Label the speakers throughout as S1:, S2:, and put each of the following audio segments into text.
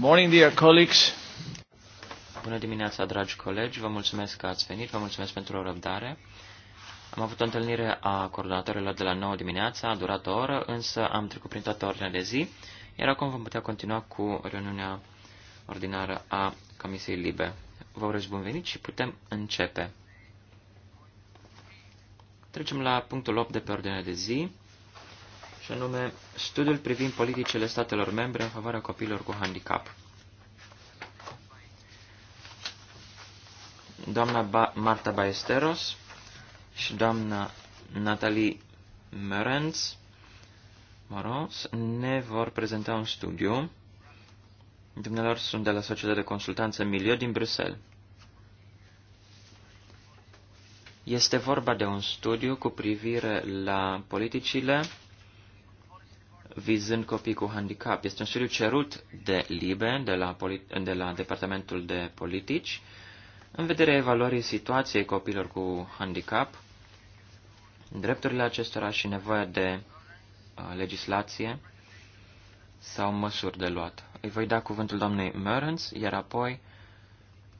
S1: Morning, dear colleagues. Bună
S2: dimineața, dragi colegi. Vă mulțumesc că ați venit. Vă mulțumesc pentru o răbdare. Am avut o întâlnire a coordonatorilor de la 9 dimineața, a durat o oră, însă am trecut prin toată ordinea de zi, iar acum vom putea continua cu reuniunea ordinară a Comisiei Libe. Vă urez bun venit și putem începe. Trecem la punctul 8 de pe ordinea de zi, și anume studiul privind politicile statelor membre în favoarea copiilor cu handicap. Doamna ba Marta Baesteros și doamna Natalie Merenz Moros ne vor prezenta un studiu. Dumnealor sunt de la Societatea de Consultanță Milieu din Bruxelles. Este vorba de un studiu cu privire la politicile vizând copii cu handicap. Este un studiu cerut de LIBE, de la, de la Departamentul de Politici, în vederea evaluării situației copilor cu handicap, drepturile acestora și nevoia de uh, legislație sau măsuri de luat. Îi voi da cuvântul doamnei Merens, iar apoi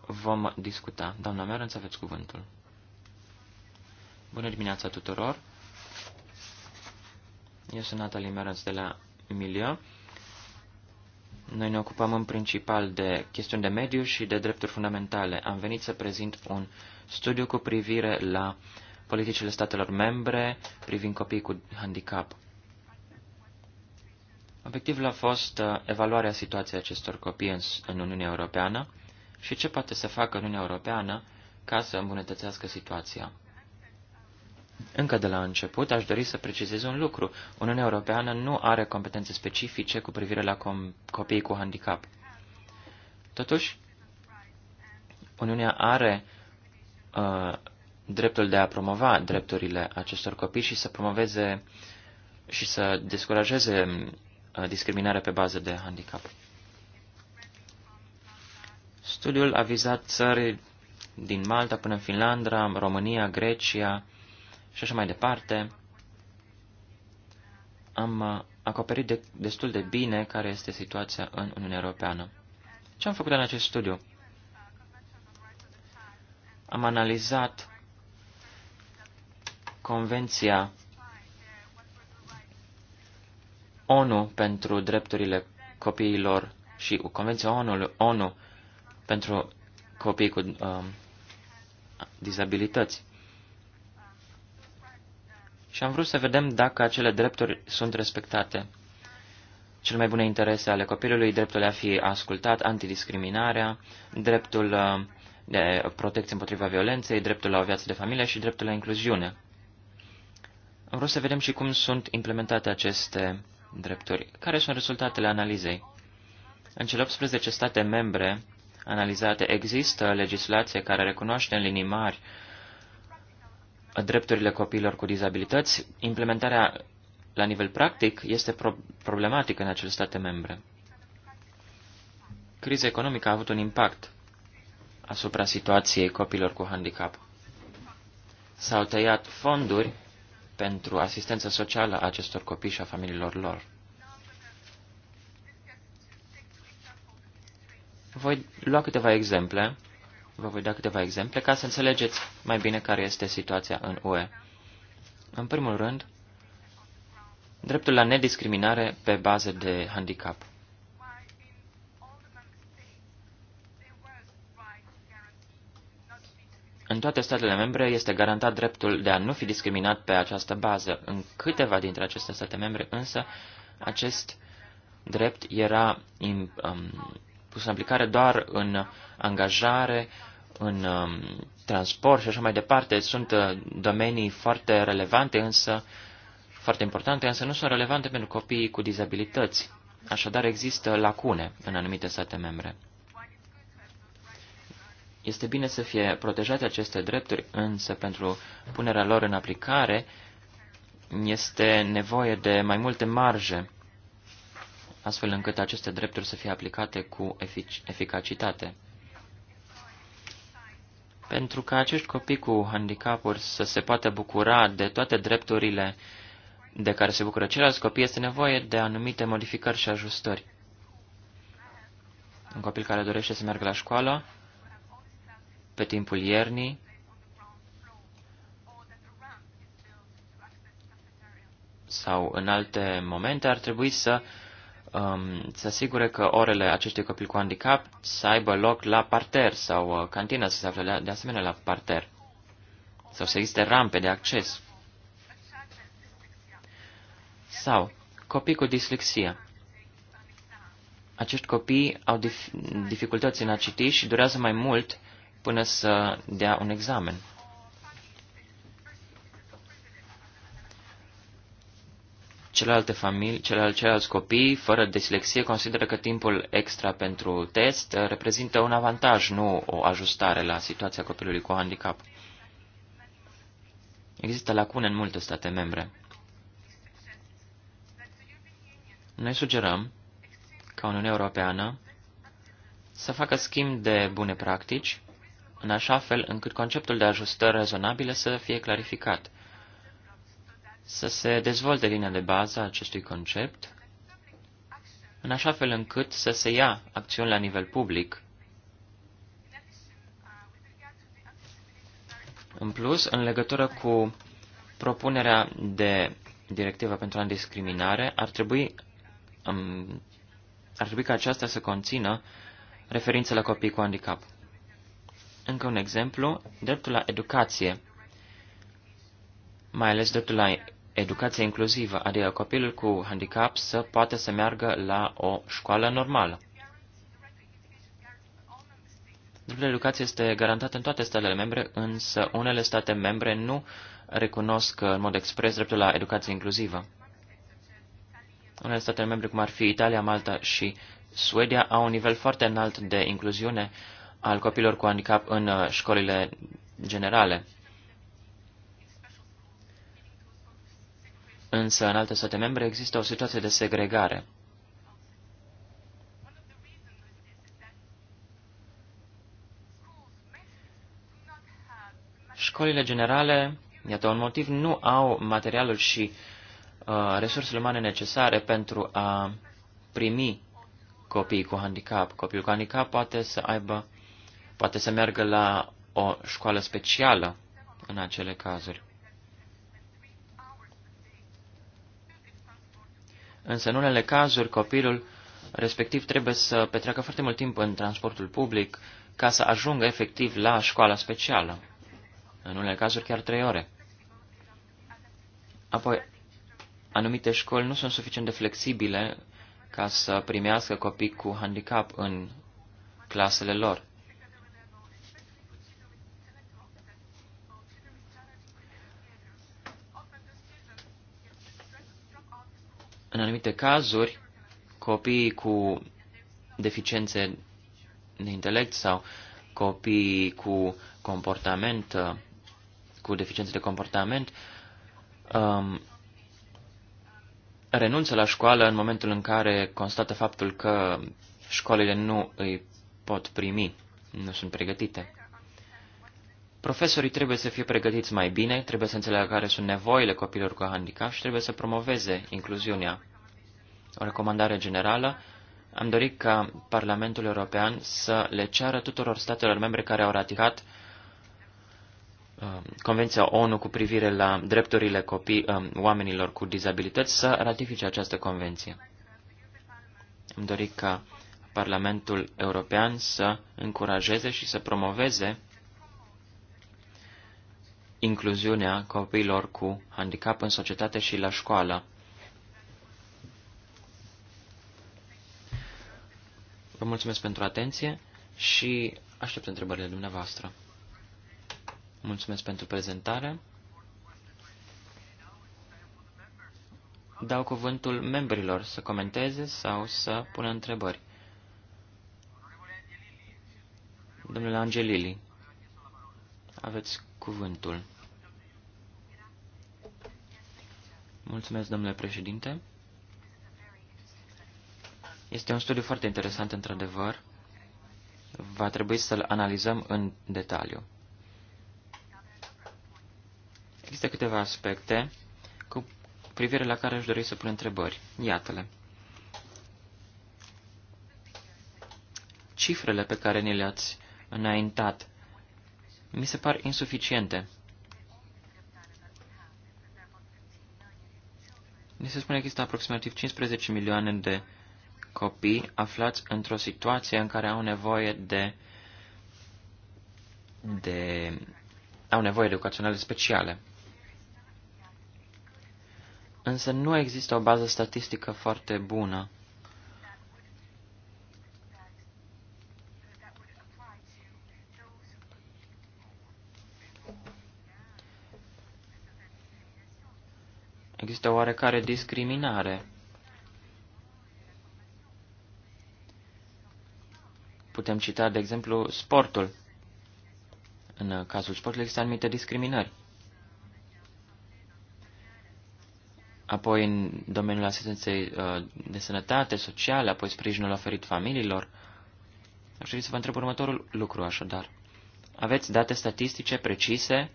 S2: vom discuta. Doamna Merens, aveți cuvântul. Bună dimineața tuturor! Eu sunt Natalie Meraț de la Milio. Noi ne ocupăm în principal de chestiuni de mediu și de drepturi fundamentale. Am venit să prezint un studiu cu privire la politicile statelor membre privind copiii cu handicap. Obiectivul a fost uh, evaluarea situației acestor copii în, în Uniunea Europeană și ce poate să facă Uniunea Europeană ca să îmbunătățească situația. Încă de la început aș dori să precizez un lucru. Uniunea Europeană nu are competențe specifice cu privire la copiii cu handicap. Totuși, Uniunea are uh, dreptul de a promova drepturile acestor copii și să promoveze și să descurajeze uh, discriminarea pe bază de handicap. Studiul a vizat țări din Malta până în Finlanda, România, Grecia, și așa mai departe, am uh, acoperit de, destul de bine care este situația în Uniunea Europeană. Ce am făcut în acest studiu? Am analizat Convenția ONU pentru drepturile copiilor și Convenția ONU, ONU pentru copii cu um, dizabilități și am vrut să vedem dacă acele drepturi sunt respectate. Cel mai bune interese ale copilului, dreptul de a fi ascultat, antidiscriminarea, dreptul uh, de protecție împotriva violenței, dreptul la o viață de familie și dreptul la incluziune. Am vrut să vedem și cum sunt implementate aceste drepturi. Care sunt rezultatele analizei? În cele 18 state membre analizate există legislație care recunoaște în linii mari uh, drepturile copiilor cu dizabilități, implementarea la nivel practic este pro problematică în acele state membre. Criza economică a avut un impact asupra situației copiilor cu handicap. S-au tăiat fonduri pentru asistența socială a acestor copii și a familiilor lor. Voi lua câteva exemple Vă voi da câteva exemple ca să înțelegeți mai bine care este situația în UE. În primul rând, dreptul la nediscriminare pe bază de handicap. În toate statele membre este garantat dreptul de a nu fi discriminat pe această bază. În câteva dintre aceste state membre, însă, acest drept era um, pus în aplicare doar în angajare, în um, transport și așa mai departe, sunt uh, domenii foarte relevante, însă foarte importante, însă nu sunt relevante pentru copiii cu dizabilități. Așadar, există lacune în anumite state membre. Este bine să fie protejate aceste drepturi, însă pentru punerea lor în aplicare este nevoie de mai multe marje, astfel încât aceste drepturi să fie aplicate cu efic eficacitate pentru ca acești copii cu handicapuri să se poată bucura de toate drepturile de care se bucură ceilalți copii, este nevoie de anumite modificări și ajustări. Un copil care dorește să meargă la școală pe timpul iernii, sau în alte momente, ar trebui să um, să asigure că orele acestui copil cu handicap să aibă loc la parter sau uh, cantina să se afle de asemenea la parter sau să existe rampe de acces. Sau copii cu dislexie. Acești copii au dif- dificultăți în a citi și durează mai mult până să dea un examen. Celelalte familii, celelalte, copii fără dislexie consideră că timpul extra pentru test uh, reprezintă un avantaj, nu o ajustare la situația copilului cu handicap. Există lacune în multe state membre. Noi sugerăm ca Uniunea Europeană să facă schimb de bune practici, în așa fel încât conceptul de ajustări rezonabile să fie clarificat să se dezvolte linia de bază a acestui concept, în așa fel încât să se ia acțiuni la nivel public. În plus, în legătură cu propunerea de directivă pentru discriminare, ar trebui, ar trebui ca aceasta să conțină referințe la copii cu handicap. Încă un exemplu, dreptul la educație, mai ales dreptul la Educația inclusivă, adică copilul cu handicap să poată să meargă la o școală normală. Dreptul de educație este garantat în toate statele membre, însă unele state membre nu recunosc în mod expres dreptul la educație inclusivă. Unele state membre, cum ar fi Italia, Malta și Suedia, au un nivel foarte înalt de incluziune al copilor cu handicap în uh, școlile generale. Însă, în alte state membre există o situație de segregare. Școlile generale, iată un motiv, nu au materialul și uh, resursele umane necesare pentru a primi copiii cu handicap. Copiul cu handicap poate să aibă, poate să meargă la o școală specială în acele cazuri. Însă, în unele cazuri, copilul respectiv trebuie să petreacă foarte mult timp în transportul public ca să ajungă efectiv la școala specială. În unele cazuri, chiar trei ore. Apoi, anumite școli nu sunt suficient de flexibile ca să primească copii cu handicap în clasele lor. În anumite cazuri, copiii cu deficiențe de intelect sau copiii cu comportament, uh, cu deficiențe de comportament, um, renunță la școală în momentul în care constată faptul că școlile nu îi pot primi, nu sunt pregătite. Profesorii trebuie să fie pregătiți mai bine, trebuie să înțeleagă care sunt nevoile copilor cu handicap și trebuie să promoveze incluziunea o recomandare generală, am dorit ca Parlamentul European să le ceară tuturor statelor membre care au ratificat uh, Convenția ONU cu privire la drepturile copii, uh, oamenilor cu dizabilități să ratifice această convenție. Am dorit ca Parlamentul European să încurajeze și să promoveze incluziunea copiilor cu handicap în societate și la școală. Vă mulțumesc pentru atenție și aștept întrebările dumneavoastră. Mulțumesc pentru prezentare. Dau cuvântul membrilor să comenteze sau să pună întrebări. Domnule Angelili, aveți cuvântul. Mulțumesc, domnule președinte. Este un studiu foarte interesant, într-adevăr. Va trebui să-l analizăm în detaliu. Există câteva aspecte cu privire la care aș dori să pun întrebări. Iată-le. Cifrele pe care ni le-ați înaintat mi se par insuficiente. Ni se spune că există aproximativ 15 milioane de copii aflați într-o situație în care au nevoie de, de au nevoie educaționale speciale. Însă nu există o bază statistică foarte bună. Există oarecare discriminare Putem cita, de exemplu, sportul. În cazul sportului există anumite discriminări. Apoi, în domeniul asistenței uh, de sănătate, sociale, apoi sprijinul oferit familiilor. Aș vrea să vă întreb următorul lucru, așadar. Aveți date statistice precise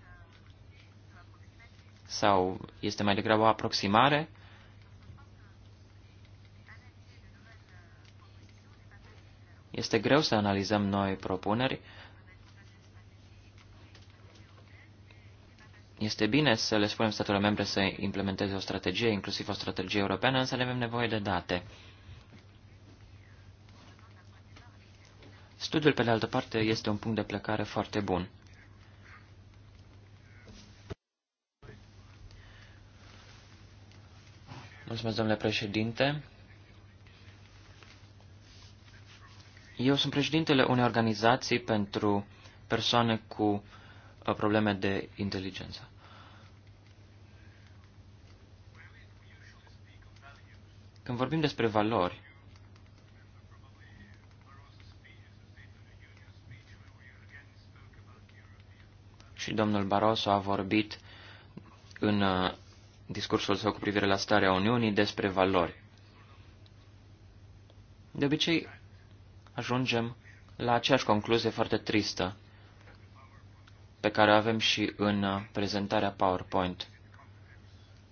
S2: sau este mai degrabă o aproximare Este greu să analizăm noi propuneri. Este bine să le spunem statelor membre să implementeze o strategie, inclusiv o strategie europeană, însă ne avem nevoie de date. Studiul, pe de altă parte, este un punct de plecare foarte bun. Mulțumesc, domnule președinte. Eu sunt președintele unei organizații pentru persoane cu uh, probleme de inteligență. Când vorbim despre valori, și domnul Barroso a vorbit în uh, discursul său cu privire la starea Uniunii despre valori. De obicei, ajungem la aceeași concluzie foarte tristă pe care o avem și în uh, prezentarea PowerPoint.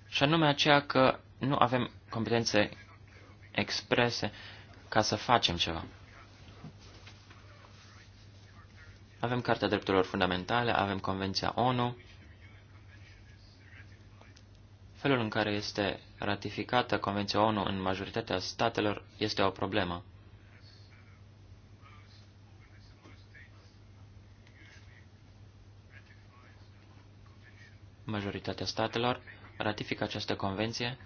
S2: Și anume aceea că nu avem competențe exprese ca să facem ceva. Avem Cartea Drepturilor Fundamentale, avem Convenția ONU, felul în care este ratificată Convenția ONU în majoritatea statelor este o problemă. majoritatea statelor ratifică această convenție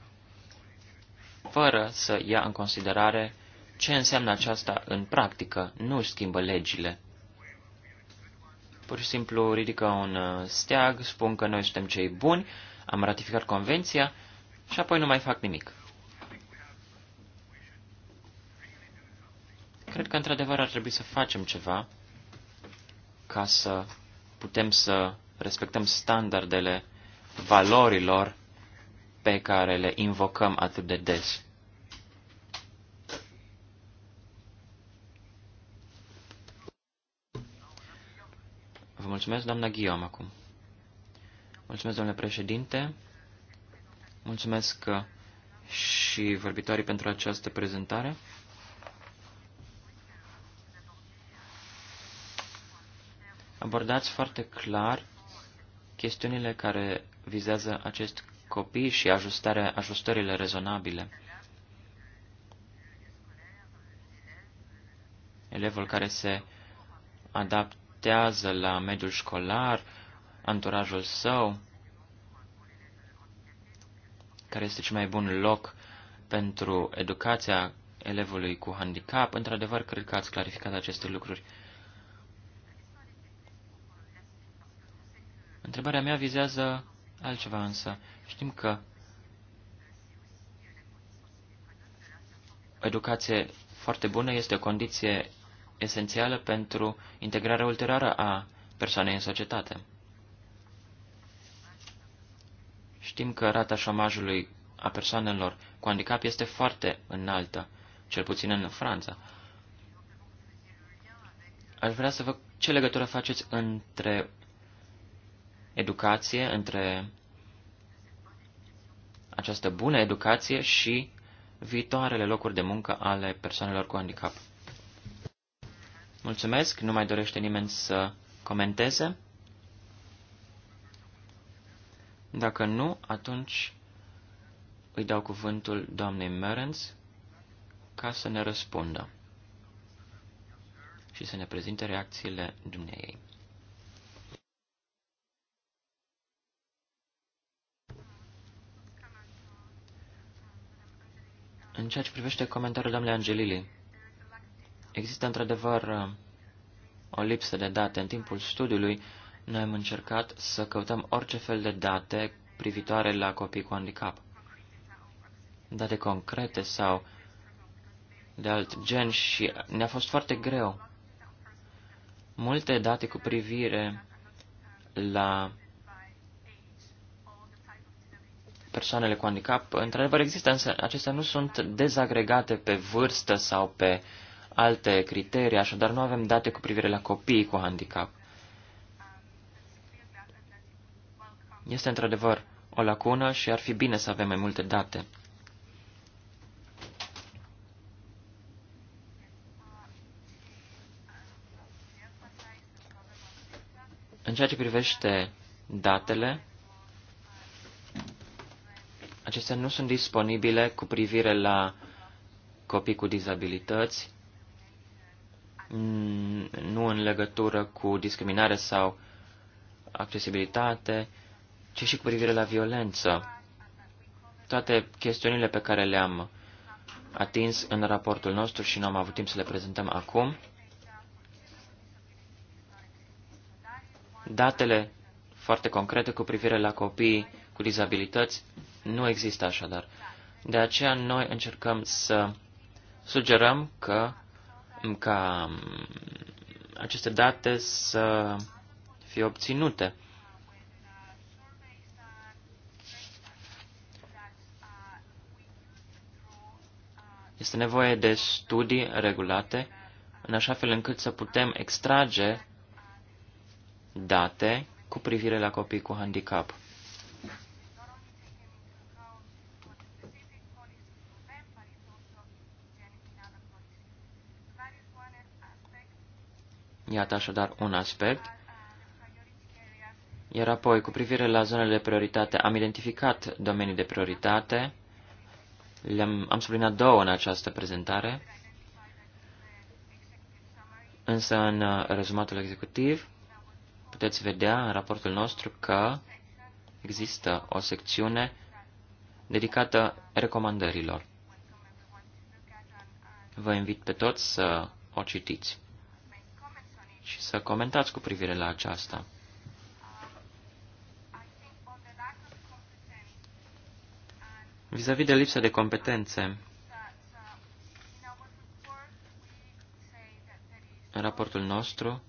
S2: fără să ia în considerare ce înseamnă aceasta în practică, nu își schimbă legile. Pur și simplu ridică un uh, steag, spun că noi suntem cei buni, am ratificat convenția și apoi nu mai fac nimic. Cred că într-adevăr ar trebui să facem ceva ca să putem să respectăm standardele valorilor pe care le invocăm atât de des. Vă mulțumesc, doamna Ghiom, acum. Mulțumesc, domnule președinte. Mulțumesc și vorbitorii pentru această prezentare. Abordați foarte clar chestiunile care vizează acest copii și ajustarea, ajustările rezonabile. Elevul care se adaptează la mediul școlar, anturajul său, care este cel mai bun loc pentru educația elevului cu handicap. Într-adevăr, cred că ați clarificat aceste lucruri. Întrebarea mea vizează altceva însă. Știm că o educație foarte bună este o condiție esențială pentru integrarea ulterioară a persoanei în societate. Știm că rata șomajului a persoanelor cu handicap este foarte înaltă, cel puțin în Franța. Aș vrea să vă ce legătură faceți între educație, între această bună educație și viitoarele locuri de muncă ale persoanelor cu handicap. Mulțumesc, nu mai dorește nimeni să comenteze? Dacă nu, atunci îi dau cuvântul doamnei Merens ca să ne răspundă și să ne prezinte reacțiile dumneiei. În ceea ce privește comentariul domnului Angelili, există într-adevăr uh, o lipsă de date. În timpul studiului, noi am încercat să căutăm orice fel de date privitoare la copii cu handicap. Date concrete sau de alt gen și ne-a fost foarte greu. Multe date cu privire la persoanele cu handicap, într-adevăr există, însă acestea nu sunt dezagregate pe vârstă sau pe alte criterii, așadar nu avem date cu privire la copiii cu handicap. Este într-adevăr o lacună și ar fi bine să avem mai multe date. În ceea ce privește datele, acestea nu sunt disponibile cu privire la copii cu dizabilități, nu în legătură cu discriminare sau accesibilitate, ci și cu privire la violență. Toate chestiunile pe care le-am atins în raportul nostru și nu am avut timp să le prezentăm acum, datele foarte concrete cu privire la copii cu dizabilități nu există așadar. De aceea noi încercăm să sugerăm că ca aceste date să fie obținute. Este nevoie de studii regulate în așa fel încât să putem extrage date cu privire la copii cu handicap. Iată așadar un aspect. Iar apoi, cu privire la zonele de prioritate, am identificat domenii de prioritate. Le-am am subliniat două în această prezentare. Însă, în rezumatul executiv, puteți vedea în raportul nostru că există o secțiune dedicată recomandărilor. Vă invit pe toți să o citiți și să comentați cu privire la aceasta. Vis-a-vis -vis de lipsa de competențe, în raportul nostru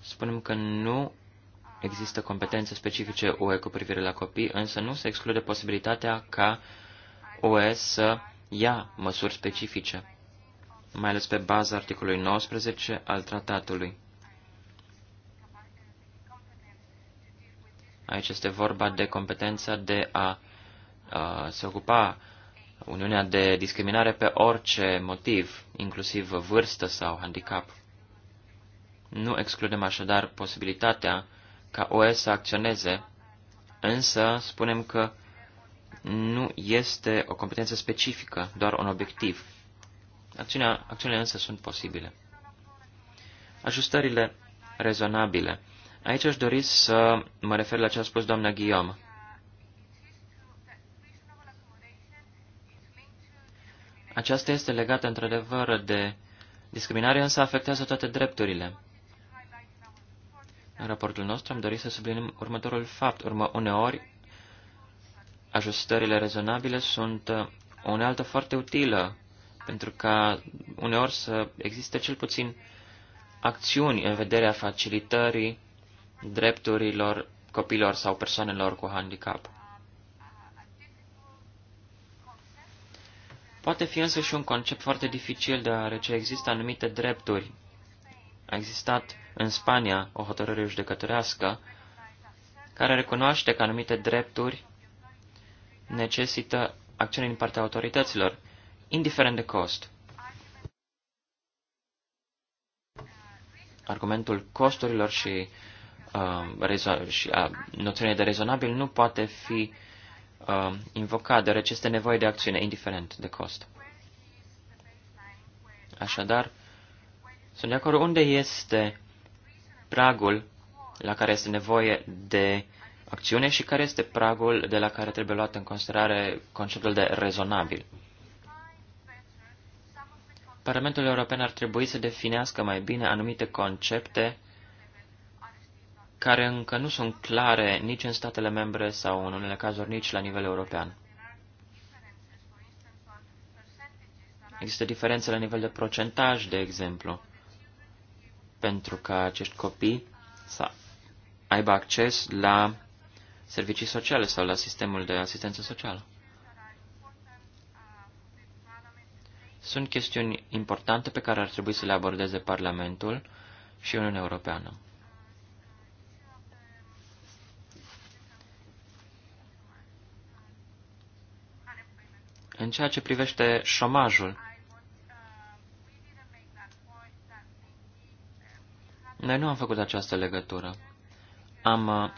S2: spunem că nu există competențe specifice UE cu privire la copii, însă nu se exclude posibilitatea ca UE să ia măsuri specifice mai ales pe baza articolului 19 al tratatului. Aici este vorba de competența de a, a se ocupa Uniunea de discriminare pe orice motiv, inclusiv vârstă sau handicap. Nu excludem așadar posibilitatea ca OE să acționeze, însă spunem că nu este o competență specifică, doar un obiectiv. Acțiunea, acțiunile însă sunt posibile. Ajustările rezonabile. Aici aș dori să mă refer la ce a spus doamna Guillaume. Aceasta este legată într-adevăr de discriminare, însă afectează toate drepturile. În raportul nostru am dorit să subliniem următorul fapt. Urmă uneori, ajustările rezonabile sunt uh, o unealtă foarte utilă pentru ca uneori să existe cel puțin acțiuni în vederea facilitării drepturilor copilor sau persoanelor cu handicap. Poate fi însă și un concept foarte dificil, deoarece există anumite drepturi. A existat în Spania o hotărâre judecătorească care recunoaște că anumite drepturi necesită acțiuni din partea autorităților indiferent de cost. Argumentul costurilor și, uh, și a noțiunea de rezonabil nu poate fi uh, invocat, deoarece este nevoie de acțiune, indiferent de cost. Așadar, sunt de acord unde este pragul la care este nevoie de acțiune și care este pragul de la care trebuie luat în considerare conceptul de rezonabil. Parlamentul European ar trebui să definească mai bine anumite concepte care încă nu sunt clare nici în statele membre sau, în unele cazuri, nici la nivel european. Există diferențe la nivel de procentaj, de exemplu, pentru ca acești copii să aibă acces la servicii sociale sau la sistemul de asistență socială. Sunt chestiuni importante pe care ar trebui să le abordeze Parlamentul și Uniunea Europeană. În ceea ce privește șomajul, noi nu am făcut această legătură. Am uh,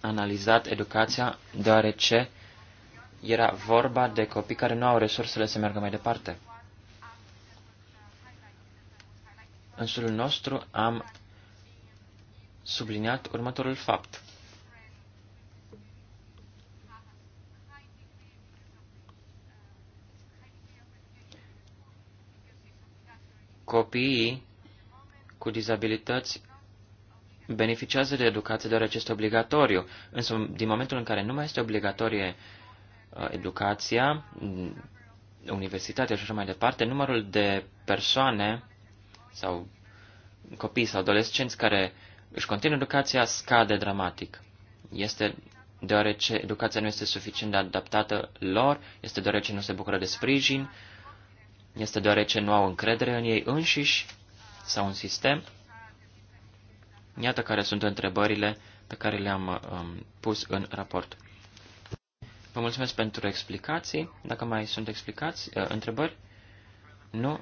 S2: analizat educația deoarece era vorba de copii care nu au resursele să meargă mai departe. în studiul nostru am subliniat următorul fapt. Copiii cu dizabilități beneficiază de educație deoarece este obligatoriu, însă din momentul în care nu mai este obligatorie uh, educația, mm, universitatea și așa mai departe, numărul de persoane sau copii sau adolescenți care își continuă educația scade dramatic. Este deoarece educația nu este suficient de adaptată lor, este deoarece nu se bucură de sprijin, este deoarece nu au încredere în ei înșiși sau în sistem. Iată care sunt întrebările pe care le-am um, pus în raport. Vă mulțumesc pentru explicații. Dacă mai sunt explicați, uh, întrebări, nu?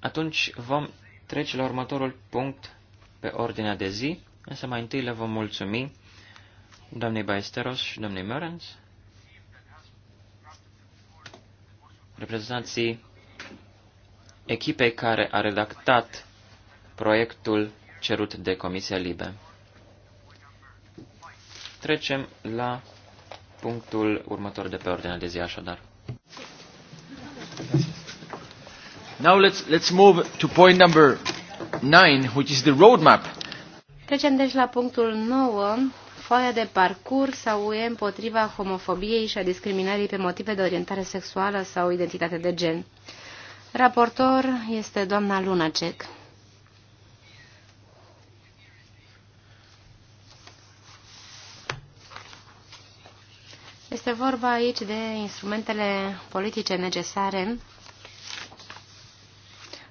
S2: Atunci vom trece la următorul punct pe ordinea de zi, însă mai întâi le vom mulțumi doamnei Baesteros și doamnei Mörens, reprezentanții echipei care a redactat proiectul cerut de Comisia Libe. Trecem la punctul următor de pe ordinea de zi, așadar. Now let's, let's
S1: move to point number nine, which is the roadmap.
S3: Trecem deci la punctul 9, foaia de parcurs sau UE împotriva homofobiei și a discriminării pe motive de orientare sexuală sau identitate de gen. Raportor este doamna Lunacek. Este vorba aici de instrumentele politice necesare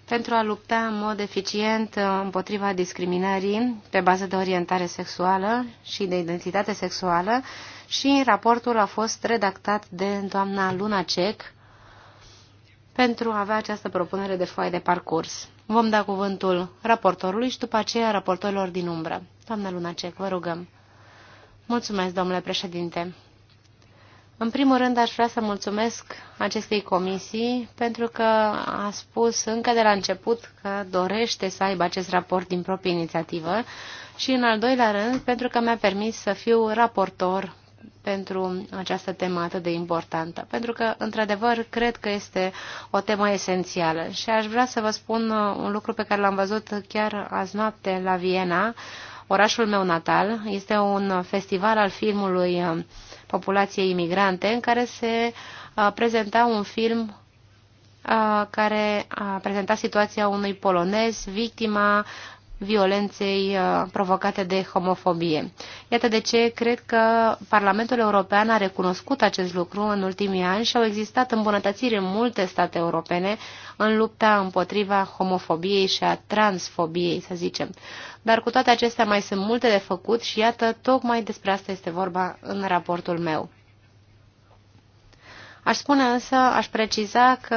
S3: pentru a lupta în mod eficient uh, împotriva discriminării pe bază de orientare sexuală și de identitate sexuală și raportul a fost redactat de doamna Luna Cec pentru a avea această propunere de foaie de parcurs. Vom da cuvântul raportorului și după aceea raportorilor din umbră. Doamna Luna Cec, vă rugăm. Mulțumesc, domnule președinte. În primul rând, aș vrea să mulțumesc acestei comisii pentru că a spus încă de la început că dorește să aibă acest raport din proprie inițiativă și, în al doilea rând, pentru că mi-a permis să fiu raportor pentru această temă atât de importantă, pentru că, într-adevăr, cred că este o temă esențială. Și aș vrea să vă spun uh, un lucru pe care l-am văzut chiar azi noapte la Viena, orașul meu natal. Este un festival al filmului uh, populației imigrante, în care se prezenta un film care a prezentat situația unui polonez, victima violenței uh, provocate de homofobie. Iată de ce cred că Parlamentul European a recunoscut acest lucru în ultimii ani și au existat îmbunătățiri în multe state europene în lupta împotriva homofobiei și a transfobiei, să zicem. Dar cu toate acestea mai sunt multe de făcut și iată, tocmai despre asta este vorba în raportul meu. Aș spune însă, aș preciza că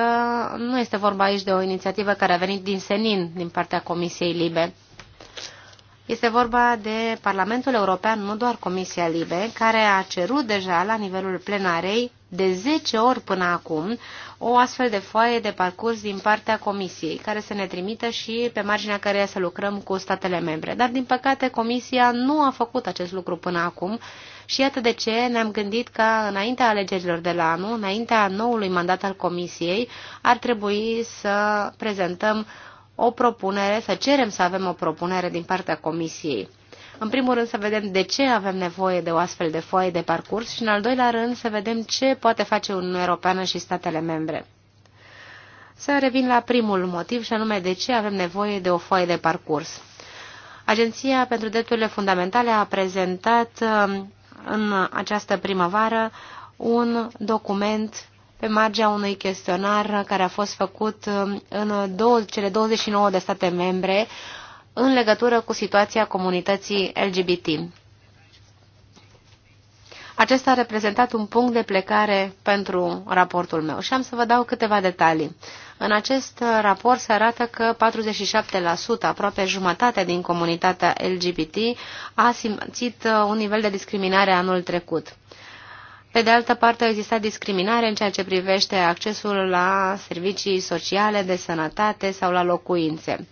S3: nu este vorba aici de o inițiativă care a venit din senin din partea Comisiei Libe. Este vorba de Parlamentul European, nu doar Comisia Libe, care a cerut deja la nivelul plenarei de 10 ori până acum o astfel de foaie de parcurs din partea Comisiei, care să ne trimită și pe marginea căreia să lucrăm cu statele membre. Dar, din păcate, Comisia nu a făcut acest lucru până acum și iată de ce ne-am gândit că, înaintea alegerilor de la anul, înaintea noului mandat al Comisiei, ar trebui să prezentăm o propunere, să cerem să avem o propunere din partea Comisiei. În primul rând să vedem de ce avem nevoie de o astfel de foaie de parcurs și în al doilea rând să vedem ce poate face Uniunea Europeană și statele membre. Să revin la primul motiv și anume de ce avem nevoie de o foaie de parcurs. Agenția pentru Drepturile Fundamentale a prezentat um, în această primăvară un document pe marginea unui chestionar care a fost făcut um, în două, cele 29 de state membre în legătură cu situația comunității LGBT. Acesta a reprezentat un punct de plecare pentru raportul meu și am să vă dau câteva detalii. În acest raport se arată că 47%, aproape jumătate din comunitatea LGBT, a simțit uh, un nivel de discriminare anul trecut. Pe de altă parte, exista discriminare în ceea ce privește accesul la servicii sociale, de sănătate sau la locuințe.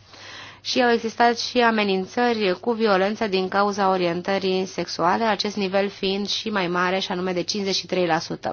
S3: Și au existat și amenințări cu violență din cauza orientării sexuale, acest nivel fiind și mai mare, și anume de 53%.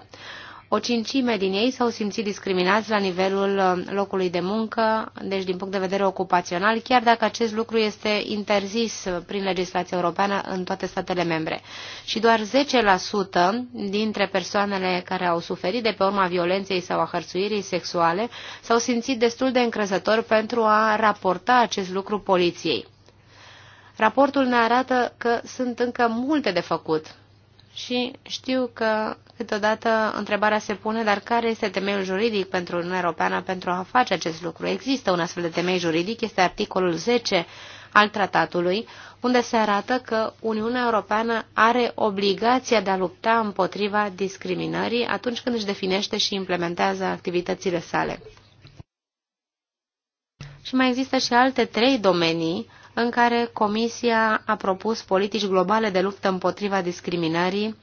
S3: O cincime din ei s-au simțit discriminați la nivelul um, locului de muncă, deci din punct de vedere ocupațional, chiar dacă acest lucru este interzis prin legislația europeană în toate statele membre. Și doar 10% dintre persoanele care au suferit de pe urma violenței sau a hărțuirii sexuale s-au simțit destul de încrezători pentru a raporta acest lucru poliției. Raportul ne arată că sunt încă multe de făcut și știu că câteodată întrebarea se pune, dar care este temeiul juridic pentru Uniunea Europeană pentru a face acest lucru? Există un astfel de temei juridic, este articolul 10 al tratatului, unde se arată că Uniunea Europeană are obligația de a lupta împotriva discriminării atunci când își definește și implementează activitățile sale. Și mai există și alte trei domenii în care Comisia a propus politici globale de luptă împotriva discriminării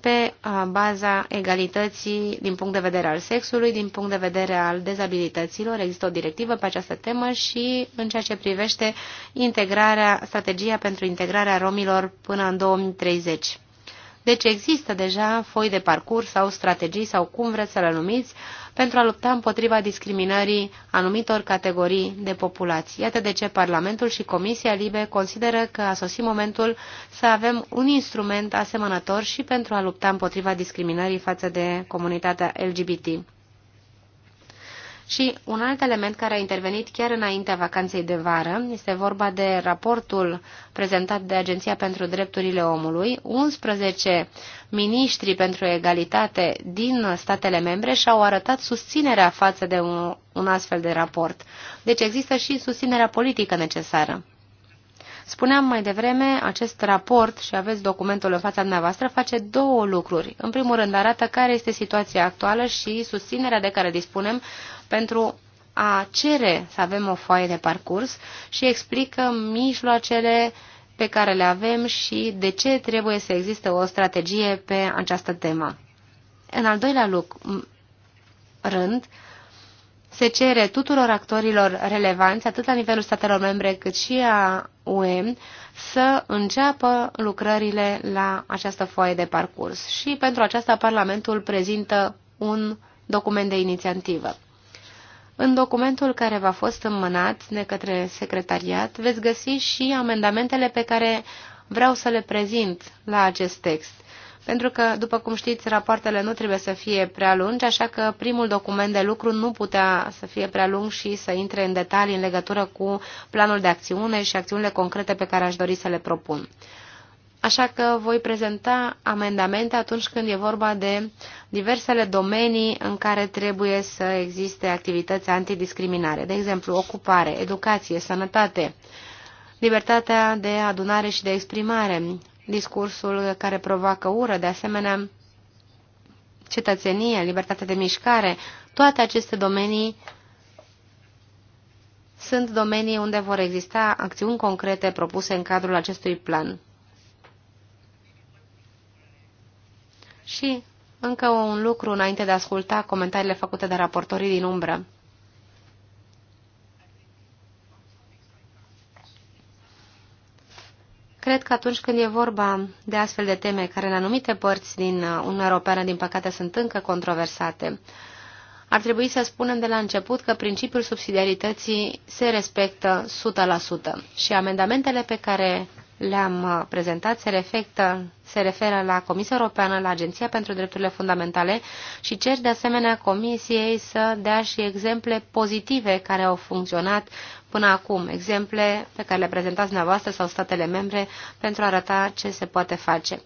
S3: pe uh, baza egalității din punct de vedere al sexului, din punct de vedere al dezabilităților. Există o directivă pe această temă și în ceea ce privește integrarea, strategia pentru integrarea romilor până în 2030. Deci există deja foi de parcurs sau strategii sau cum vreți să le numiți pentru a lupta împotriva discriminării anumitor categorii de populații. Iată de ce Parlamentul și Comisia Libe consideră că a sosit momentul să avem un instrument asemănător și pentru a lupta împotriva discriminării față de comunitatea LGBT. Și un alt element care a intervenit chiar înaintea vacanței de vară este vorba de raportul prezentat de Agenția pentru Drepturile Omului. 11 miniștri pentru egalitate din statele membre și-au arătat susținerea față de un, un astfel de raport. Deci există și susținerea politică necesară. Spuneam mai devreme, acest raport, și aveți documentul în fața dumneavoastră, face două lucruri. În primul rând, arată care este situația actuală și susținerea de care dispunem pentru a cere să avem o foaie de parcurs și explică mijloacele pe care le avem și de ce trebuie să existe o strategie pe această temă. În al doilea loc, rând, se cere tuturor actorilor relevanți, atât la nivelul statelor membre cât și a UE, să înceapă lucrările la această foaie de parcurs. Și pentru aceasta Parlamentul prezintă un document de inițiativă. În documentul care v-a fost înmânat de către secretariat veți găsi și amendamentele pe care vreau să le prezint la acest text. Pentru că, după cum știți, rapoartele nu trebuie să fie prea lungi, așa că primul document de lucru nu putea să fie prea lung și să intre în detalii în legătură cu planul de acțiune și acțiunile concrete pe care aș dori să le propun. Așa că voi prezenta amendamente atunci când e vorba de diversele domenii în care trebuie să existe activități antidiscriminare, de exemplu ocupare, educație, sănătate, libertatea de adunare și de exprimare, discursul care provoacă ură, de asemenea cetățenie, libertatea de mișcare, toate aceste domenii sunt domenii unde vor exista acțiuni concrete propuse în cadrul acestui plan. Și încă un lucru înainte de a asculta comentariile făcute de raportorii din umbră. Cred că atunci când e vorba de astfel de teme, care în anumite părți din Uniunea Europeană, din păcate, sunt încă controversate, ar trebui să spunem de la început că principiul subsidiarității se respectă 100% și amendamentele pe care le-am uh, prezentat se, reflectă, se referă la Comisia Europeană, la Agenția pentru Drepturile Fundamentale și cer de asemenea Comisiei să dea și exemple pozitive care au funcționat până acum, exemple pe care le prezentați dumneavoastră sau statele membre pentru a arăta ce se poate face.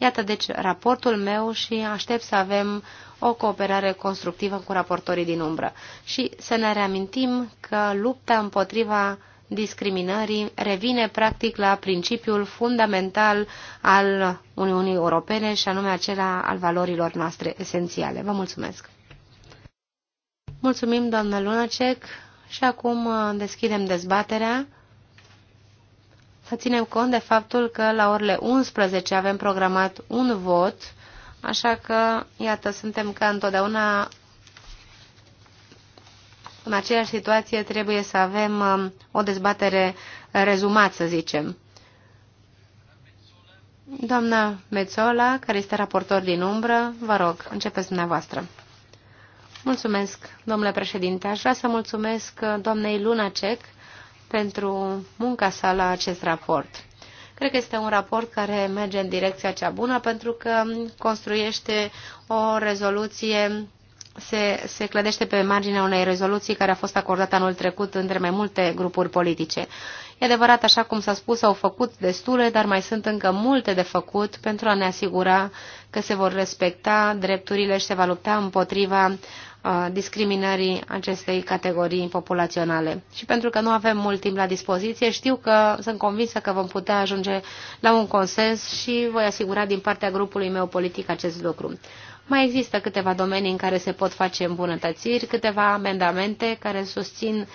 S3: Iată deci raportul meu și aștept să avem o cooperare constructivă cu raportorii din umbră și să ne reamintim că lupta împotriva discriminării revine practic la principiul fundamental al Uniunii Europene și anume acela al valorilor noastre esențiale. Vă mulțumesc! Mulțumim, doamnă Lunacek, și acum uh, deschidem dezbaterea. Să ținem cont de faptul că la orele 11 avem programat un vot, așa că, iată, suntem ca întotdeauna în aceeași situație trebuie să avem um, o dezbatere rezumat, să zicem. Doamna Mețola, care este raportor din umbră, vă rog, începeți dumneavoastră. Mulțumesc, domnule președinte. Aș vrea să mulțumesc uh, doamnei Lunacek pentru munca sa la acest raport. Cred că este un raport care merge în direcția cea bună pentru că um, construiește o rezoluție se, se clădește pe marginea unei rezoluții care a fost acordată anul trecut între mai multe grupuri politice. E adevărat, așa cum s-a spus, au făcut destule, dar mai sunt încă multe de făcut pentru a ne asigura că se vor respecta drepturile și se va lupta împotriva uh, discriminării acestei categorii populaționale. Și pentru că nu avem mult timp la dispoziție, știu că sunt convinsă că vom putea ajunge la un consens și voi asigura din partea grupului meu politic acest lucru. Mai există câteva domenii în care se pot face îmbunătățiri, câteva amendamente care susțin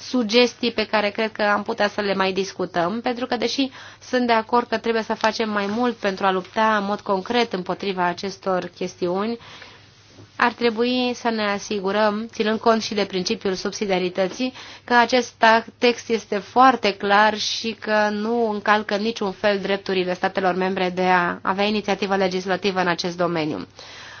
S3: sugestii pe care cred că am putea să le mai discutăm, pentru că, deși sunt de acord că trebuie să facem mai mult pentru a lupta în mod concret împotriva acestor chestiuni, ar trebui să ne asigurăm, ținând cont și de principiul subsidiarității, că acest text este foarte clar și că nu încalcă niciun fel drepturile statelor membre de a avea inițiativă legislativă în acest domeniu.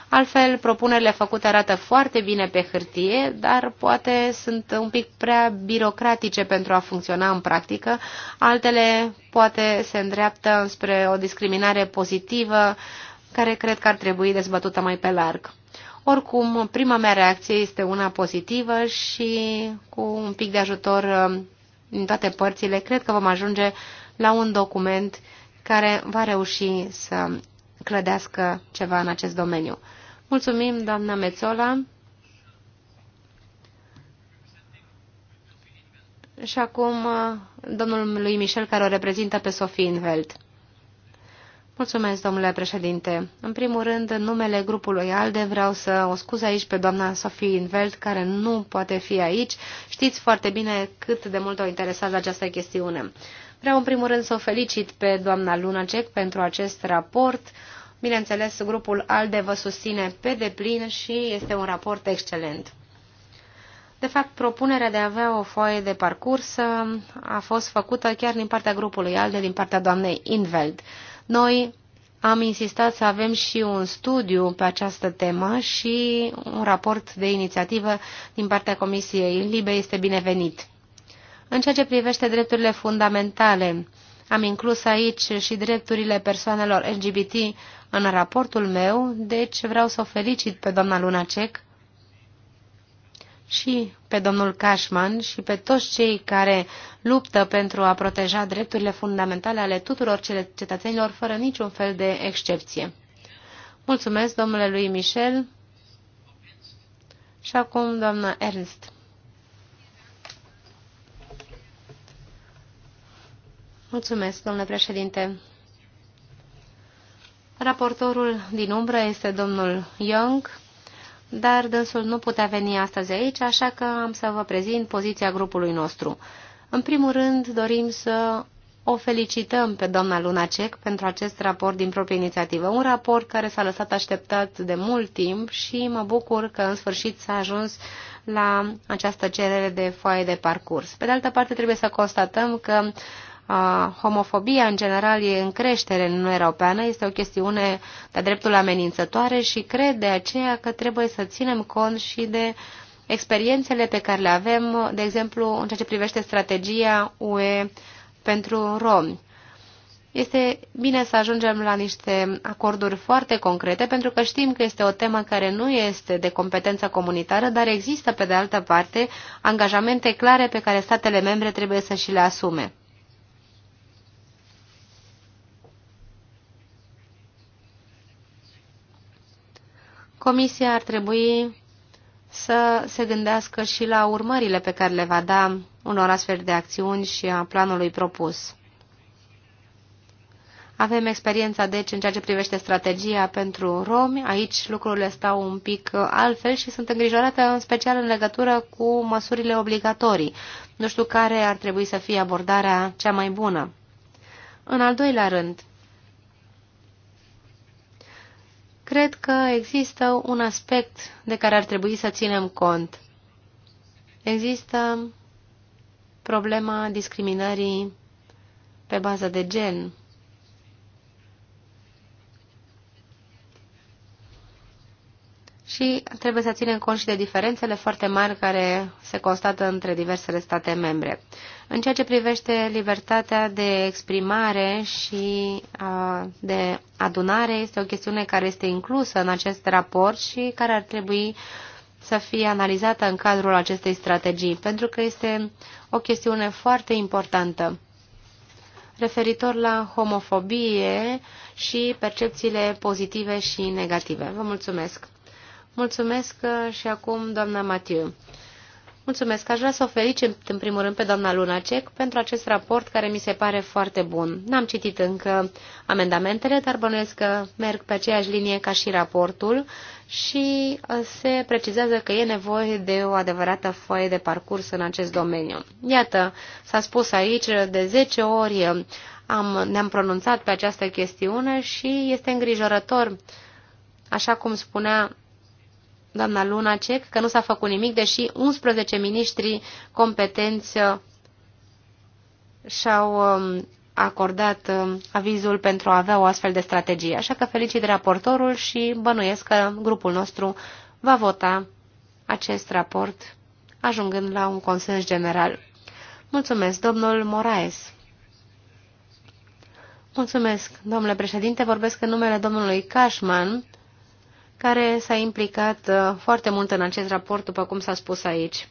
S3: Altfel, propunerile făcute arată foarte bine pe hârtie, dar poate sunt un pic prea birocratice pentru a funcționa în practică. Altele poate se îndreaptă spre o discriminare pozitivă, care cred că ar trebui dezbătută mai pe larg. Oricum, prima mea reacție este una pozitivă și cu un pic de ajutor um, din toate părțile, cred că vom ajunge la un document care va reuși să clădească ceva în acest domeniu. Mulțumim, doamna Mețola. Și acum uh, domnul lui Michel, care o reprezintă pe Sofie Inveld. Mulțumesc, domnule președinte. În primul rând, în numele grupului ALDE vreau să o scuz aici pe doamna Sofie Inveld, care nu poate fi aici. Știți foarte bine cât de mult o interesează această chestiune. Vreau, în primul rând, să o felicit pe doamna Lunacek pentru acest raport Bineînțeles, grupul ALDE vă susține pe deplin și este un raport excelent. De fapt, propunerea de a avea o foaie de parcurs uh, a fost făcută chiar din partea grupului ALDE, din partea doamnei Inveld. Noi am insistat să avem și un studiu pe această temă și un raport de inițiativă din partea Comisiei Libe este binevenit. În ceea ce privește drepturile fundamentale, am inclus aici și drepturile persoanelor LGBT în raportul meu, deci vreau să o felicit pe doamna Lunacek și pe domnul Cashman și pe toți cei care luptă pentru a proteja drepturile fundamentale ale tuturor cetățenilor fără niciun fel de excepție. Mulțumesc, domnule lui Michel. Și acum, doamna Ernst. Mulțumesc, domnule președinte. Raportorul din umbră este domnul Young, dar dânsul nu putea veni astăzi aici, așa că am să vă prezint poziția grupului nostru. În primul rând, dorim să o felicităm pe doamna Lunacek pentru acest raport din proprie inițiativă, un raport care s-a lăsat așteptat de mult timp și mă bucur că în sfârșit s-a ajuns la această cerere de foaie de parcurs. Pe de altă parte, trebuie să constatăm că homofobia în general e în creștere în Uniunea Europeană, este o chestiune de dreptul amenințătoare și cred de aceea că trebuie să ținem cont și de experiențele pe care le avem, de exemplu, în ceea ce privește strategia UE pentru romi. Este bine să ajungem la niște acorduri foarte concrete, pentru că știm că este o temă care nu este de competență comunitară, dar există, pe de altă parte, angajamente clare pe care statele membre trebuie să și le asume. Comisia ar trebui să se gândească și la urmările pe care le va da unor astfel de acțiuni și a planului propus. Avem experiența, deci, în ceea ce privește strategia pentru romi. Aici lucrurile stau un pic altfel și sunt îngrijorată în special în legătură cu măsurile obligatorii. Nu știu care ar trebui să fie abordarea cea mai bună. În al doilea rând, cred că există un aspect de care ar trebui să ținem cont. Există problema discriminării pe bază de gen și trebuie să ținem cont și de diferențele foarte mari care se constată între diversele state membre. În ceea ce privește libertatea de exprimare și de adunare, este o chestiune care este inclusă în acest raport și care ar trebui să fie analizată în cadrul acestei strategii, pentru că este o chestiune foarte importantă referitor la homofobie și percepțiile pozitive și negative. Vă mulțumesc! Mulțumesc uh, și acum doamna Matiu. Mulțumesc. Aș vrea să o felicit în primul rând pe doamna Lunacek pentru acest raport care mi se pare foarte bun. N-am citit încă amendamentele, dar bănuiesc că merg pe aceeași linie ca și raportul și uh, se precizează că e nevoie de o adevărată foaie de parcurs în acest domeniu. Iată, s-a spus aici de 10 ori am, ne-am pronunțat pe această chestiune și este îngrijorător, așa cum spunea doamna Lunacek că nu s-a făcut nimic, deși 11 miniștri competenți uh, și-au um, acordat um, avizul pentru a avea o astfel de strategie. Așa că felicit raportorul și bănuiesc că grupul nostru va vota acest raport, ajungând la un consens general. Mulțumesc, domnul Moraes. Mulțumesc, domnule președinte. Vorbesc în numele domnului Cashman, care s-a implicat uh, foarte mult în acest raport, după cum s-a spus aici.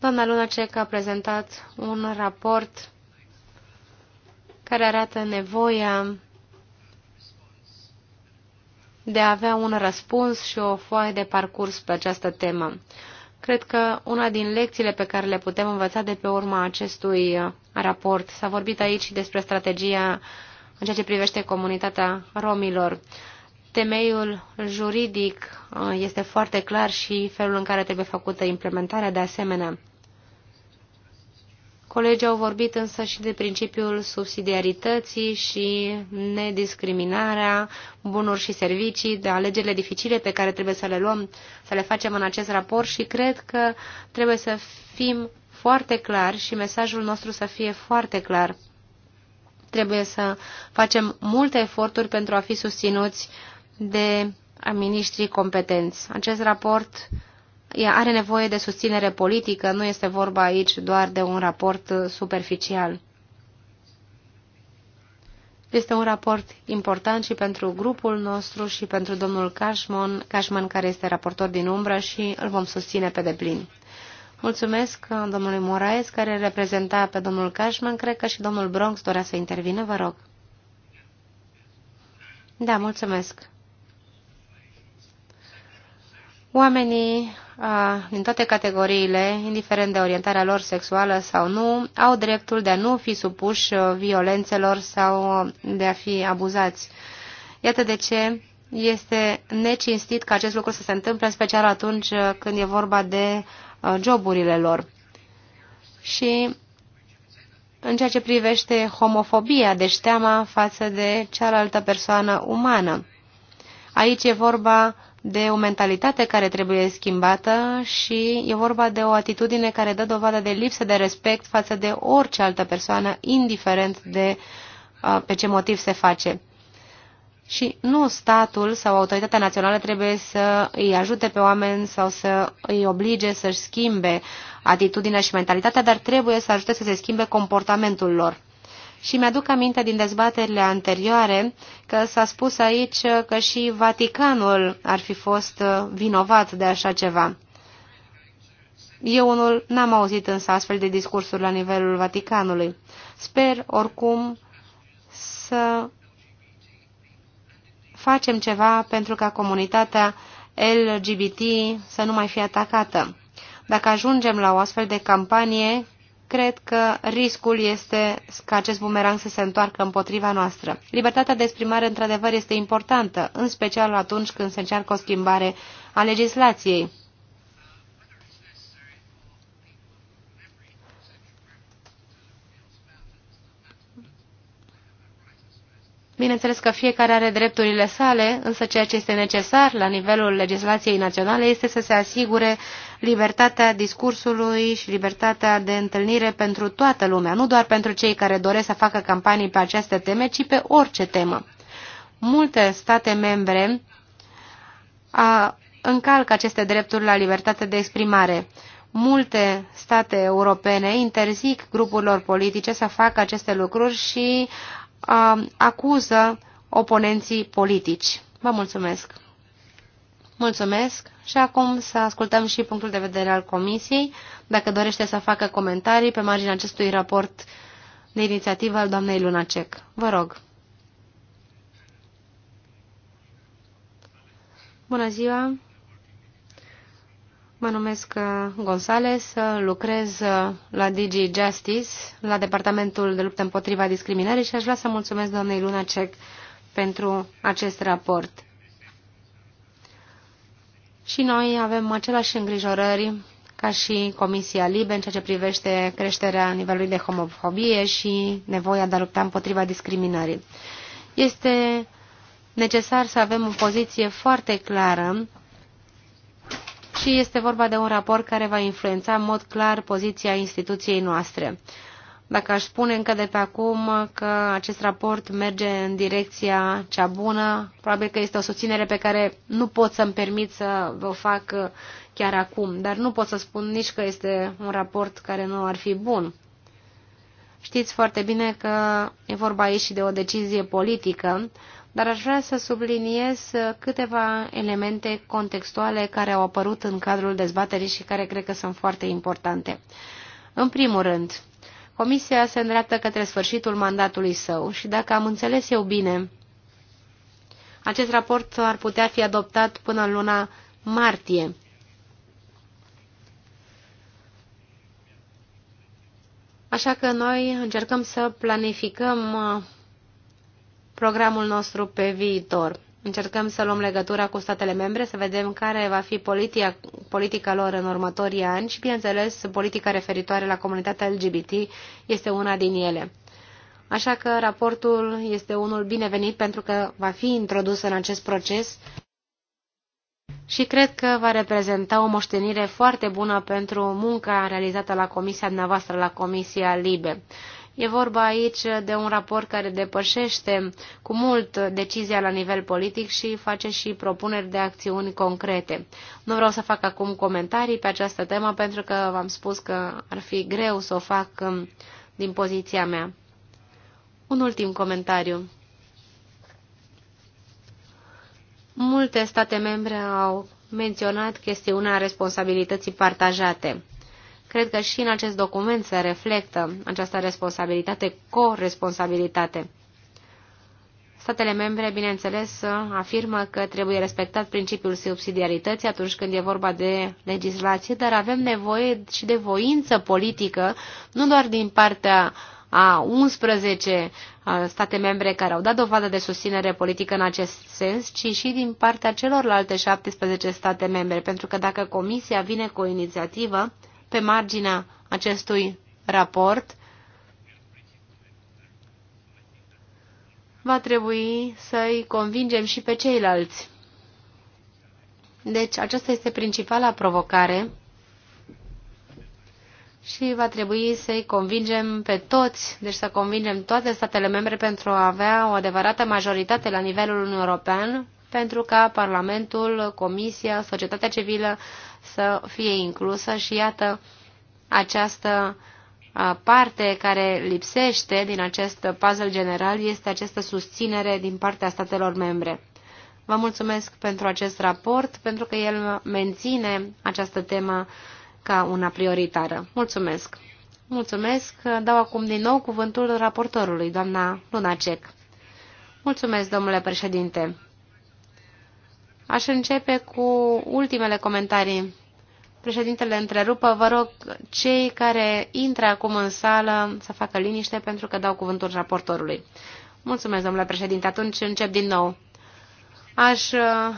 S3: Doamna Lunacek a prezentat un raport care arată nevoia de a avea un răspuns și o foaie de parcurs pe această temă. Cred că una din lecțiile pe care le putem învăța de pe urma acestui uh, raport, s-a vorbit aici despre strategia în ceea ce privește comunitatea romilor. Temeiul juridic uh, este foarte clar și felul în care trebuie făcută implementarea de asemenea. Colegii au vorbit însă și de principiul subsidiarității și nediscriminarea, bunuri și servicii, de alegerile dificile pe care trebuie să le luăm, să le facem în acest raport și cred că trebuie să fim foarte clari și mesajul nostru să fie foarte clar trebuie să facem multe eforturi pentru a fi susținuți de ministrii competenți. Acest raport are nevoie de susținere politică, nu este vorba aici doar de un raport uh, superficial. Este un raport important și pentru grupul nostru și pentru domnul Cashman, Cashman care este raportor din umbră și îl vom susține pe deplin. Mulțumesc uh, domnului Moraes, care reprezenta pe domnul Cashman. Cred că și domnul Bronx dorea să intervină, vă rog. Da, mulțumesc. Oamenii uh, din toate categoriile, indiferent de orientarea lor sexuală sau nu, au dreptul de a nu fi supuși uh, violențelor sau de a fi abuzați. Iată de ce este necinstit ca acest lucru să se întâmple, în special atunci când e vorba de Uh, joburile lor. Și în ceea ce privește homofobia, deci teama față de cealaltă persoană umană. Aici e vorba de o mentalitate care trebuie schimbată și e vorba de o atitudine care dă dovadă de lipsă de respect față de orice altă persoană, indiferent de uh, pe ce motiv se face și nu statul sau autoritatea națională trebuie să îi ajute pe oameni sau să îi oblige să-și schimbe atitudinea și mentalitatea, dar trebuie să ajute să se schimbe comportamentul lor. Și mi-aduc aminte din dezbaterile anterioare că s-a spus aici că și Vaticanul ar fi fost vinovat de așa ceva. Eu unul n-am auzit însă astfel de discursuri la nivelul Vaticanului. Sper oricum să facem ceva pentru ca comunitatea LGBT să nu mai fie atacată. Dacă ajungem la o astfel de campanie, cred că riscul este ca acest bumerang să se întoarcă împotriva noastră. Libertatea de exprimare, într-adevăr, este importantă, în special atunci când se încearcă o schimbare a legislației. Bineînțeles că fiecare are drepturile sale, însă ceea ce este necesar la nivelul legislației naționale este să se asigure libertatea discursului și libertatea de întâlnire pentru toată lumea, nu doar pentru cei care doresc să facă campanii pe aceste teme, ci pe orice temă. Multe state membre a, încalcă aceste drepturi la libertate de exprimare. Multe state europene interzic grupurilor politice să facă aceste lucruri și acuză oponenții politici. Vă mulțumesc! Mulțumesc și acum să ascultăm și punctul de vedere al Comisiei, dacă dorește să facă comentarii pe marginea acestui raport de inițiativă al doamnei Lunacek. Vă rog! Bună ziua! Mă numesc uh, Gonzales, uh, lucrez uh, la DG Justice, la Departamentul de Luptă împotriva discriminării și aș vrea să mulțumesc doamnei Luna Cec pentru acest raport. Și noi avem aceleași îngrijorări ca și Comisia Libe în ceea ce privește creșterea nivelului de homofobie și nevoia de a lupta împotriva discriminării. Este necesar să avem o poziție foarte clară și este vorba de un raport care va influența în mod clar poziția instituției noastre. Dacă aș spune încă de pe acum că acest raport merge în direcția cea bună, probabil că este o susținere pe care nu pot să-mi permit să vă fac chiar acum, dar nu pot să spun nici că este un raport care nu ar fi bun. Știți foarte bine că e vorba aici și de o decizie politică, dar aș vrea să subliniez câteva elemente contextuale care au apărut în cadrul dezbaterii și care cred că sunt foarte importante. În primul rând, Comisia se îndreaptă către sfârșitul mandatului său și, dacă am înțeles eu bine, acest raport ar putea fi adoptat până în luna martie. Așa că noi încercăm să planificăm programul nostru pe viitor. Încercăm să luăm legătura cu statele membre, să vedem care va fi politica, politica lor în următorii ani și, bineînțeles, politica referitoare la comunitatea LGBT este una din ele. Așa că raportul este unul binevenit pentru că va fi introdus în acest proces și cred că va reprezenta o moștenire foarte bună pentru munca realizată la comisia dumneavoastră, la comisia LIBE. E vorba aici de un raport care depășește cu mult decizia la nivel politic și face și propuneri de acțiuni concrete. Nu vreau să fac acum comentarii pe această temă pentru că v-am spus că ar fi greu să o fac um, din poziția mea. Un ultim comentariu. Multe state membre au menționat chestiunea responsabilității partajate. Cred că și în acest document se reflectă această responsabilitate, co-responsabilitate. Statele membre, bineînțeles, afirmă că trebuie respectat principiul subsidiarității atunci când e vorba de legislație, dar avem nevoie și de voință politică, nu doar din partea a 11 state membre care au dat dovadă de susținere politică în acest sens, ci și din partea celorlalte 17 state membre, pentru că dacă Comisia vine cu o inițiativă, pe marginea acestui raport, va trebui să-i convingem și pe ceilalți. Deci, aceasta este principala provocare și va trebui să-i convingem pe toți, deci să convingem toate statele membre pentru a avea o adevărată majoritate la nivelul european, pentru ca Parlamentul, Comisia, societatea civilă să fie inclusă și iată această parte care lipsește din acest puzzle general este această susținere din partea statelor membre. Vă mulțumesc pentru acest raport, pentru că el menține această temă ca una prioritară. Mulțumesc! Mulțumesc! Dau acum din nou cuvântul raportorului, doamna Lunacek. Mulțumesc, domnule președinte! Aș începe cu ultimele comentarii. Președintele întrerupă, vă rog cei care intră acum în sală să facă liniște pentru că dau cuvântul raportorului. Mulțumesc, domnule președinte. Atunci încep din nou. Aș uh,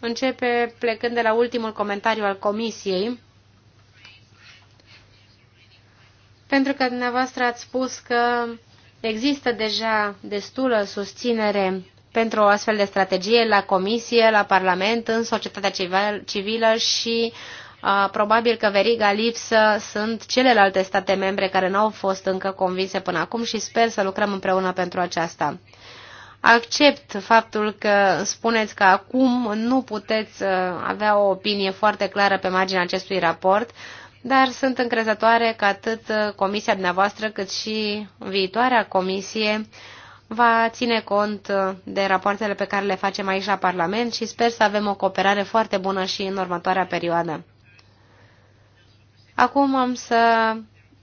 S3: începe plecând de la ultimul comentariu al comisiei, pentru că dumneavoastră ați spus că există deja destulă susținere pentru o astfel de strategie la Comisie, la Parlament, în societatea civilă și probabil că veriga lipsă sunt celelalte state membre care nu au fost încă convinse până acum și sper să lucrăm împreună pentru aceasta. Accept faptul că spuneți că acum nu puteți avea o opinie foarte clară pe marginea acestui raport, dar sunt încrezătoare că atât comisia dumneavoastră cât și viitoarea comisie uh, va ține cont uh, de rapoartele pe care le facem aici la Parlament și sper să avem o cooperare foarte bună și în următoarea perioadă. Acum am să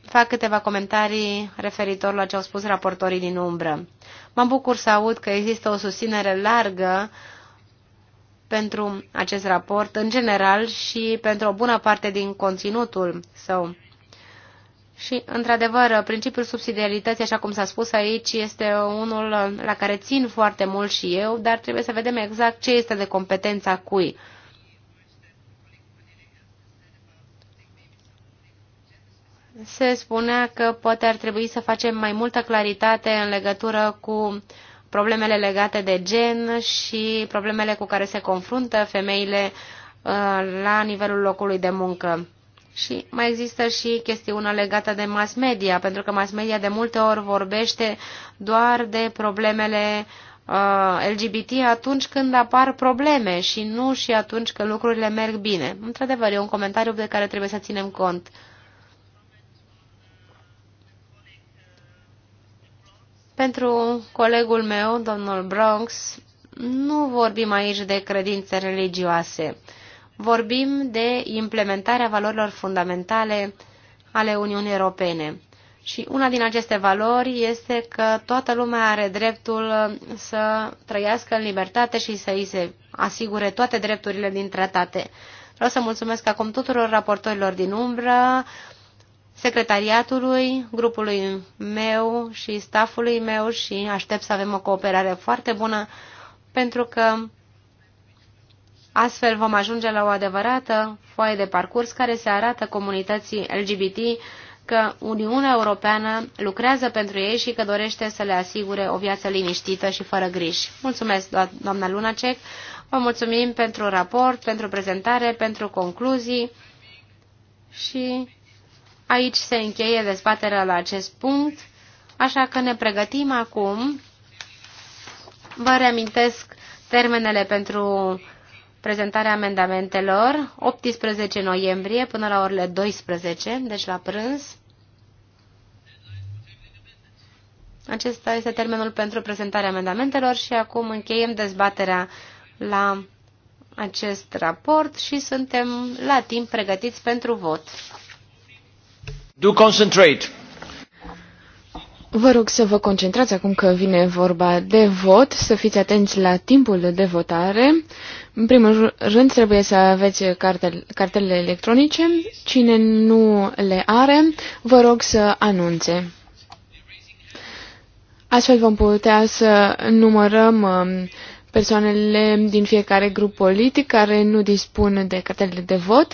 S3: fac câteva comentarii referitor la ce au spus raportorii din umbră. Mă bucur să aud că există o susținere largă pentru acest raport în general și pentru o bună parte din conținutul său. Și, într-adevăr, principiul subsidiarității, așa cum s-a spus aici, este unul la care țin foarte mult și eu, dar trebuie să vedem exact ce este de competența cui. Se spunea că poate ar trebui să facem mai multă claritate în legătură cu problemele legate de gen și problemele cu care se confruntă femeile uh, la nivelul locului de muncă. Și mai există și chestiunea legată de mass media, pentru că mass media de multe ori vorbește doar de problemele uh, LGBT atunci când apar probleme și nu și atunci când lucrurile merg bine. Într-adevăr, e un comentariu de care trebuie să ținem cont. Pentru colegul meu, domnul Bronx, nu vorbim aici de credințe religioase. Uh, vorbim de implementarea valorilor fundamentale ale Uniunii Europene. Și una din aceste valori este că toată lumea are dreptul să trăiască în libertate și să îi se asigure toate drepturile din tratate. Vreau să mulțumesc acum tuturor raportorilor din umbră, secretariatului, grupului meu și staffului meu și aștept să avem o cooperare foarte bună pentru că Astfel vom ajunge la o adevărată foaie de parcurs care se arată comunității LGBT că Uniunea Europeană lucrează pentru ei și că dorește să le asigure o viață liniștită și fără griji. Mulțumesc, doamna Lunacek. Vă mulțumim pentru raport, pentru prezentare, pentru concluzii și aici se încheie dezbaterea la acest punct, așa că ne pregătim acum. Vă reamintesc termenele pentru prezentarea amendamentelor 18 noiembrie până la orele 12, deci la prânz. Acesta este termenul pentru prezentarea amendamentelor și acum încheiem dezbaterea la acest raport și suntem la timp pregătiți pentru vot.
S2: Do concentrate.
S1: Vă rog să vă concentrați acum că vine vorba de vot, să fiți atenți la timpul de votare. În primul rând trebuie să aveți cartel, cartelele electronice. Cine nu le are, vă rog să anunțe. Astfel vom putea să numărăm um, persoanele din fiecare grup politic care nu dispun de cartele de vot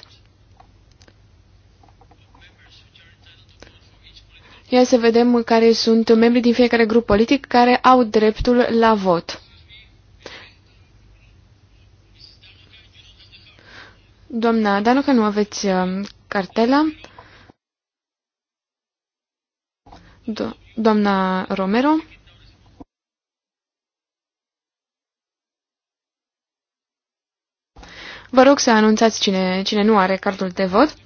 S1: Ia să vedem care sunt membrii din fiecare grup politic care au dreptul la vot. Doamna Danuca, nu aveți uh, cartela. Do doamna Romero. Vă rog să anunțați cine, cine nu are cardul de vot.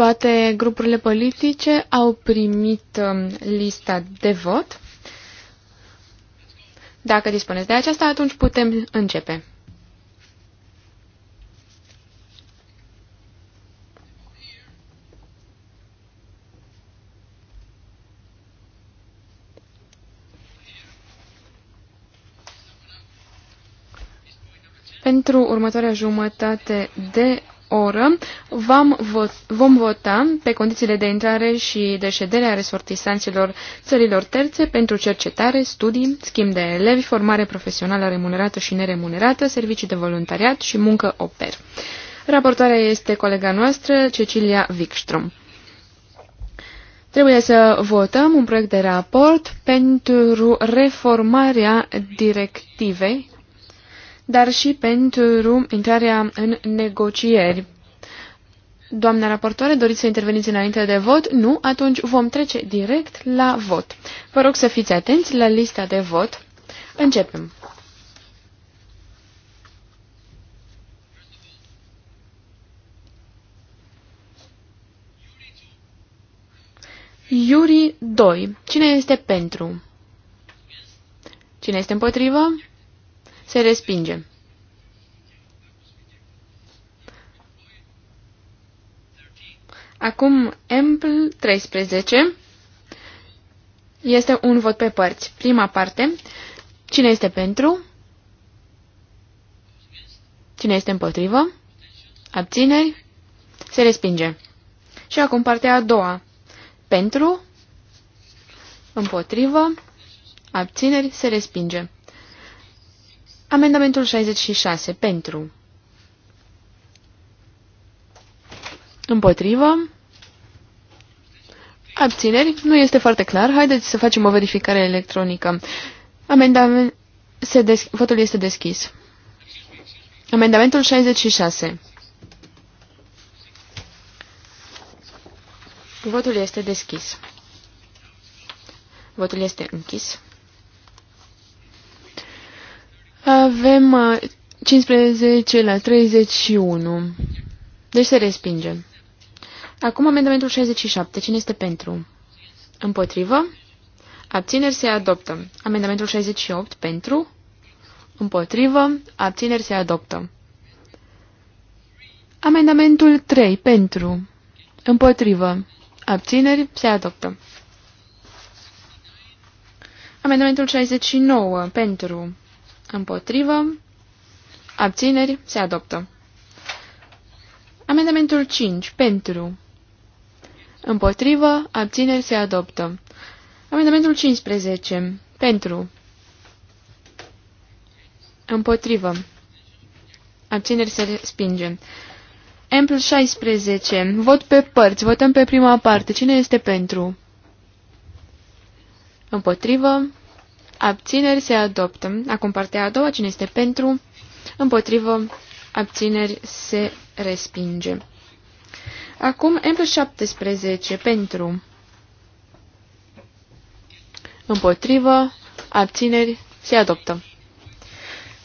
S1: Toate grupurile politice au primit um, lista de vot. Dacă dispuneți de aceasta, atunci putem începe. Pentru următoarea jumătate de oră vom, vo vom vota pe condițiile de intrare și de ședere a resortisanților țărilor terțe pentru cercetare, studii, schimb de elevi, formare profesională remunerată și neremunerată, servicii de voluntariat și muncă oper. Raportoarea este colega noastră, Cecilia Wikström. Trebuie să votăm un proiect de raport pentru reformarea directivei dar și pentru intrarea în negocieri. Doamna raportoare, doriți să interveniți înainte de vot? Nu? Atunci vom trece direct la vot. Vă rog să fiți atenți la lista de vot. Începem. Iuri 2. Cine este pentru? Cine este împotrivă? Se respinge. Acum, Empl 13 este un vot pe părți. Prima parte, cine este pentru? Cine este împotrivă? Abțineri? Se respinge. Și acum partea a doua. Pentru? Împotrivă? Abțineri? Se respinge. Amendamentul 66. Pentru. Împotrivă. Abțineri. Nu este foarte clar. Haideți să facem o verificare electronică. Amendament... Se des... Votul este deschis. Amendamentul 66. Votul este deschis. Votul este închis. Avem 15 uh, la 31. Deci se respinge. Acum amendamentul 67. Cine este pentru? Împotrivă. Abțineri se adoptă. Amendamentul 68. Pentru. Împotrivă. Abțineri se adoptă. Amendamentul 3. Pentru. Împotrivă. Abțineri se adoptă. Amendamentul 69. Pentru. Împotrivă. Abțineri. Se adoptă. Amendamentul 5. Pentru. Împotrivă. Abțineri. Se adoptă. Amendamentul 15. Pentru. Împotrivă. Abțineri. Se respinge. Amplul 16. Vot pe părți. Votăm pe prima parte. Cine este pentru? Împotrivă abțineri se adoptă. Acum partea a doua, cine este pentru, împotrivă, abțineri se respinge. Acum M 17 pentru, împotrivă, abțineri se adoptă.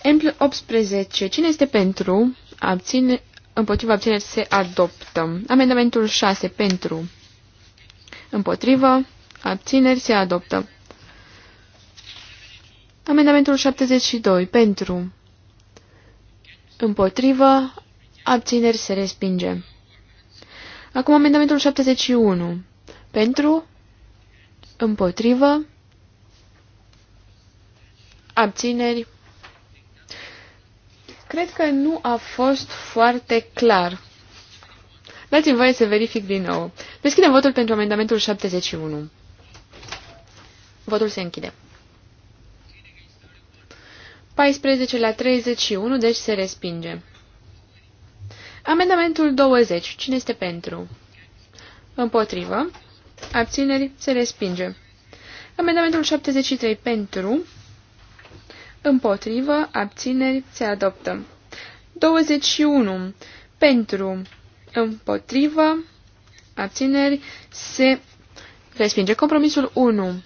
S1: M 18, cine este pentru, abține, împotrivă, abțineri se adoptă. Amendamentul 6 pentru, împotrivă, abțineri se adoptă. Amendamentul 72. Pentru. Împotrivă. Abțineri se respinge. Acum amendamentul 71. Pentru. Împotrivă. Abțineri. Cred că nu a fost foarte clar. Dați-mi voie să verific din nou. Deschidem votul pentru amendamentul 71. Votul se închide. 14 la 31, deci se respinge. Amendamentul 20. Cine este pentru? Împotrivă. Abțineri. Se respinge. Amendamentul 73. Pentru. Împotrivă. Abțineri. Se adoptă. 21. Pentru. Împotrivă. Abțineri. Se respinge. Compromisul 1.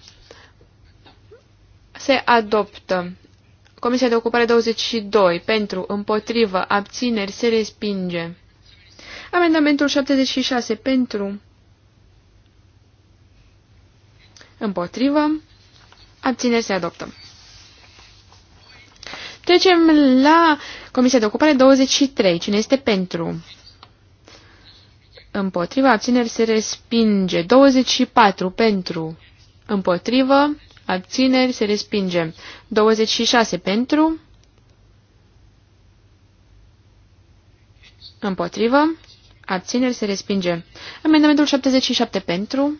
S1: Se adoptă. Comisia de Ocupare 22. Pentru, împotrivă, abțineri, se respinge. Amendamentul 76. Pentru, împotrivă, abțineri, se adoptă. Trecem la Comisia de Ocupare 23. Cine este pentru? Împotriva, abțineri se respinge. 24 pentru. Împotrivă, abțineri, se respinge. 26 pentru, împotrivă, abțineri, se respinge. Amendamentul 77 pentru,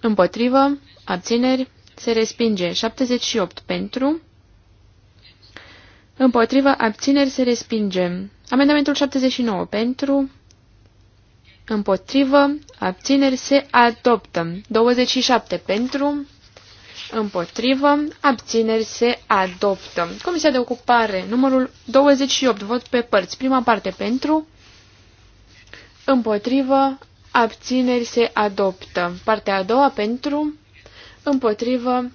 S1: împotrivă, abțineri, se respinge. 78 pentru, împotrivă, abțineri, se respinge. Amendamentul 79 pentru, împotrivă, abțineri se adoptă. 27 pentru, împotrivă, abțineri se adoptă. Comisia de ocupare, numărul 28, vot pe părți. Prima parte pentru, împotrivă, abțineri se adoptă. Partea a doua pentru, împotrivă,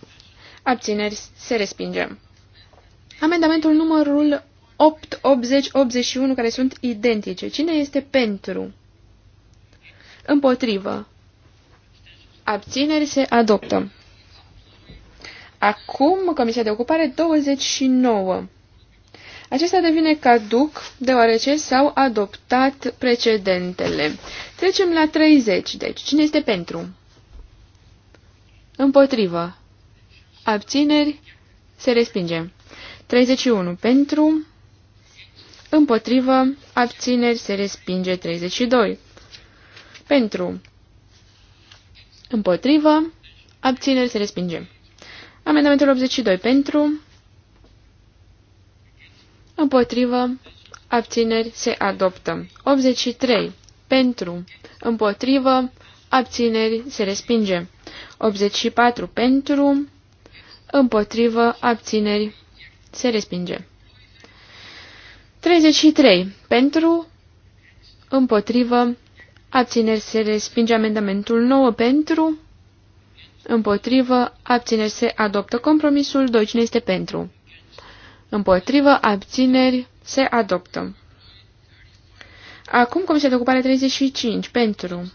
S1: abțineri se respinge. Amendamentul numărul 8, 80, 81, care sunt identice. Cine este pentru? Împotrivă. Abțineri se adoptă. Acum, Comisia de Ocupare 29. Acesta devine caduc deoarece s-au adoptat precedentele. Trecem la 30, deci. Cine este pentru? Împotrivă. Abțineri se respinge. 31 pentru. Împotrivă. Abțineri se respinge. 32 pentru. Împotrivă. Abțineri se respinge. Amendamentul 82 pentru. Împotrivă. Abțineri se adoptă. 83 pentru. Împotrivă. Abțineri se respinge. 84 pentru. Împotrivă. Abțineri se respinge. 33 pentru. Împotrivă. Abțineri se respinge amendamentul 9 pentru. Împotrivă. Abțineri se adoptă compromisul 2. Cine este pentru? Împotrivă. Abțineri se adoptă. Acum Comisia de Ocupare 35. Pentru.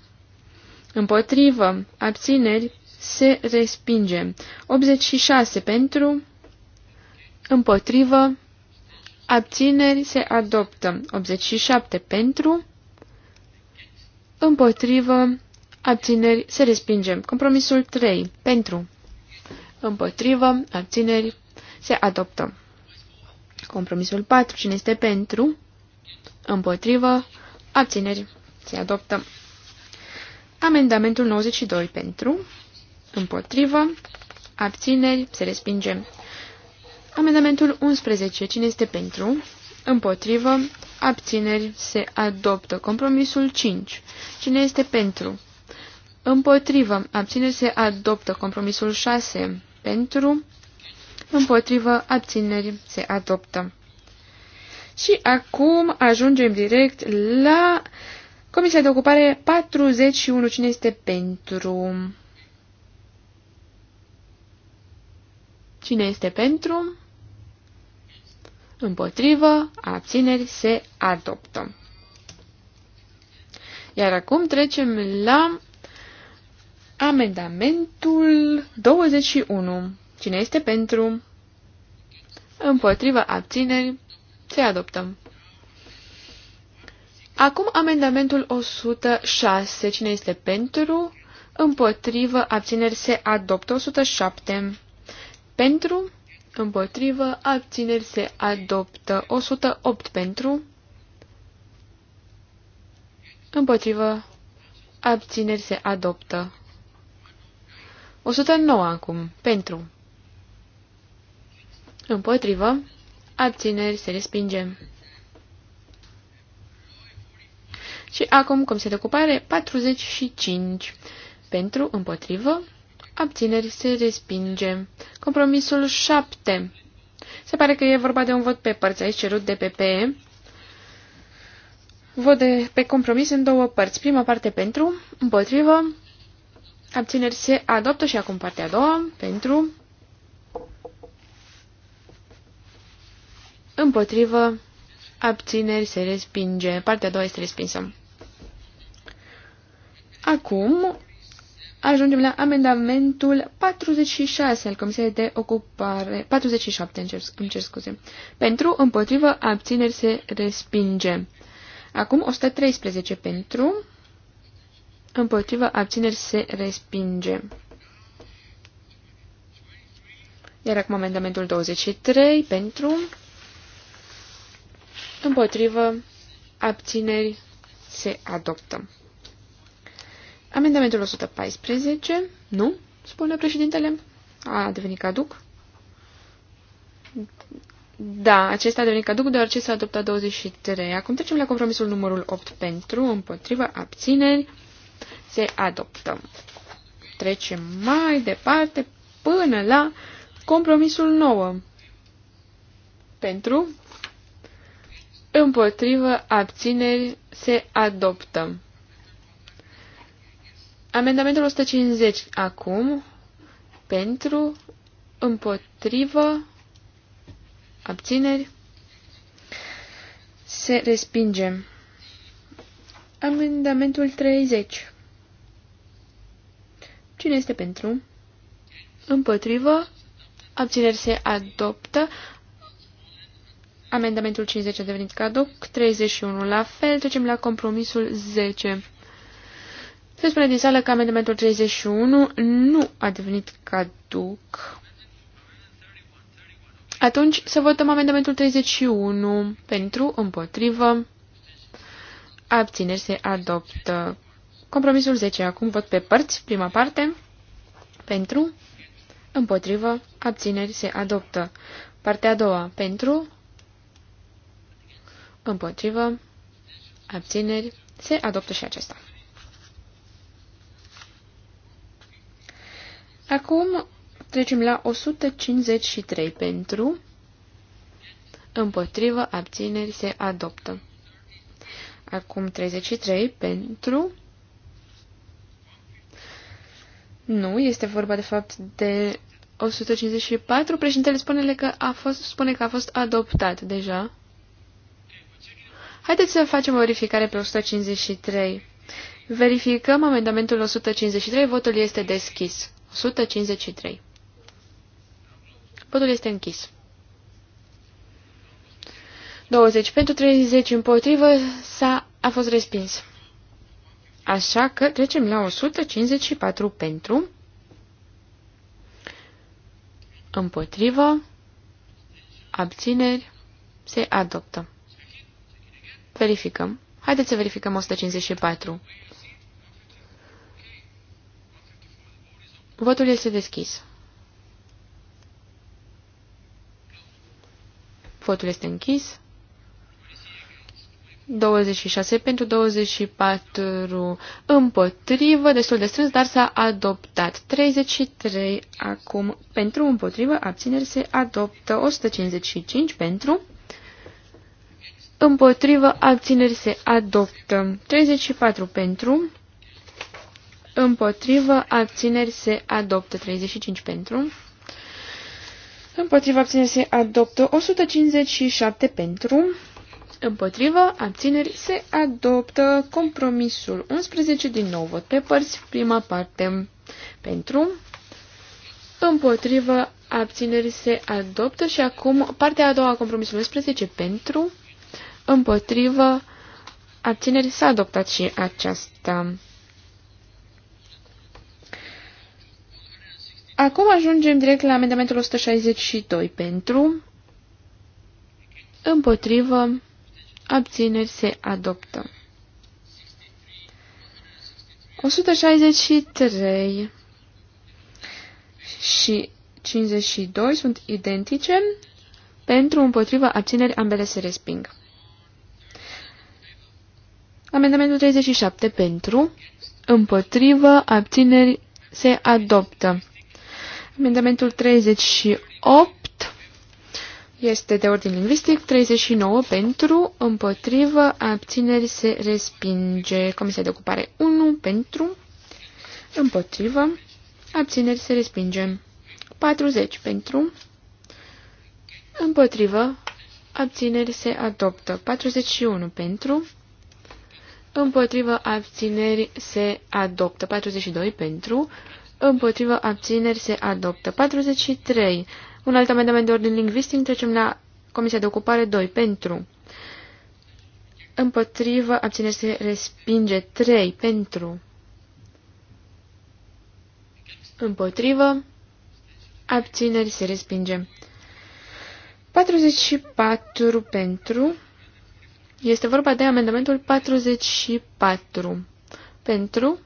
S1: Împotrivă. Abțineri se respinge. 86 pentru. Împotrivă. Abțineri se adoptă. 87 pentru împotrivă, abțineri, să respingem. Compromisul 3, pentru, împotrivă, abțineri, se adoptă. Compromisul 4, cine este pentru, împotrivă, abțineri, se adoptă. Amendamentul 92, pentru, împotrivă, abțineri, se respinge. Amendamentul 11, cine este pentru, împotrivă, Abțineri se adoptă. Compromisul 5. Cine este pentru? Împotrivă. Abțineri se adoptă. Compromisul 6. Pentru. Împotrivă. Abțineri se adoptă. Și acum ajungem direct la Comisia de Ocupare 41. Cine este pentru? Cine este pentru? împotrivă, abțineri se adoptă. Iar acum trecem la amendamentul 21. Cine este pentru? Împotrivă abțineri se adoptă. Acum amendamentul 106. Cine este pentru? Împotrivă abțineri se adoptă. 107. Pentru? împotrivă, abțineri se adoptă. 108 pentru, împotrivă, abțineri se adoptă. 109 acum, pentru, împotrivă, abțineri se respinge. Și acum, cum se decupare, 45 pentru, împotrivă, Abțineri se respinge. Compromisul 7. Se pare că e vorba de un vot pe părți aici cerut de PPE. Vot de, pe compromis în două părți. Prima parte pentru, împotrivă, abțineri se adoptă și acum partea a doua, pentru, împotrivă, abțineri se respinge. Partea a doua este respinsă. Acum, Ajungem la amendamentul 46 al Comisiei de Ocupare, 47, îmi cer, îmi cer scuze. Pentru, împotrivă, abțineri se respinge. Acum 113 pentru, împotrivă, abțineri se respinge. Iar acum amendamentul 23 pentru, împotrivă, abțineri se adoptă. Amendamentul 114, nu, spune președintele, a devenit caduc. Da, acesta a devenit caduc deoarece s-a adoptat 23. Acum trecem la compromisul numărul 8 pentru, împotriva abțineri, se adoptă. Trecem mai departe până la compromisul 9 pentru, împotrivă, abțineri, se adoptă. Amendamentul 150 acum, pentru, împotrivă, abțineri, se respinge. Amendamentul 30. Cine este pentru? Împotrivă, abțineri se adoptă. Amendamentul 50 a devenit caduc, 31 la fel, trecem la compromisul 10. Se spune din sală că amendamentul 31 nu a devenit caduc. Atunci să votăm amendamentul 31 pentru, împotrivă, abțineri se adoptă. Compromisul 10. Acum vot pe părți, prima parte, pentru, împotrivă, abțineri se adoptă. Partea a doua, pentru, împotrivă, abțineri se adoptă și acesta. Acum trecem la 153 pentru, împotrivă, abțineri, se adoptă. Acum 33 pentru... Nu, este vorba de fapt de 154. Președintele spune că a fost, spune că a fost adoptat deja. Haideți să facem o verificare pe 153. Verificăm amendamentul 153. Votul este deschis. 153. Podul este închis. 20 pentru 30 împotrivă s-a, a fost respins. Așa că trecem la 154 pentru, împotrivă, abțineri, se adoptă. Verificăm. Haideți să verificăm 154. Votul este deschis. Votul este închis. 26 pentru 24 împotrivă, destul de strâns, dar s-a adoptat. 33 acum pentru împotrivă, abțineri se adoptă. 155 pentru împotrivă, abțineri se adoptă. 34 pentru Împotrivă, abțineri se adoptă. 35 pentru. Împotrivă, abțineri se adoptă. 157 pentru. Împotrivă, abțineri se adoptă. Compromisul 11 din nou vot pe părți. Prima parte pentru. Împotrivă, abțineri se adoptă. Și acum partea a doua a compromisului 11 pentru. Împotrivă, abțineri s-a adoptat și aceasta. Acum ajungem direct la amendamentul 162 pentru, împotrivă, abțineri se adoptă. 163 și 52 sunt identice, pentru, împotrivă, abțineri ambele se resping. Amendamentul 37 pentru, împotrivă, abțineri se adoptă. Amendamentul 38 este de ordin lingvistic, 39 pentru, împotrivă, abțineri se respinge. Comisia de ocupare 1 pentru, împotrivă, abțineri se respinge. 40 pentru, împotrivă, abțineri se adoptă. 41 pentru, împotrivă, abțineri se adoptă. 42 pentru, împotrivă, abțineri, se adoptă. 43. Un alt amendament de ordin lingvistic, trecem la Comisia de Ocupare 2, pentru. Împotrivă, abțineri, se respinge. 3, pentru. Împotrivă, abțineri, se respinge. 44 pentru. Este vorba de amendamentul 44. Pentru,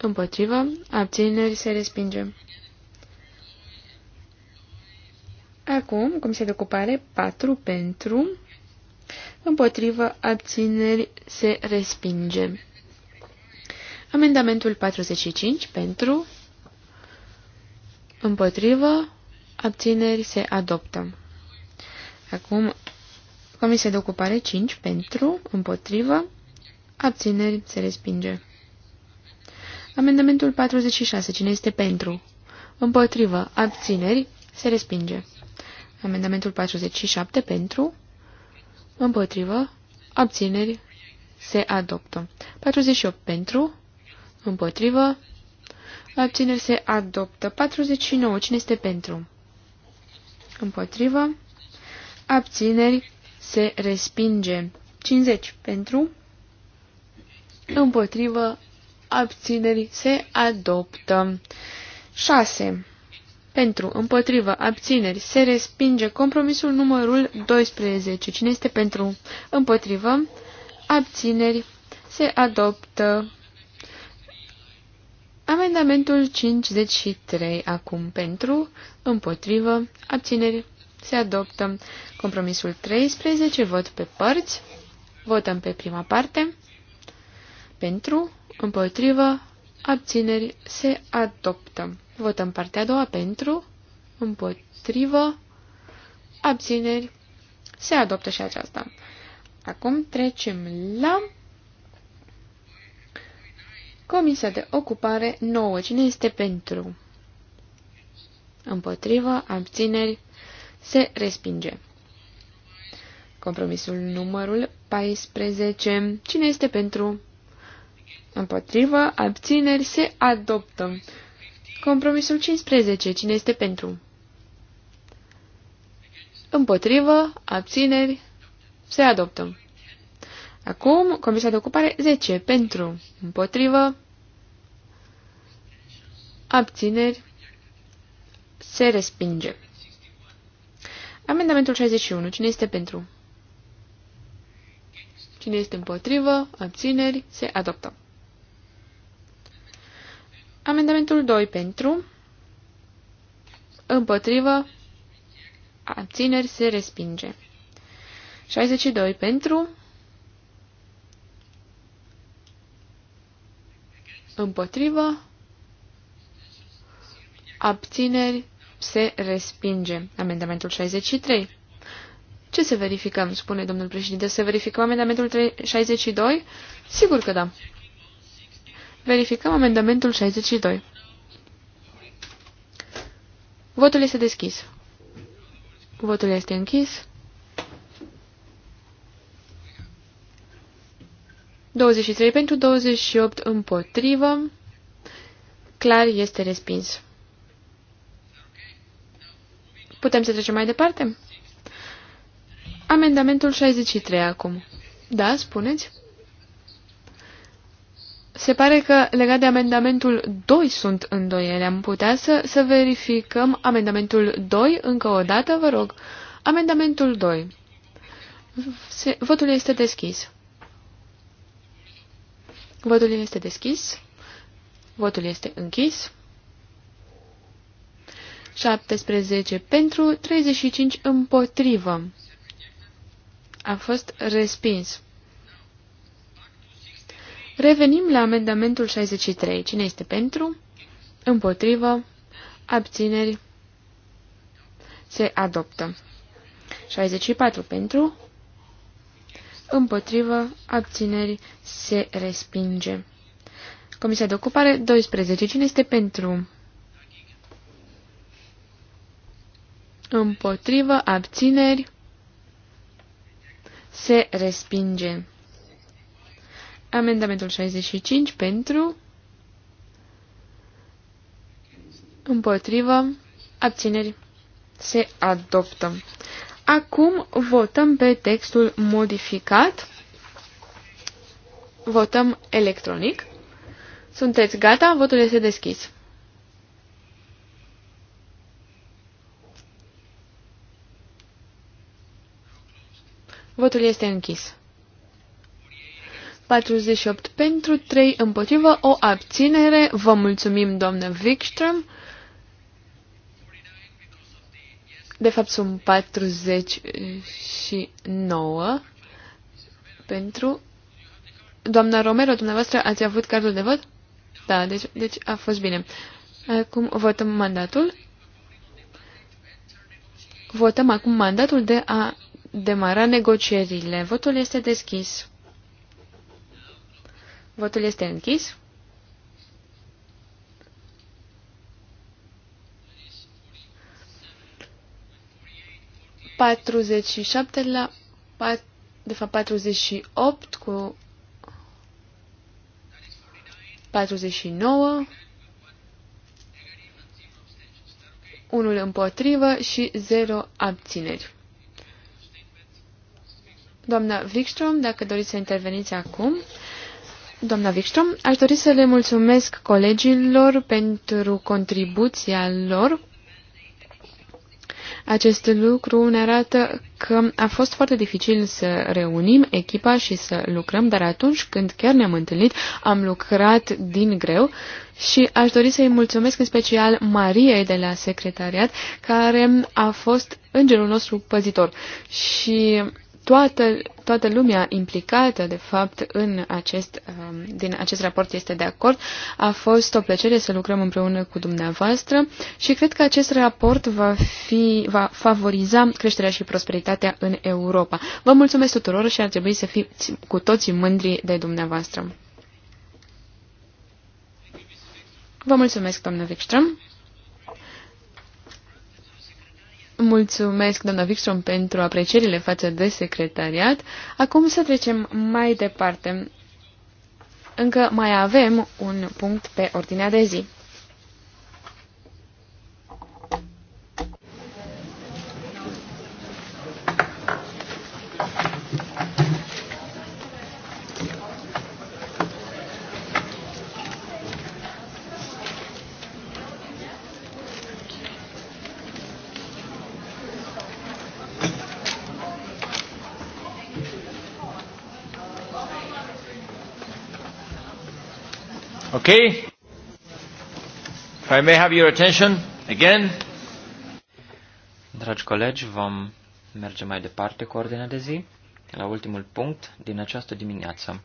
S1: Împotrivă. Abțineri se respinge. Acum, cum se de ocupare, 4 pentru. Împotrivă. Abțineri se respinge. Amendamentul 45 pentru. Împotrivă. Abțineri se adoptă. Acum, Comisia de ocupare 5 pentru, împotrivă, abțineri se respinge. Amendamentul 46. Cine este pentru? Împotrivă. Abțineri. Se respinge. Amendamentul 47. Pentru. Împotrivă. Abțineri. Se adoptă. 48. Pentru. Împotrivă. Abțineri. Se adoptă. 49. Cine este pentru? Împotrivă. Abțineri. Se respinge. 50. Pentru. Împotrivă abțineri, se adoptă. 6. Pentru, împotrivă, abțineri, se respinge compromisul numărul 12. Cine este pentru, împotrivă, abțineri, se adoptă. Amendamentul 53. Acum pentru, împotrivă, abțineri, se adoptă. Compromisul 13. Vot pe părți. Votăm pe prima parte. Pentru, împotrivă, abțineri, se adoptă. Votăm partea a doua pentru, împotrivă, abțineri, se adoptă și aceasta. Acum trecem la Comisia de Ocupare 9. Cine este pentru? Împotrivă, abțineri, se respinge. Compromisul numărul 14. Cine este pentru? Împotrivă, abțineri, se adoptă. Compromisul 15. Cine este pentru? Împotrivă, abțineri, se adoptă. Acum, Comisia de Ocupare 10. Pentru, împotrivă, abțineri, se respinge. Amendamentul 61. Cine este pentru? Cine este împotrivă, abțineri, se adoptă. Amendamentul 2 pentru, împotrivă, abțineri se respinge. 62 pentru, împotrivă, abțineri se respinge. Amendamentul 63. Ce să verificăm, spune domnul președinte, să verificăm amendamentul 62? Sigur că da. Verificăm amendamentul 62. Votul este deschis. Votul este închis. 23 pentru 28 împotrivă. Clar este respins. Putem să trecem mai departe? Amendamentul 63 acum. Da, spuneți? Se pare că legat de amendamentul 2 sunt îndoiele. Am putea să, să verificăm amendamentul 2 încă o dată, vă rog. Amendamentul 2. Se, votul este deschis. Votul este deschis. Votul este închis. 17 pentru, 35 împotrivă. A fost respins. Revenim la amendamentul 63. Cine este pentru? Împotrivă. Abțineri. Se adoptă. 64 pentru. Împotrivă. Abțineri. Se respinge. Comisia de ocupare 12. Cine este pentru? Împotrivă. Abțineri. Se respinge. Amendamentul 65 pentru, împotrivă, abțineri, se adoptă. Acum votăm pe textul modificat. Votăm electronic. Sunteți gata? Votul este deschis. Votul este închis. 48 pentru, 3 împotrivă, o abținere. Vă mulțumim, doamnă Wikström. De fapt, sunt 49 pentru... Doamna Romero, dumneavoastră, ați avut cardul de vot? Da, deci, deci a fost bine. Acum votăm mandatul. Votăm acum mandatul de a demara negocierile. Votul este deschis. Votul este închis. Patruzeci și șapte la de fapt patruzeci și opt, cu patruzeci și nouă, unul împotrivă și zero abțineri. Doamna Wikström, dacă doriți să interveniți acum, Doamna Wikström, aș dori să le mulțumesc colegilor pentru contribuția lor. Acest lucru ne arată că a fost foarte dificil să reunim echipa și să lucrăm, dar atunci când chiar ne-am întâlnit, am lucrat din greu și aș dori să-i mulțumesc în special Mariei de la secretariat, care a fost îngerul nostru păzitor. Și toată, toată lumea implicată, de fapt, în acest, um, din acest raport este de acord. A fost o plăcere să lucrăm împreună cu dumneavoastră și cred că acest raport va, fi, va favoriza creșterea și prosperitatea în Europa. Vă mulțumesc tuturor și ar trebui să fiți cu toții mândri de dumneavoastră. Vă mulțumesc, doamnă Wikström. Mulțumesc, doamna Wikström, pentru aprecierile față de secretariat. Acum să trecem mai departe. Încă mai avem un punct pe ordinea de zi.
S2: Okay? If I may have your attention again. Dragi colegi, vom merge mai departe cu ordinea de zi, la ultimul punct din această dimineață.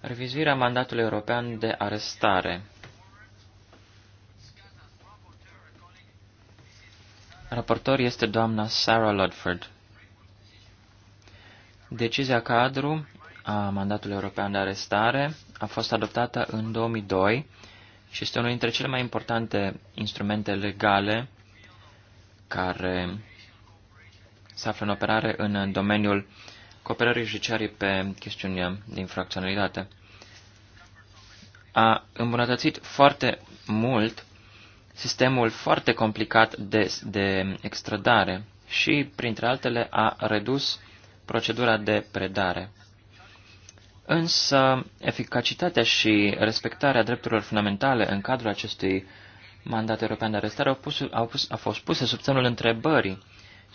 S2: Revizuirea mandatului european de arestare. Raportor este doamna Sarah Ludford. Decizia cadru a mandatului european de arestare a fost adoptată în 2002 și este unul dintre cele mai importante instrumente legale care se află în operare în domeniul cooperării judiciarii pe chestiuni de infracționalitate. A îmbunătățit foarte mult sistemul foarte complicat de, de extradare și, printre altele, a redus procedura de predare. Însă, eficacitatea și respectarea drepturilor fundamentale în cadrul acestui mandat european de arestare au, pus, au, pus, au fost puse sub semnul întrebării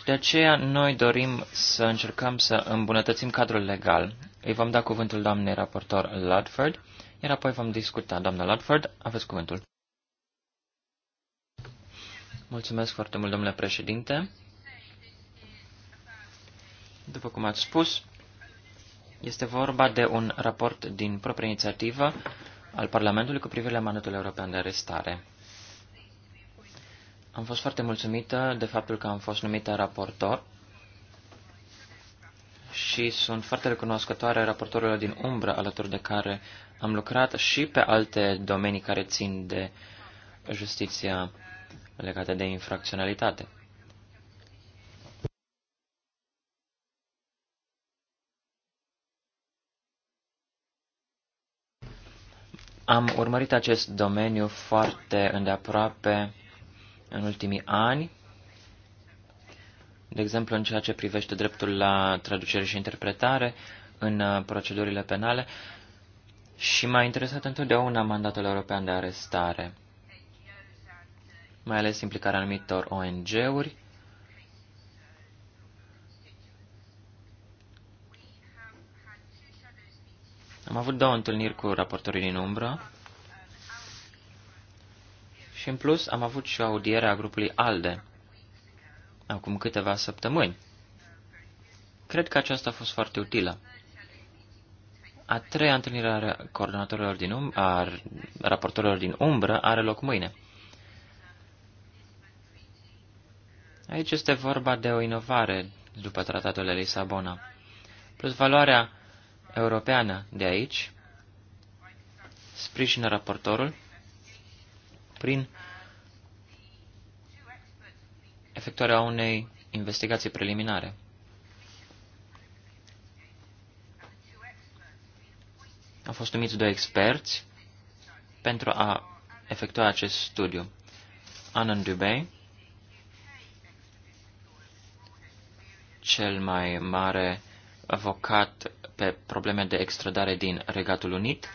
S2: de aceea noi dorim să încercăm să îmbunătățim cadrul legal. Îi vom da cuvântul doamnei raportor Ludford, iar apoi vom discuta. Doamna Ludford, aveți cuvântul. Mulțumesc foarte mult, domnule președinte. După cum ați spus, este vorba de un raport din proprie inițiativă al Parlamentului cu privire la mandatul european de arestare. Am fost foarte mulțumită de faptul că am fost numită raportor și sunt foarte recunoscătoare raportorilor din umbră alături de care am lucrat și pe alte domenii care țin de justiția legate de infracționalitate. Am urmărit acest domeniu foarte îndeaproape în ultimii ani, de exemplu în ceea ce privește dreptul la traducere și interpretare în uh, procedurile penale și m-a interesat întotdeauna mandatul european de arestare, mai ales implicarea anumitor ONG-uri Am avut două întâlniri cu raportorii din umbră și, în plus, am avut și o audiere a grupului ALDE acum câteva săptămâni. Cred că aceasta a fost foarte utilă. A treia întâlnire a coordonatorilor din um, a raportorilor din umbră are loc mâine. Aici este vorba de o inovare după tratatul de Lisabona. Plus valoarea europeană de aici sprijină raportorul prin efectuarea unei investigații preliminare. Au fost numiți doi experți pentru a efectua acest studiu. Anand Dubey, cel mai mare avocat pe probleme de extradare din Regatul Unit,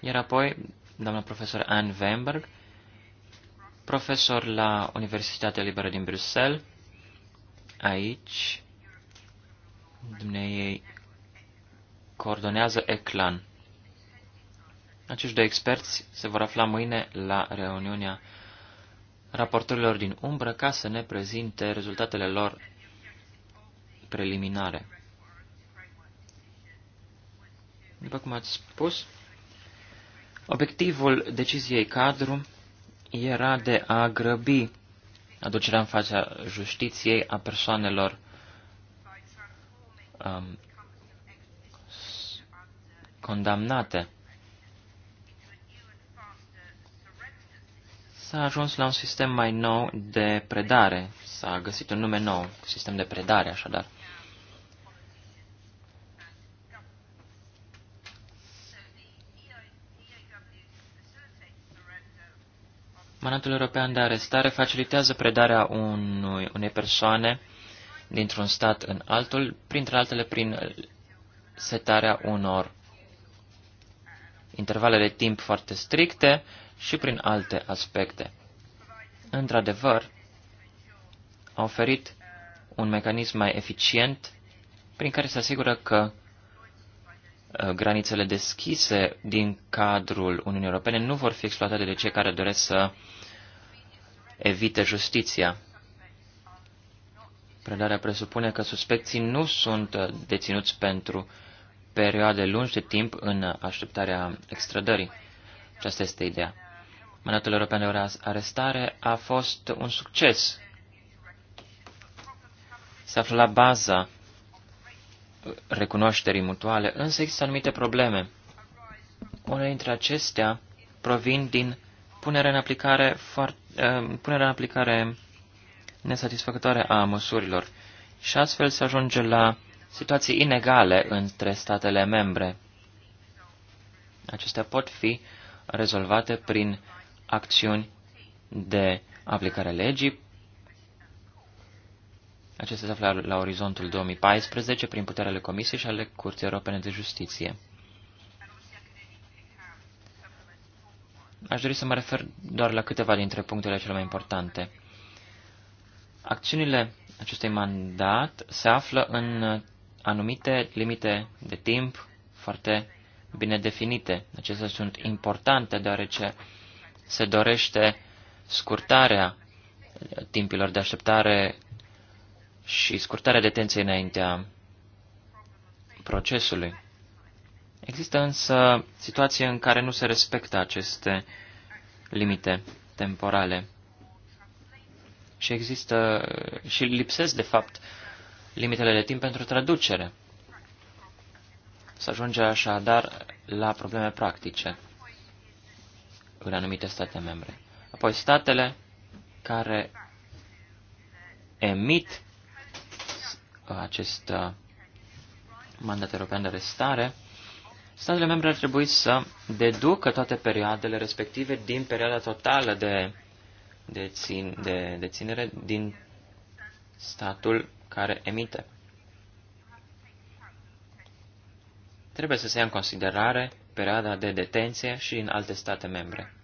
S2: iar apoi doamna profesor Anne Weinberg, profesor la Universitatea Liberă din Bruxelles, aici, ei coordonează ECLAN. Acești doi experți se vor afla mâine la reuniunea raportorilor din umbră ca să ne prezinte rezultatele lor preliminare. După cum ați spus, obiectivul deciziei cadru era de a grăbi aducerea în fața justiției a persoanelor um, condamnate. S-a ajuns la un sistem mai nou de predare, s-a găsit un nume nou, sistem de predare așadar. Mandatul european de arestare facilitează predarea unui, unei persoane dintr-un stat în altul, printre altele prin setarea unor intervale de timp foarte stricte și prin alte aspecte. Într-adevăr, a oferit un mecanism mai eficient prin care se asigură că Uh, granițele deschise din cadrul Uniunii Europene nu vor fi exploatate de cei care doresc să evite justiția. Predarea presupune că suspecții nu sunt uh, deținuți pentru perioade lungi de timp în așteptarea extrădării. Aceasta este ideea. Mandatul european de arestare a fost un succes. Se află la baza recunoașterii mutuale, însă există anumite probleme. Unele dintre acestea provin din punerea în aplicare, foarte, uh, punerea în aplicare nesatisfăcătoare a măsurilor și astfel se ajunge la situații inegale între statele membre. Acestea pot fi rezolvate prin acțiuni de aplicare legii, Acestea se află la orizontul 2014 prin puterele Comisiei și ale Curții Europene de Justiție. Aș dori să mă refer doar la câteva dintre punctele cele mai importante. Acțiunile acestui mandat se află în anumite limite de timp foarte bine definite. Acestea sunt importante deoarece se dorește scurtarea timpilor de așteptare și scurtarea detenției înaintea procesului. Există însă situații în care nu se respectă aceste limite temporale și există și lipsesc, de fapt, limitele de timp pentru traducere. Să ajunge așadar la probleme practice în anumite state membre. Apoi statele care emit acest uh, mandat european de arestare, statele membre ar trebui să deducă toate perioadele respective din perioada totală de, de, țin, de, de ținere din statul care emite. Trebuie să se ia în considerare perioada de detenție și în alte state membre.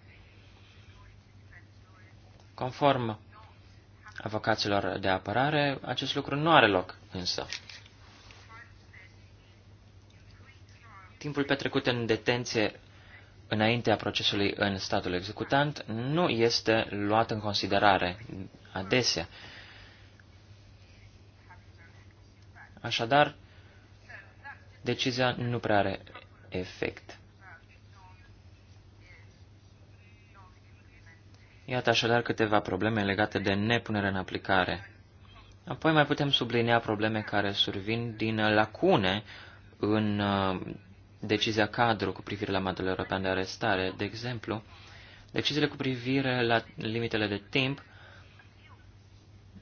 S2: Conform avocaților de apărare, acest lucru nu are loc însă. Timpul petrecut în detenție înaintea procesului în statul executant nu este luat în considerare adesea. Așadar, decizia nu prea are efect. Iată așadar câteva probleme legate de nepunere în aplicare. Apoi mai putem sublinia probleme care survin din lacune în uh, decizia cadru cu privire la mandatul european de arestare. De exemplu, deciziile cu privire la limitele de timp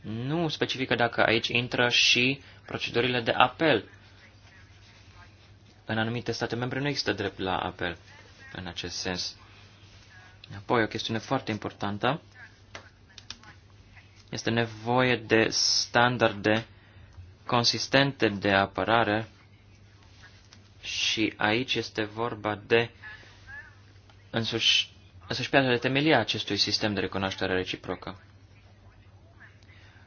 S2: nu specifică dacă aici intră și procedurile de apel. În anumite state membre nu există drept la apel în acest sens. Apoi, o chestiune foarte importantă este nevoie de standarde consistente de apărare și aici este vorba de însuși, însuși piața de temelia acestui sistem de recunoaștere reciprocă.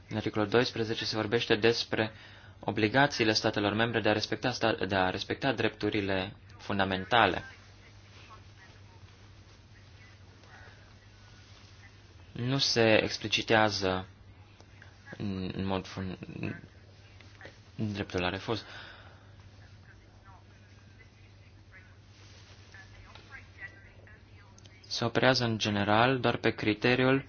S2: În articolul 12 se vorbește despre obligațiile statelor membre de a respecta, de a respecta drepturile fundamentale. nu se explicitează în mod fun... în dreptul la refuz. Se operează în general doar pe criteriul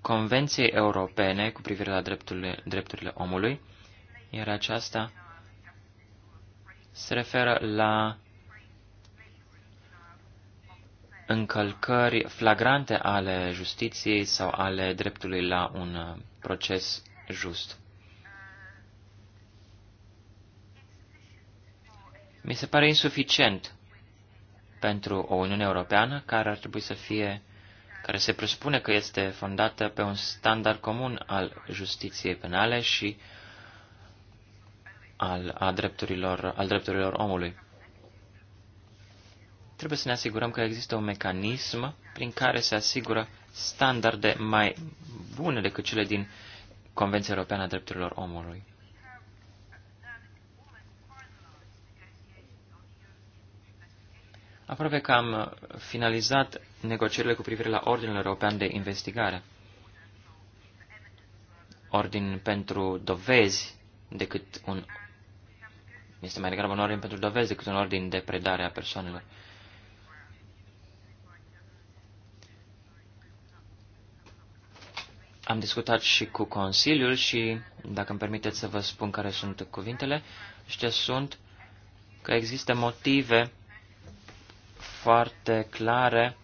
S2: Convenției Europene cu privire la drepturile, drepturile omului, iar aceasta se referă la încălcări flagrante ale justiției sau ale dreptului la un uh, proces just. Mi se pare insuficient pentru o Uniune Europeană care ar trebui să fie, care se presupune că este fondată pe un standard comun al justiției penale și al, a drepturilor, al drepturilor omului. Trebuie să ne asigurăm că există un mecanism prin care se asigură standarde mai bune decât cele din Convenția Europeană a Drepturilor Omului. Aproape că am finalizat negocierile cu privire la Ordinul European de Investigare. Ordin pentru dovezi decât un... Este mai degrabă un ordin pentru dovezi decât un ordin de predare a persoanelor. Am discutat și cu Consiliul și, dacă îmi permiteți să vă spun care sunt cuvintele, știți sunt că există motive foarte clare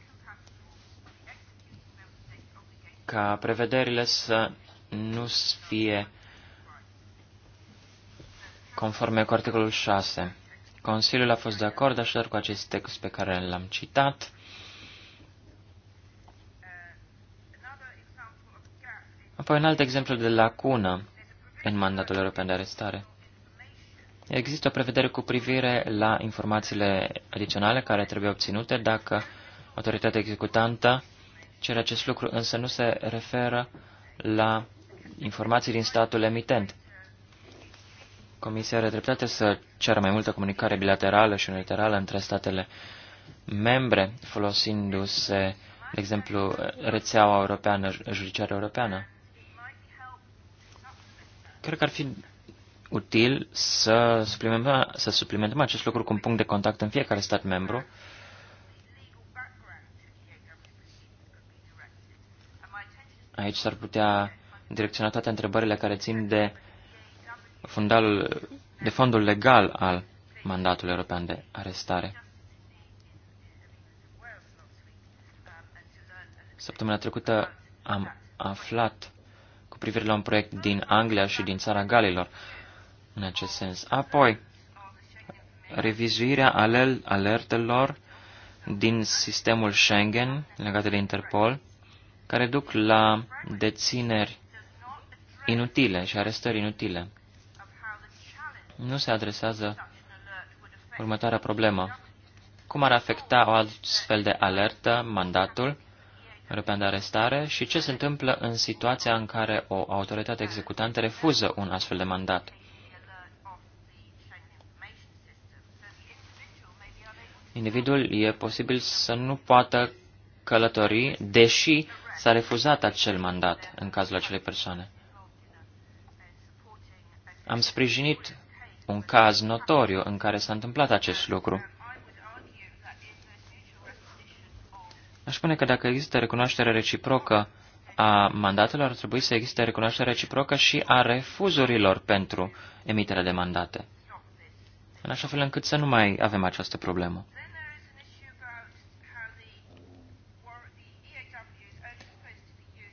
S2: ca prevederile să nu fie conforme cu articolul 6. Consiliul a fost de acord așadar cu acest text pe care l-am citat Apoi un alt exemplu de lacună în mandatul european de arestare. Există o prevedere cu privire la informațiile adiționale care trebuie obținute dacă autoritatea executantă cere acest lucru, însă nu se referă la informații din statul emitent. Comisia are dreptate să ceară mai multă comunicare bilaterală și unilaterală între statele membre, folosindu-se, de exemplu, rețeaua europeană, judiciară europeană. Cred că ar fi util să suplimentăm, să suplimentăm acest lucru cu un punct de contact în fiecare stat membru, Aici s-ar putea direcționa toate întrebările care țin de, fundalul, de fondul legal al mandatului european de arestare. Săptămâna trecută am aflat privire la un proiect din Anglia și din țara Galilor în acest sens. Apoi, revizuirea alertelor din sistemul Schengen legate de Interpol, care duc la dețineri inutile și arestări inutile. Nu se adresează următoarea problemă. Cum ar afecta o astfel de alertă mandatul european de arestare și ce se întâmplă în situația în care o autoritate executantă refuză un astfel de mandat. Individul e posibil să nu poată călători, deși s-a refuzat acel mandat în cazul acelei persoane. Am sprijinit un caz notoriu în care s-a întâmplat acest lucru. Aș spune că dacă există recunoaștere reciprocă a mandatelor, ar trebui să existe recunoaștere reciprocă și a refuzurilor pentru emiterea de mandate. În așa fel încât să nu mai avem această problemă.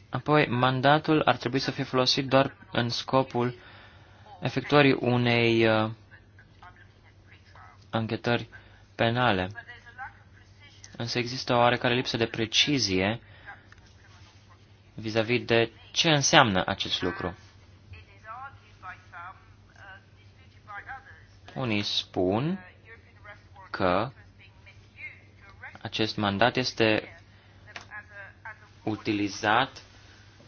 S2: Apoi, mandatul ar trebui să fie folosit doar în scopul efectuării unei uh, anchetări penale însă există o oarecare lipsă de precizie vis-a-vis -vis de ce înseamnă acest lucru. Unii spun că acest mandat este utilizat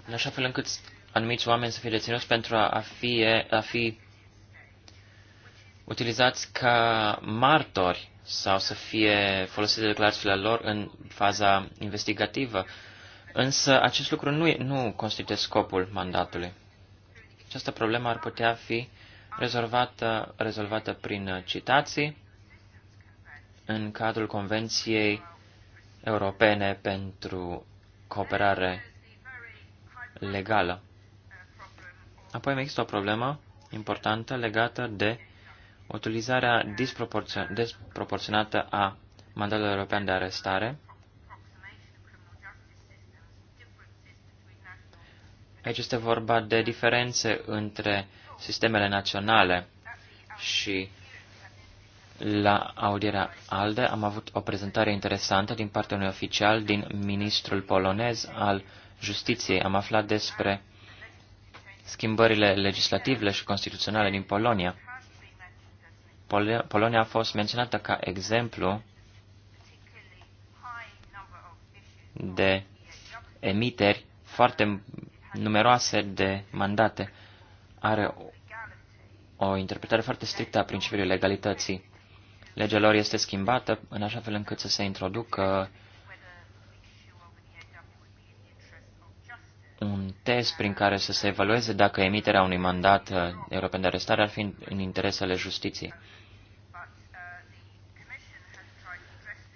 S2: în așa fel încât anumiți oameni să fie deținuți pentru a fi, a fi utilizați ca martori sau să fie folosite declarațiile lor în faza investigativă, însă acest lucru nu, nu constituie scopul mandatului. Această problemă ar putea fi rezolvată, rezolvată prin citații în cadrul Convenției Europene pentru Cooperare Legală. Apoi mai există o problemă importantă legată de utilizarea disproporționată a mandatului european de arestare. Aici este vorba de diferențe între sistemele naționale și la audierea ALDE am avut o prezentare interesantă din partea unui oficial din ministrul polonez al justiției. Am aflat despre schimbările legislative și constituționale din Polonia. Polonia a fost menționată ca exemplu de emiteri foarte numeroase de mandate. Are o, o interpretare foarte strictă a principiului legalității. Legea lor este schimbată în așa fel încât să se introducă un test prin care să se evalueze dacă emiterea unui mandat uh, european de arestare ar fi în interesele justiției.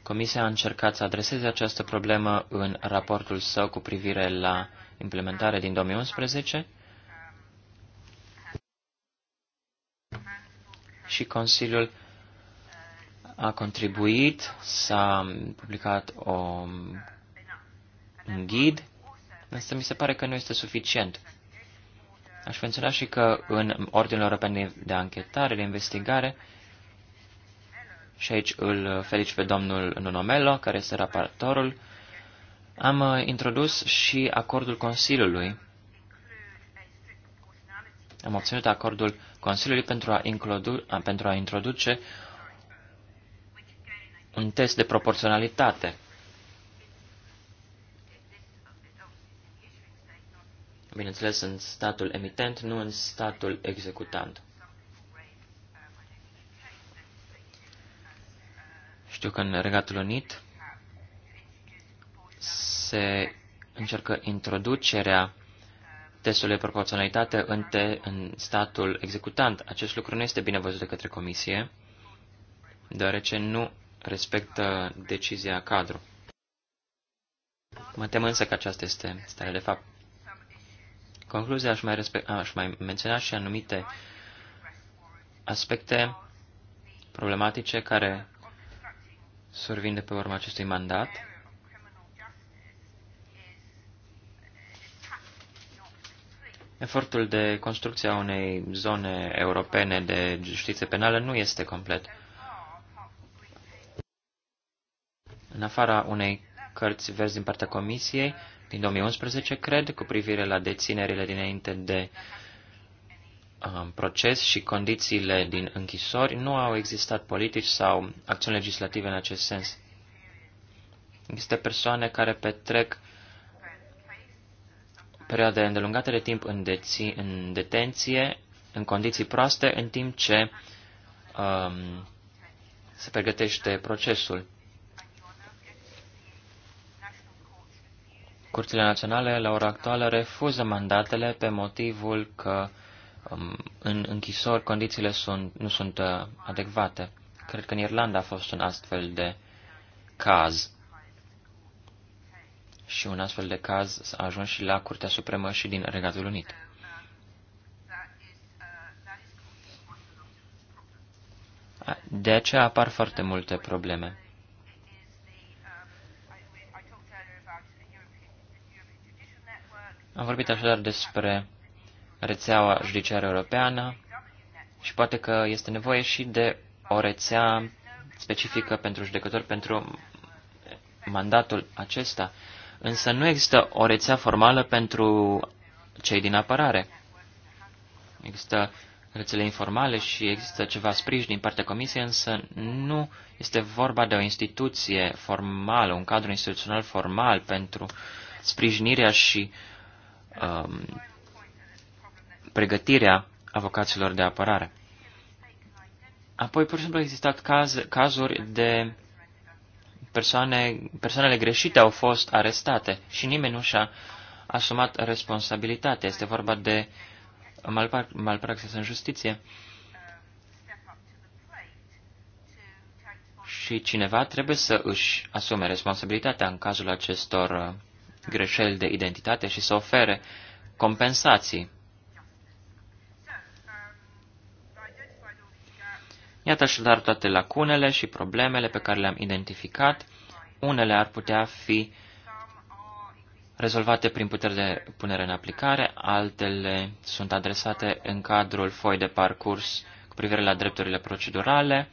S2: Comisia a încercat să adreseze această problemă în raportul său cu privire la implementare din 2011 și Consiliul a contribuit, s-a publicat o, un ghid, însă mi se pare că nu este suficient. Aș menționa și că în Ordinul European de Anchetare, de Investigare, și aici îl felici pe domnul Nunomelo, care este raportorul, am uh, introdus și acordul Consiliului. Am obținut acordul Consiliului pentru a, includu, pentru a introduce un test de proporționalitate. Bineînțeles, în statul emitent, nu în statul executant. Știu că în Regatul Unit se încercă introducerea testului de proporționalitate în, te, în statul executant. Acest lucru nu este bine văzut de către Comisie, deoarece nu respectă decizia cadru. Mă tem însă că aceasta este starea de fapt. Concluzia aș mai, respect, aș mai menționa și anumite aspecte problematice care survin de pe urma acestui mandat. Efortul de construcție a unei zone europene de justiție penală nu este complet. În afara unei cărți verzi din partea Comisiei din 2011, cred, cu privire la deținerile dinainte de uh, Um, proces și condițiile din închisori, nu au existat politici sau acțiuni legislative în acest sens. Există persoane care petrec perioade îndelungate de timp în, deții, în detenție, în condiții proaste, în timp ce um, se pregătește procesul. Curțile naționale, la ora actuală, refuză mandatele pe motivul că uh, Um, în închisori condițiile sunt, nu sunt uh, adecvate. Cred că în Irlanda a fost un astfel de caz. Și un astfel de caz a ajuns și la Curtea Supremă și din Regatul Unit. De aceea apar foarte multe probleme. Am vorbit așadar despre rețeaua judiciară europeană și poate că este nevoie și de o rețea specifică pentru judecători pentru mandatul acesta. Însă nu există o rețea formală pentru cei din apărare. Există rețele informale și există ceva sprijin din partea comisiei, însă nu este vorba de o instituție formală, un cadru instituțional formal pentru sprijinirea și um, pregătirea avocaților de apărare. Apoi, pur și simplu, au existat caz, cazuri de persoane, persoanele greșite au fost arestate și nimeni nu și-a asumat responsabilitatea. Este vorba de malpraxis în justiție. Și cineva trebuie să își asume responsabilitatea în cazul acestor uh, greșeli de identitate și să ofere compensații Iată așadar toate lacunele și problemele pe care le-am identificat. Unele ar putea fi rezolvate prin puteri de punere în aplicare, altele sunt adresate în cadrul foi de parcurs cu privire la drepturile procedurale,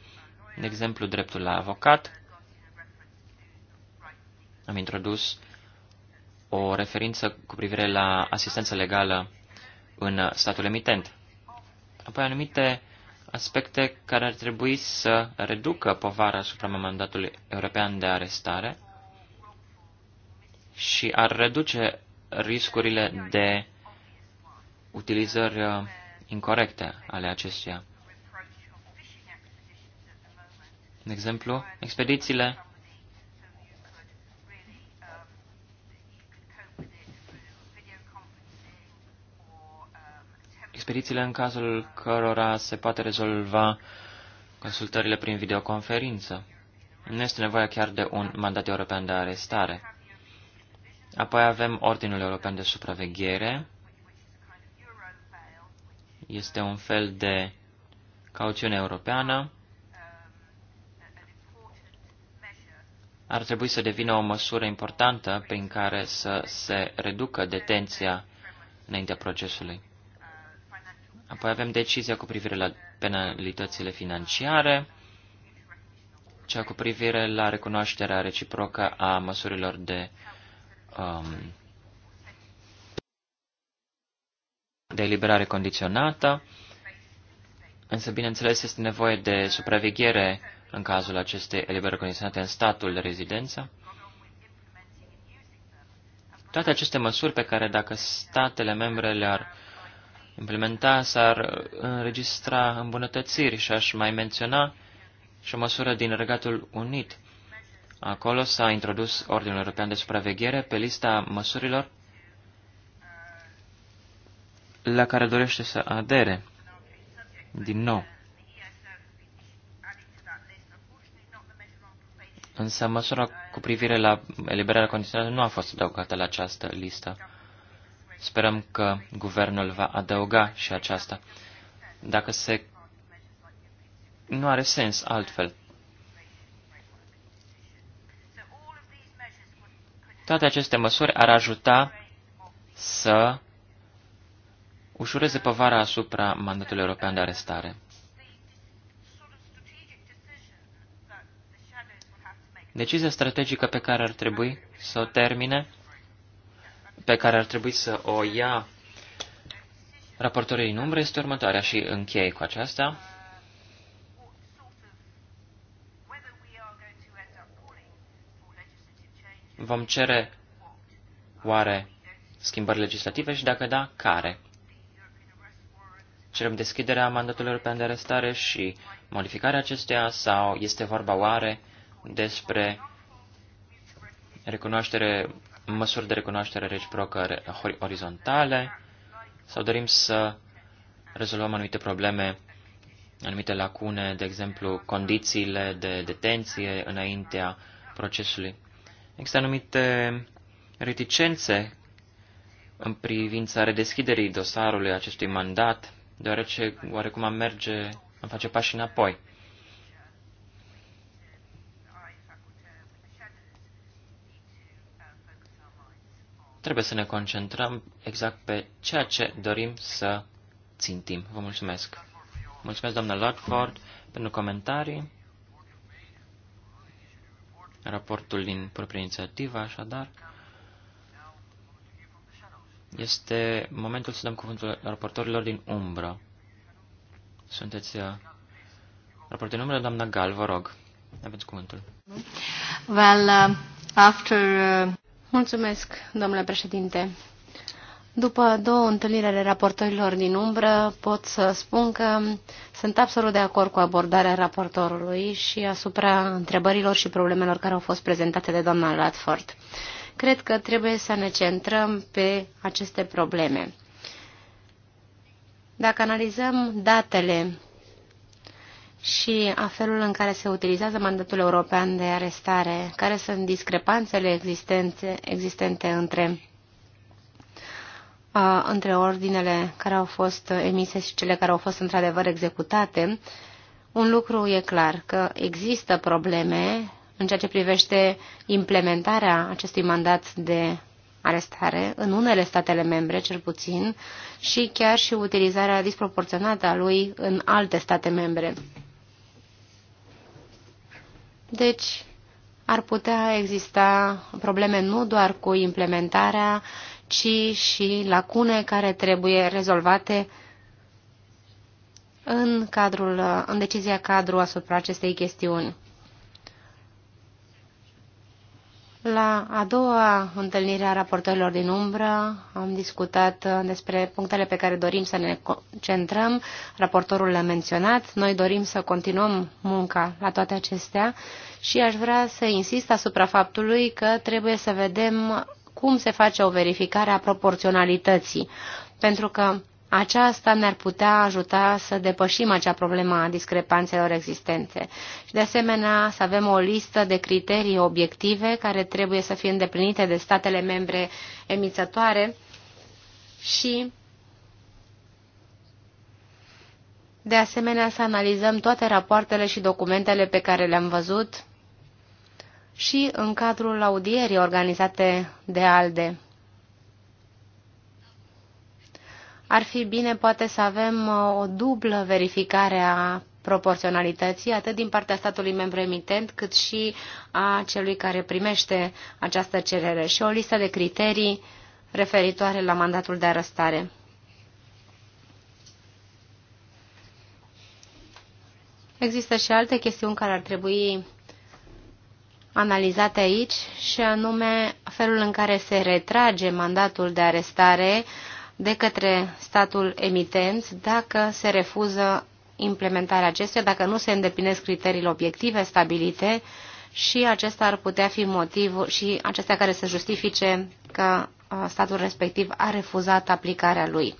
S2: de exemplu dreptul la avocat. Am introdus o referință cu privire la asistență legală în statul emitent. Apoi anumite aspecte care ar trebui să reducă povara asupra mandatului european de arestare și ar reduce riscurile de utilizări uh, incorrecte ale acestuia. De exemplu, expedițiile expedițiile în cazul cărora se poate rezolva consultările prin videoconferință. Nu este nevoie chiar de un mandat european de arestare. Apoi avem Ordinul European de Supraveghere. Este un fel de cauțiune europeană. Ar trebui să devină o măsură importantă prin care să se reducă detenția înaintea procesului. Apoi avem decizia cu privire la penalitățile financiare, cea cu privire la recunoașterea reciprocă a măsurilor de, um, de eliberare condiționată, însă, bineînțeles, este nevoie de supraveghere în cazul acestei eliberări condiționate în statul de rezidență. Toate aceste măsuri pe care dacă statele membre le-ar uh, implementa, s-ar înregistra îmbunătățiri și aș mai menționa și o măsură din Regatul Unit. Acolo s-a introdus Ordinul European de Supraveghere pe lista măsurilor la care dorește să adere din nou. Însă măsura cu privire la eliberarea condiționată nu a fost adăugată la această listă. Sperăm că guvernul va adăuga și aceasta. Dacă se... Nu are sens altfel. Toate aceste măsuri ar ajuta să ușureze povara asupra mandatului european de arestare. Decizia strategică pe care ar trebui să o termine pe care ar trebui să o ia raportorii în umbră este următoarea și închei cu aceasta. Vom cere oare schimbări legislative și dacă da, care? Cerem deschiderea mandatului european de arestare și modificarea acesteia sau este vorba oare despre recunoaștere măsuri de recunoaștere reciprocă orizontale sau dorim să rezolvăm anumite probleme, anumite lacune, de exemplu, condițiile de detenție înaintea procesului. Există anumite reticențe în privința redeschiderii dosarului acestui mandat, deoarece oarecum am merge, am face pași înapoi. Trebuie să ne concentrăm exact pe ceea ce dorim să țintim. Vă mulțumesc. Mulțumesc, doamna Ludford, pentru comentarii. Raportul din proprie inițiativă, așadar. Este momentul să dăm cuvântul raportorilor din umbră. Sunteți uh, raportul din umbră, doamna Gal, vă rog. Aveți cuvântul.
S3: Well, uh, after... Uh... Mulțumesc, domnule președinte. După două întâlniri ale raportorilor din umbră, pot să spun că sunt absolut de acord cu abordarea raportorului și asupra întrebărilor și problemelor care au fost prezentate de doamna Radford. Cred că trebuie să ne centrăm pe aceste probleme. Dacă analizăm datele și a felul în care se utilizează mandatul european de arestare, care sunt discrepanțele existente, existente între, uh, între ordinele care au fost emise și cele care au fost într-adevăr executate, un lucru e clar, că există probleme în ceea ce privește implementarea acestui mandat de arestare, în unele statele membre cel puțin, și chiar și utilizarea disproporționată a lui în alte state membre. Deci, ar putea exista probleme nu doar cu implementarea, ci și lacune care trebuie rezolvate în, cadrul, în decizia cadru asupra acestei chestiuni. La a doua întâlnire a raportorilor din umbră am discutat uh, despre punctele pe care dorim să ne concentrăm. Raportorul le-a menționat. Noi dorim să continuăm munca la toate acestea și aș vrea să insist asupra faptului că trebuie să vedem cum se face o verificare a proporționalității. Pentru că aceasta ne-ar putea ajuta să depășim acea problemă a discrepanțelor existente. Și de asemenea să avem o listă de criterii obiective care trebuie să fie îndeplinite de statele membre emițătoare și de asemenea să analizăm toate rapoartele și documentele pe care le-am văzut și în cadrul audierii organizate de ALDE. ar fi bine poate să avem uh, o dublă verificare a proporționalității, atât din partea statului membru emitent, cât și a celui care primește această cerere și o listă de criterii referitoare la mandatul de arestare. Există și alte chestiuni care ar trebui analizate aici și anume felul în care se retrage mandatul de arestare de către statul emitent dacă se refuză implementarea acestuia, dacă nu se îndeplinesc criteriile obiective stabilite și acesta ar putea fi motivul și acestea care să justifice că uh, statul respectiv a refuzat aplicarea lui.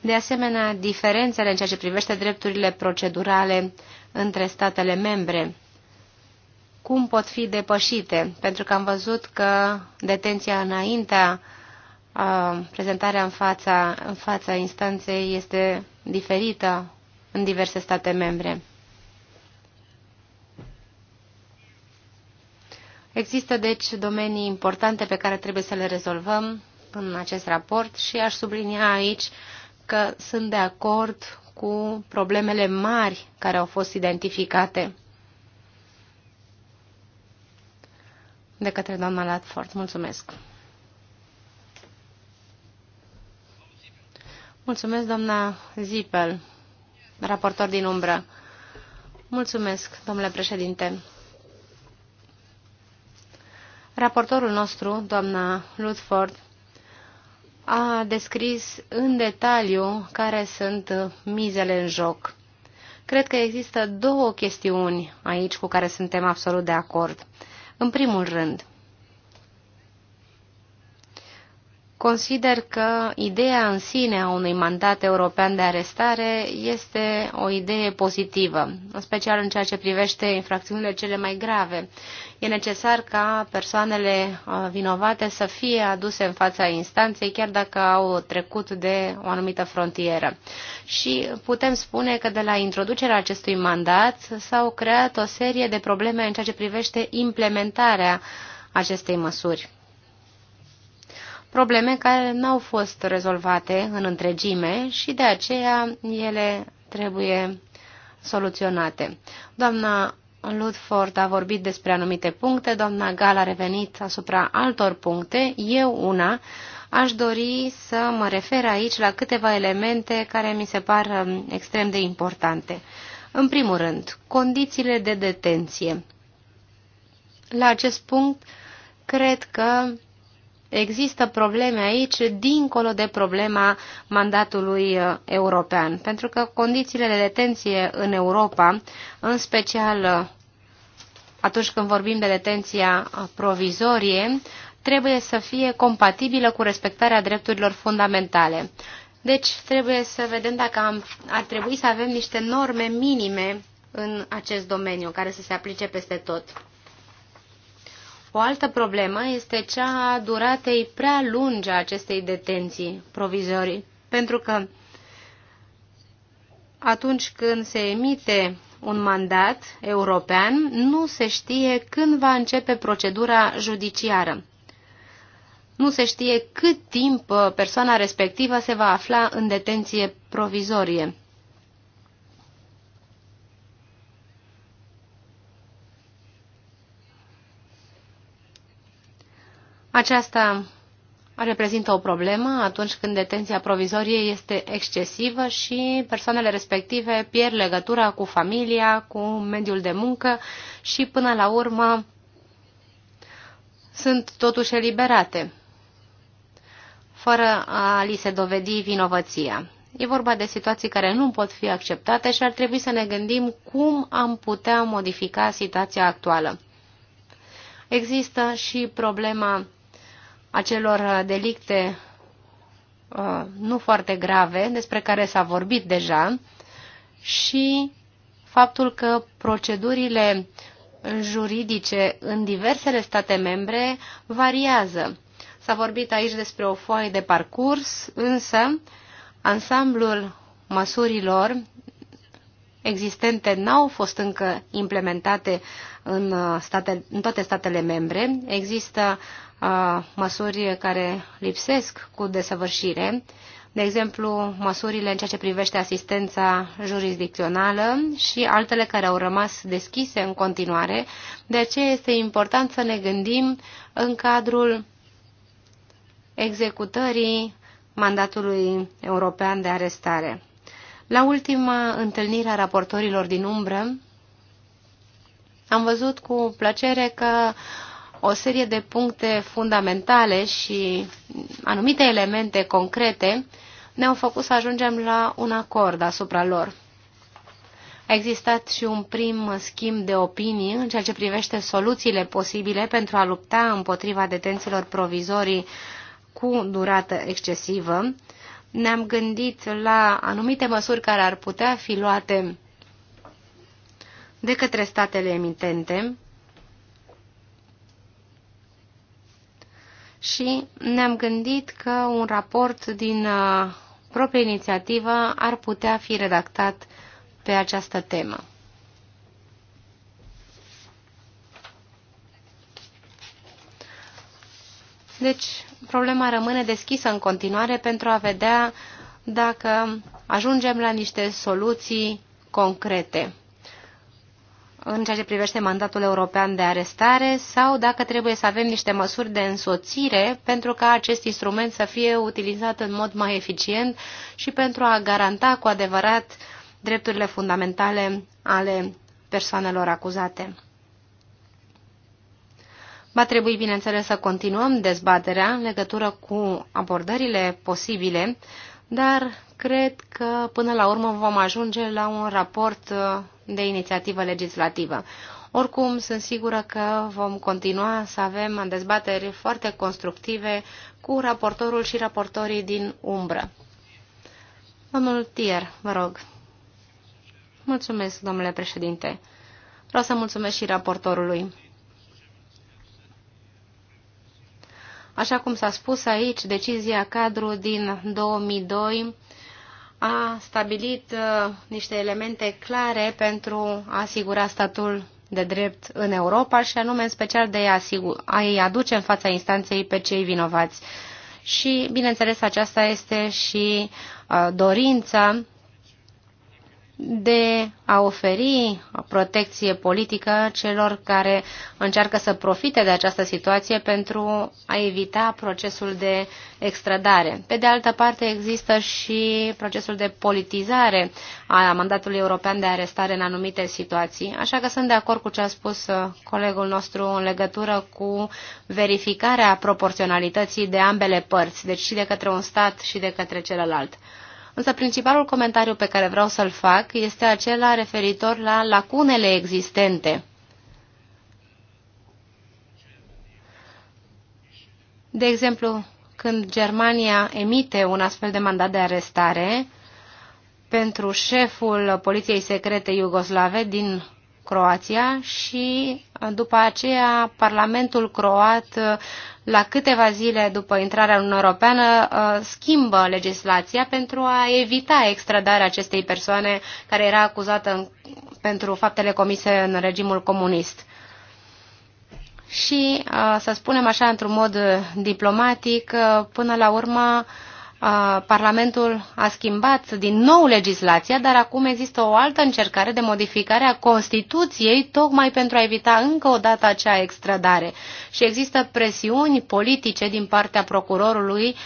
S3: De asemenea, diferențele în ceea ce privește drepturile procedurale între statele membre, cum pot fi depășite, pentru că am văzut că detenția înaintea uh, prezentarea în fața, în fața instanței este diferită în diverse state membre. Există, deci, domenii importante pe care trebuie să le rezolvăm în acest raport și aș sublinia aici că sunt de acord cu problemele mari care au fost identificate de către doamna Latford. Mulțumesc! Mulțumesc, doamna Zipel, raportor din umbră. Mulțumesc, domnule președinte. Raportorul nostru, doamna Ludford, a descris în detaliu care sunt mizele în joc. Cred că există două chestiuni aici cu care suntem absolut de acord. În primul rând, Consider că ideea în sine a unui mandat european de arestare este o idee pozitivă, în special în ceea ce privește infracțiunile cele mai grave. E necesar ca persoanele uh, vinovate să fie aduse în fața instanței, chiar dacă au trecut de o anumită frontieră. Și putem spune că de la introducerea acestui mandat s-au creat o serie de probleme în ceea ce privește implementarea acestei măsuri probleme care n-au fost rezolvate în întregime și de aceea ele trebuie soluționate. Doamna Ludford a vorbit despre anumite puncte, doamna Gal a revenit asupra altor puncte, eu una, aș dori să mă refer aici la câteva elemente care mi se par um, extrem de importante. În primul rând, condițiile de detenție. La acest punct, cred că există probleme aici dincolo de problema mandatului uh, european, pentru că condițiile de detenție în Europa, în special uh, atunci când vorbim de detenția uh, provizorie, trebuie să fie compatibilă cu respectarea drepturilor fundamentale. Deci trebuie să vedem dacă am, ar trebui să avem niște norme minime în acest domeniu care să se aplice peste tot. O altă problemă este cea a duratei prea lungi a acestei detenții provizorii, pentru că atunci când se emite un mandat european, nu se știe când va începe procedura judiciară. Nu se știe cât timp uh, persoana respectivă se va afla în detenție provizorie. Aceasta reprezintă o problemă atunci când detenția provizorie este excesivă și persoanele respective pierd legătura cu familia, cu mediul de muncă și până la urmă sunt totuși eliberate, fără a li se dovedi vinovăția. E vorba de situații care nu pot fi acceptate și ar trebui să ne gândim cum am putea modifica situația actuală. Există și problema acelor uh, delicte uh, nu foarte grave, despre care s-a vorbit deja, și faptul că procedurile juridice în diversele state membre variază. S-a vorbit aici despre o foaie de parcurs, însă ansamblul măsurilor existente n-au fost încă implementate în, uh, state, în toate statele membre. Există măsuri care lipsesc cu desăvârșire, de exemplu, măsurile în ceea ce privește asistența jurisdicțională și altele care au rămas deschise în continuare. De aceea este important să ne gândim în cadrul executării mandatului european de arestare. La ultima întâlnire a raportorilor din umbră, am văzut cu plăcere că uh, o serie de puncte fundamentale și anumite elemente concrete ne-au făcut să ajungem la un acord asupra lor. A existat și un prim schimb de opinii în ceea ce privește soluțiile posibile pentru a lupta împotriva detențiilor provizorii cu durată excesivă. Ne-am gândit la anumite măsuri care ar putea fi luate de către statele emitente și ne-am gândit că un raport din uh, proprie inițiativă ar putea fi redactat pe această temă. Deci, problema rămâne deschisă în continuare pentru a vedea dacă ajungem la niște soluții concrete în ceea ce privește mandatul european de arestare sau dacă trebuie să avem niște măsuri de însoțire pentru ca acest instrument să fie utilizat în mod mai eficient și pentru a garanta cu adevărat drepturile fundamentale ale persoanelor acuzate. Va trebui, bineînțeles, să continuăm dezbaterea în legătură cu abordările posibile, dar cred că până la urmă vom ajunge la un raport uh, de inițiativă legislativă. Oricum, sunt sigură că vom continua să avem dezbateri foarte constructive cu raportorul și raportorii din umbră. Domnul Tier, vă rog. Mulțumesc, domnule președinte. Vreau să mulțumesc și raportorului. Așa cum s-a spus aici, decizia cadru din 2002 a stabilit uh, niște elemente clare pentru a asigura statul de drept în Europa și anume în special de a-i aduce în fața instanței pe cei vinovați. Și, bineînțeles, aceasta este și uh, dorința de a oferi protecție politică celor care încearcă să profite de această situație pentru a evita procesul de extradare. Pe de altă parte, există și procesul de politizare a mandatului european de arestare în anumite situații, așa că sunt de acord cu ce a spus uh, colegul nostru în legătură cu verificarea proporționalității de ambele părți, deci și de către un stat și de către celălalt. Însă principalul comentariu pe care vreau să-l fac este acela referitor la lacunele existente. De exemplu, când Germania emite un astfel de mandat de arestare pentru șeful poliției secrete iugoslave din Croația și după aceea, Parlamentul croat, la câteva zile după intrarea în Europeană, schimbă legislația pentru a evita extradarea acestei persoane care era acuzată pentru faptele comise în regimul comunist și, uh, să spunem așa, într-un mod diplomatic, uh, până la urmă Parlamentul a schimbat din nou legislația, dar acum există o altă încercare de modificare a Constituției, tocmai pentru a evita încă o dată acea extradare. Și există presiuni politice din partea procurorului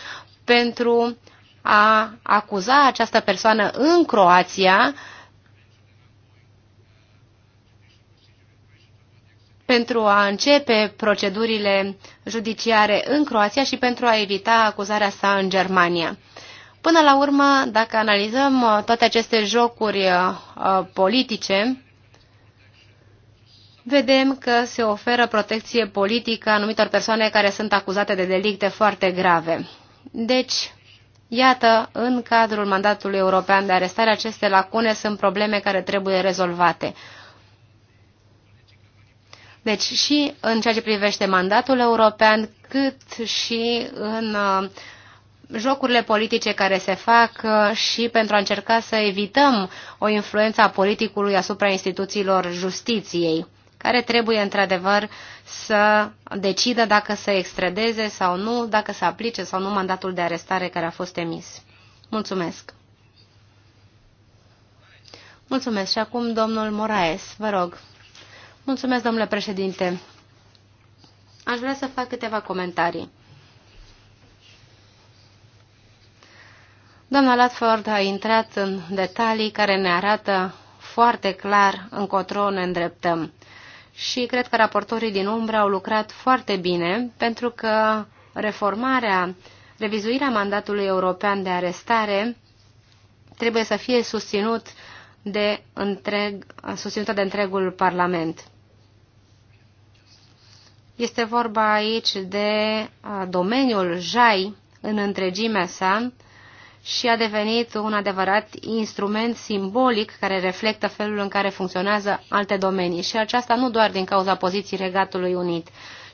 S3: pentru a acuza această persoană în Croația, pentru a începe procedurile judiciare în Croația și pentru a evita acuzarea sa în Germania. Până la urmă, dacă analizăm uh, toate aceste jocuri uh, uh, politice, vedem că se oferă protecție politică anumitor persoane care sunt acuzate de delicte foarte grave. Deci, Iată, în cadrul mandatului european de arestare, aceste lacune sunt probleme care trebuie rezolvate. Deci și în ceea ce privește mandatul european, cât și în uh, jocurile politice care se fac uh, și pentru a încerca să evităm o influență a politicului asupra instituțiilor justiției, care trebuie într-adevăr să decidă dacă să extradeze sau nu, dacă să aplice sau nu mandatul de arestare care a fost emis. Mulțumesc! Mulțumesc și acum domnul Moraes, vă rog. Mulțumesc, domnule președinte. Aș vrea să fac câteva comentarii. Doamna Latford a intrat în detalii care ne arată foarte clar încotro ne îndreptăm. Și cred că raportorii din umbră au lucrat foarte bine, pentru că reformarea, revizuirea mandatului european de arestare trebuie să fie susținut de întreg, susținută de întregul Parlament. Este vorba aici de domeniul JAI în întregimea sa și a devenit un adevărat instrument simbolic care reflectă felul în care funcționează alte domenii și aceasta nu doar din cauza poziției Regatului Unit,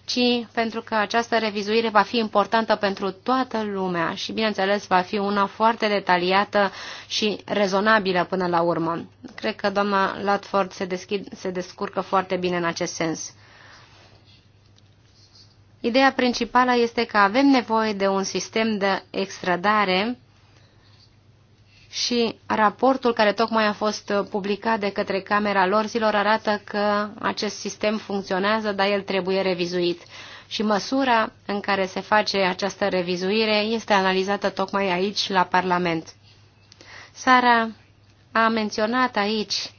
S3: ci pentru că această revizuire va fi importantă pentru toată lumea și, bineînțeles, va fi una foarte detaliată și rezonabilă până la urmă. Cred că doamna Latford se, deschid, se descurcă foarte bine în acest sens. Ideea principală este că avem nevoie de un sistem de extradare și raportul care tocmai a fost publicat de către Camera Lorzilor arată că acest sistem funcționează, dar el trebuie revizuit. Și măsura în care se face această revizuire este analizată tocmai aici, la Parlament. Sara a menționat aici,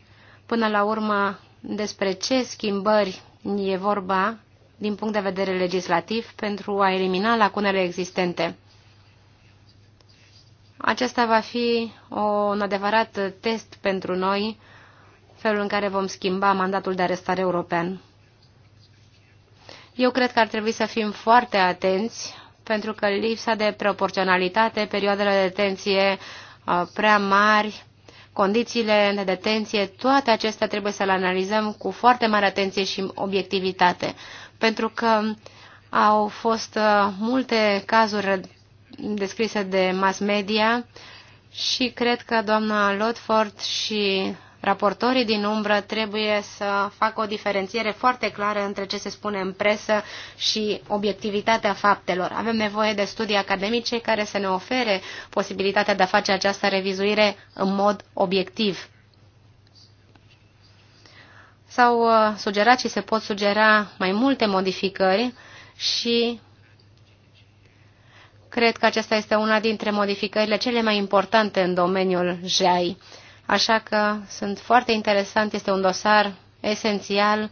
S3: până la urmă, despre ce schimbări e vorba din punct de vedere legislativ pentru a elimina lacunele existente. Acesta va fi o, un adevărat test pentru noi, felul în care vom schimba mandatul de arestare european. Eu cred că ar trebui să fim foarte atenți, pentru că lipsa de proporționalitate, perioadele de detenție uh, prea mari, condițiile de detenție, toate acestea trebuie să le analizăm cu foarte mare atenție și obiectivitate, pentru că au fost uh, multe cazuri descrise de mass media și cred că doamna Lotford și Raportorii din umbră trebuie să facă o diferențiere foarte clară între ce se spune în presă și obiectivitatea faptelor. Avem nevoie de studii academice care să ne ofere posibilitatea de a face această revizuire în mod obiectiv. S-au uh, sugerat și se pot sugera mai multe modificări și cred că aceasta este una dintre modificările cele mai importante în domeniul JAI. Așa că sunt foarte interesant, este un dosar esențial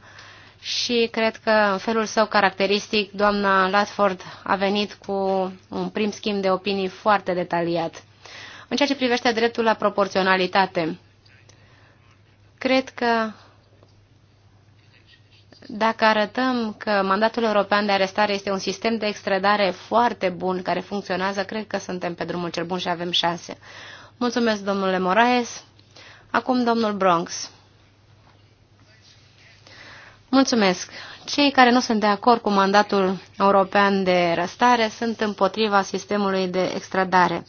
S3: și cred că în felul său caracteristic, doamna Latford a venit cu un prim schimb de opinii foarte detaliat. În ceea ce privește dreptul la proporționalitate, cred că dacă arătăm că mandatul european de arestare este un sistem de extradare foarte bun care funcționează, cred că suntem pe drumul cel bun și avem șanse. Mulțumesc, domnule Moraes. Acum domnul Bronx. Mulțumesc. Cei care nu sunt de acord cu mandatul european de răstare sunt împotriva sistemului de extradare.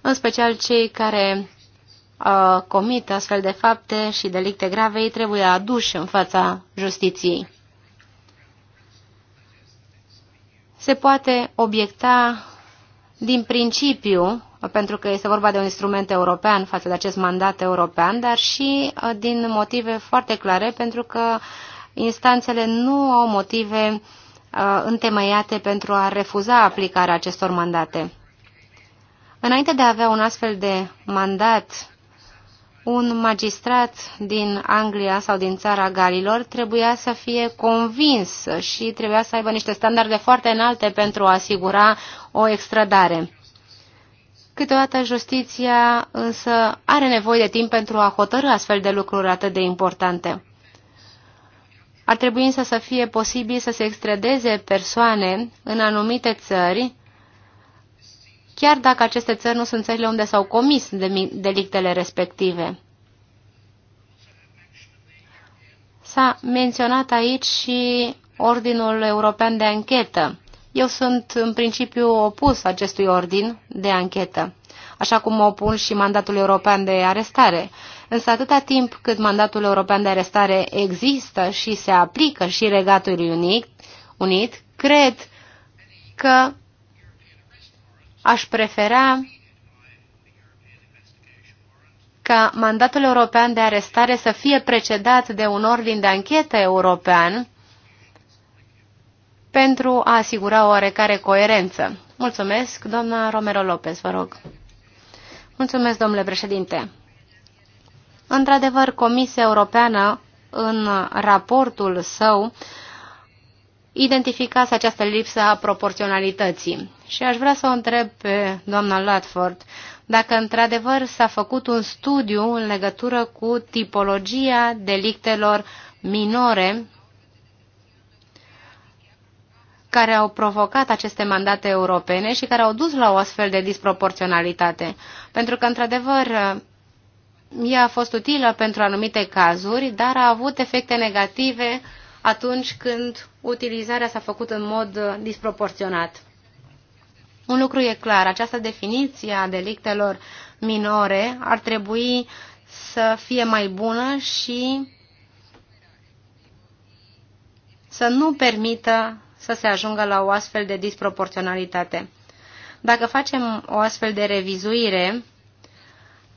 S3: În special cei care uh, comit astfel de fapte și delicte grave, ei trebuie aduși în fața justiției. Se poate obiecta din principiu pentru că este vorba de un instrument european față de acest mandat european, dar și uh, din motive foarte clare, pentru că instanțele nu au motive uh, întemeiate pentru a refuza aplicarea acestor mandate. Înainte de a avea un astfel de mandat, un magistrat din Anglia sau din țara Galilor trebuia să fie convins și trebuia să aibă niște standarde foarte înalte pentru a asigura o extradare. Câteodată justiția însă are nevoie de timp pentru a hotărâ astfel de lucruri atât de importante. Ar trebui însă să fie posibil să se extradeze persoane în anumite țări, chiar dacă aceste țări nu sunt țările unde s-au comis delictele respective. S-a menționat aici și Ordinul European de Anchetă. Eu sunt în principiu opus acestui ordin de anchetă, așa cum mă opun și mandatul european de arestare. Însă atâta timp cât mandatul european de arestare există și se aplică și regatul Unit, unit cred că aș prefera ca mandatul european de arestare să fie precedat de un ordin de anchetă european pentru a asigura oarecare coerență. Mulțumesc, doamna Romero Lopez, vă rog. Mulțumesc, domnule președinte. Într-adevăr, Comisia Europeană, în raportul său, identificați această lipsă a proporționalității. Și aș vrea să o întreb pe doamna Latford dacă într-adevăr s-a făcut un studiu în legătură cu tipologia delictelor minore care au provocat aceste mandate europene și care au dus la o astfel de disproporționalitate. Pentru că, într-adevăr, ea a fost utilă pentru anumite cazuri, dar a avut efecte negative atunci când utilizarea s-a făcut în mod disproporționat. Un lucru e clar, această definiție a delictelor minore ar trebui să fie mai bună și să nu permită să se ajungă la o astfel de disproporționalitate. Dacă facem o astfel de revizuire,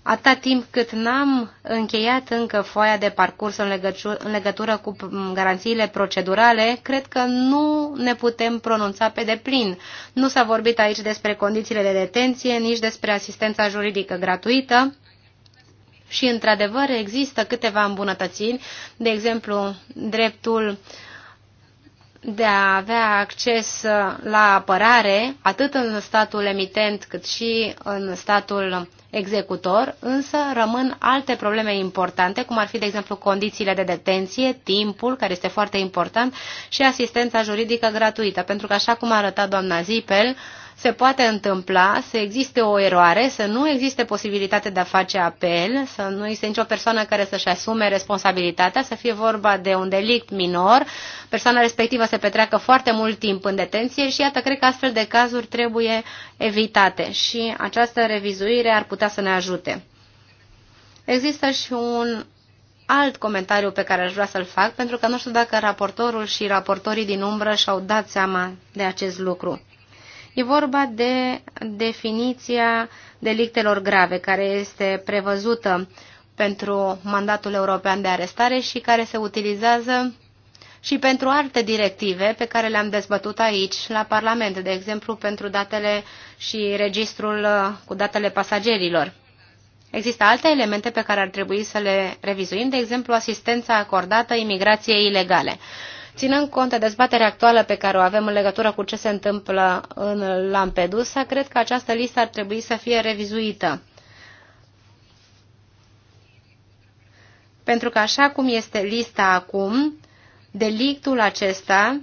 S3: atâta timp cât n-am încheiat încă foaia de parcurs în legătură, în legătură cu garanțiile procedurale, cred că nu ne putem pronunța pe deplin. Nu s-a vorbit aici despre condițiile de detenție, nici despre asistența juridică gratuită. Și, într-adevăr, există câteva îmbunătățiri, de exemplu, dreptul uh, de a avea acces la apărare, atât în statul emitent cât și în statul executor, însă rămân alte probleme importante, cum ar fi, de exemplu, condițiile de detenție, timpul, care este foarte important, și asistența juridică gratuită, pentru că, așa cum a arătat doamna Zipel, uh, se poate întâmpla să existe o eroare, să nu existe posibilitate de a face apel, să nu existe nicio persoană care să-și asume responsabilitatea, să fie vorba de un delict minor, persoana respectivă să petreacă foarte mult timp în detenție și iată, cred că astfel de cazuri trebuie evitate și această revizuire ar putea să ne ajute. Există și un alt comentariu pe care aș vrea să-l fac, pentru că nu știu dacă raportorul și raportorii din umbră și-au dat seama de acest lucru. E vorba de definiția delictelor grave, care este prevăzută pentru mandatul european de arestare și care se utilizează și pentru alte directive pe care le-am dezbătut aici, la Parlament, de exemplu pentru datele și registrul uh, cu datele pasagerilor. Există alte elemente pe care ar trebui să le revizuim, de exemplu asistența acordată imigrației ilegale. Ținând cont de dezbaterea actuală pe care o avem în legătură cu ce se întâmplă în Lampedusa, cred că această listă ar trebui să fie revizuită. Pentru că așa cum este lista acum, delictul acesta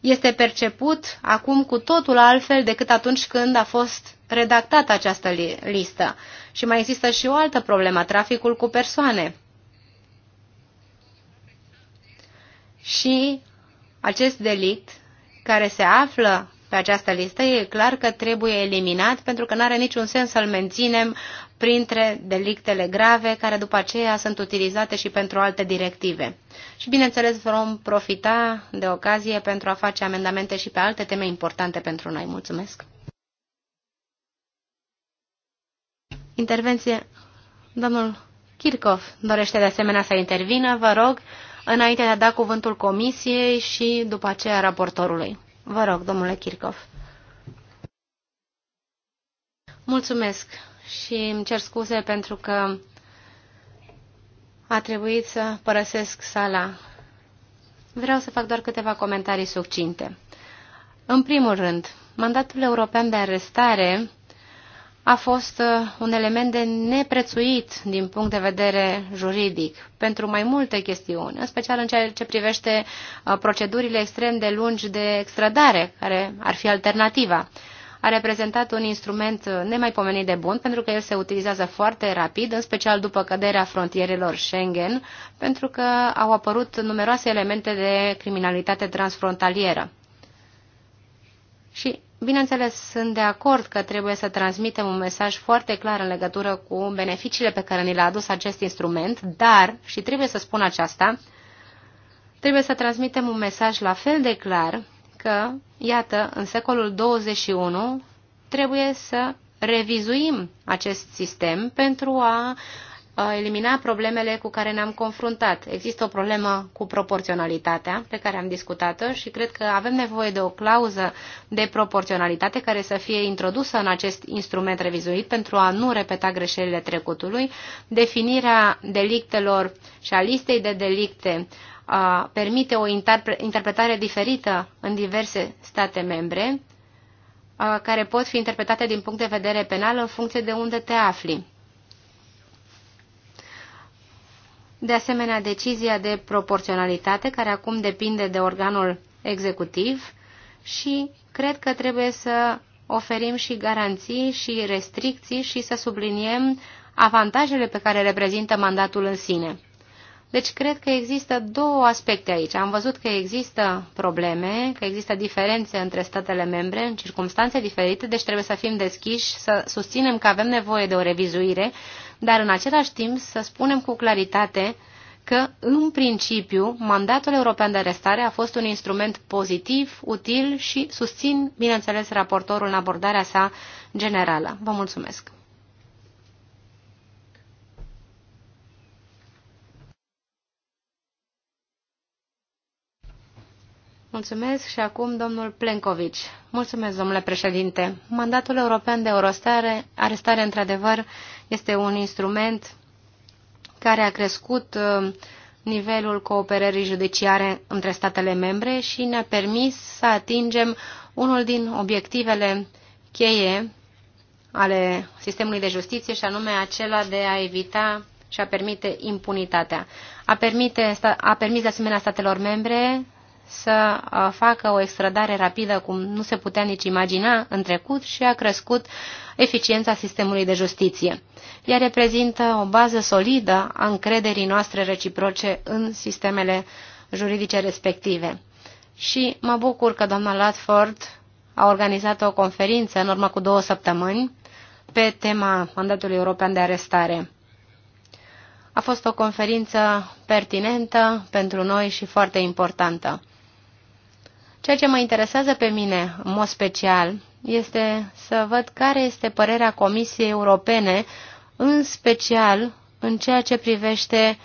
S3: este perceput acum cu totul altfel decât atunci când a fost redactată această listă. Și mai există și o altă problemă, traficul cu persoane. Și acest delict care se află pe această listă e clar că trebuie eliminat pentru că nu are niciun sens să-l menținem printre delictele grave care după aceea sunt utilizate și pentru alte directive. Și bineînțeles vom profita de ocazie pentru a face amendamente și pe alte teme importante pentru noi. Mulțumesc! Intervenție. Domnul Kirchhoff dorește de asemenea să intervină. Vă rog înainte de a da cuvântul comisiei și după aceea raportorului. Vă rog, domnule Kirchhoff. Mulțumesc și îmi cer scuze pentru că a trebuit să părăsesc sala. Vreau să fac doar câteva comentarii succinte. În primul rând, mandatul european de arestare a fost uh, un element de neprețuit din punct de vedere juridic pentru mai multe chestiuni, în special în ceea ce privește uh, procedurile extrem de lungi de extradare, care ar fi alternativa. A reprezentat un instrument uh, nemaipomenit de bun pentru că el se utilizează foarte rapid, în special după căderea frontierelor Schengen, pentru că au apărut numeroase elemente de criminalitate transfrontalieră. Și Bineînțeles, sunt de acord că trebuie să transmitem un mesaj foarte clar în legătură cu beneficiile pe care ni le-a adus acest instrument, dar, și trebuie să spun aceasta, trebuie să transmitem un mesaj la fel de clar că, iată, în secolul 21 trebuie să revizuim acest sistem pentru a elimina problemele cu care ne-am confruntat. Există o problemă cu proporționalitatea pe care am discutat-o și cred că avem nevoie de o clauză de proporționalitate care să fie introdusă în acest instrument revizuit pentru a nu repeta greșelile trecutului, definirea delictelor și a listei de delicte permite o interpretare diferită în diverse state membre, care pot fi interpretate din punct de vedere penal în funcție de unde te afli. De asemenea, decizia de proporționalitate, care acum depinde de organul executiv și cred că trebuie să oferim și garanții și restricții și să subliniem avantajele pe care reprezintă mandatul în sine. Deci cred că există două aspecte aici. Am văzut că există probleme, că există diferențe între statele membre în circunstanțe diferite, deci trebuie să fim deschiși, să susținem că avem nevoie de o revizuire dar în același timp să spunem cu claritate că, în principiu, mandatul european de arestare a fost un instrument pozitiv, util și susțin, bineînțeles, raportorul în abordarea sa generală. Vă mulțumesc! Mulțumesc și acum domnul Plenkovici. Mulțumesc, domnule președinte. Mandatul european de arestare, arestare într-adevăr, este un instrument care a crescut uh, nivelul cooperării judiciare între statele membre și ne-a permis să atingem unul din obiectivele cheie ale sistemului de justiție și anume acela de a evita și a permite impunitatea. A, permite, a permis de asemenea statelor membre să uh, facă o extradare rapidă cum nu se putea nici imagina în trecut și a crescut eficiența sistemului de justiție. Ea reprezintă o bază solidă a încrederii noastre reciproce în sistemele juridice respective. Și mă bucur că doamna Latford a organizat o conferință în urmă cu două săptămâni pe tema mandatului european de arestare. A fost o conferință pertinentă pentru noi și foarte importantă. Ceea ce mă interesează pe mine, în mod special, este să văd care este părerea Comisiei Europene, în special în ceea ce privește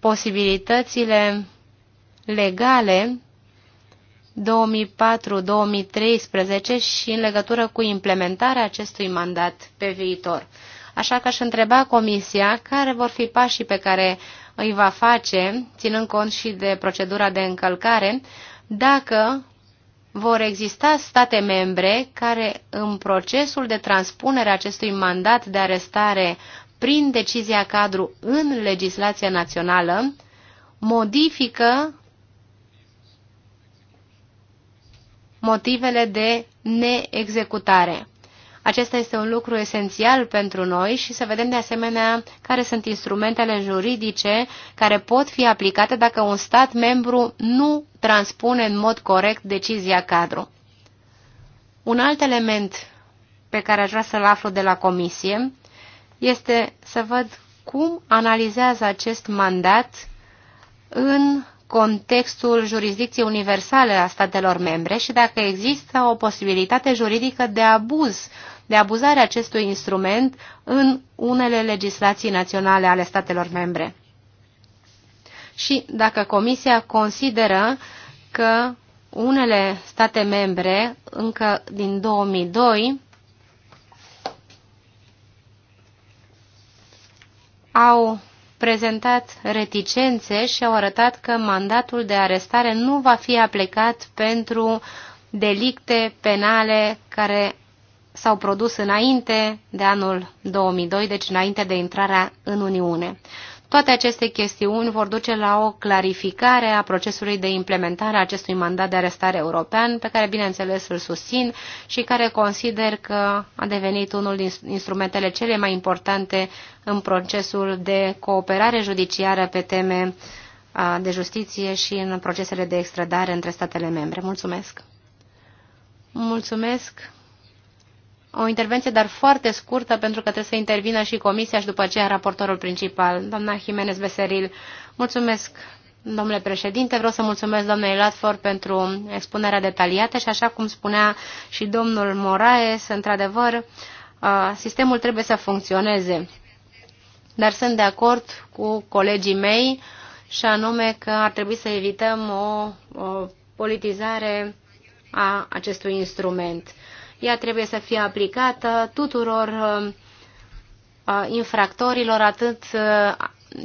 S3: posibilitățile legale 2004-2013 și în legătură cu implementarea acestui mandat pe viitor. Așa că aș întreba Comisia care vor fi pașii pe care îi va face, ținând cont și de procedura de încălcare, dacă vor exista state membre care, în procesul de transpunere acestui mandat de arestare prin decizia cadru în legislația națională, modifică motivele de neexecutare. Acesta este un lucru esențial pentru noi și să vedem de asemenea care sunt instrumentele juridice care pot fi aplicate dacă un stat membru nu transpune în mod corect decizia cadru. Un alt element pe care aș vrea să-l aflu de la Comisie este să văd cum analizează acest mandat în contextul jurisdicției universale a statelor membre și dacă există o posibilitate juridică de abuz de abuzarea acestui instrument în unele legislații naționale ale statelor membre. Și dacă Comisia consideră că unele state membre, încă din 2002, au prezentat reticențe și au arătat că mandatul de arestare nu va fi aplicat pentru delicte penale care s-au produs înainte de anul 2002, deci înainte de intrarea în Uniune. Toate aceste chestiuni vor duce la o clarificare a procesului de implementare a acestui mandat de arestare european, pe care, bineînțeles, îl susțin și care consider că a devenit unul din instrumentele cele mai importante în procesul de cooperare judiciară pe teme de justiție și în procesele de extradare între statele membre. Mulțumesc! Mulțumesc! O intervenție, dar foarte scurtă, pentru că trebuie să intervină și comisia și după aceea raportorul principal, doamna Jimenez Beseril. Mulțumesc, Domnule președinte, vreau să mulțumesc doamnei Latford pentru expunerea detaliată și așa cum spunea și domnul Moraes, într-adevăr, uh, sistemul trebuie să funcționeze. Dar sunt de acord cu colegii mei și anume că ar trebui să evităm o, o politizare a acestui instrument. Ea trebuie să fie aplicată tuturor uh, infractorilor, atât uh,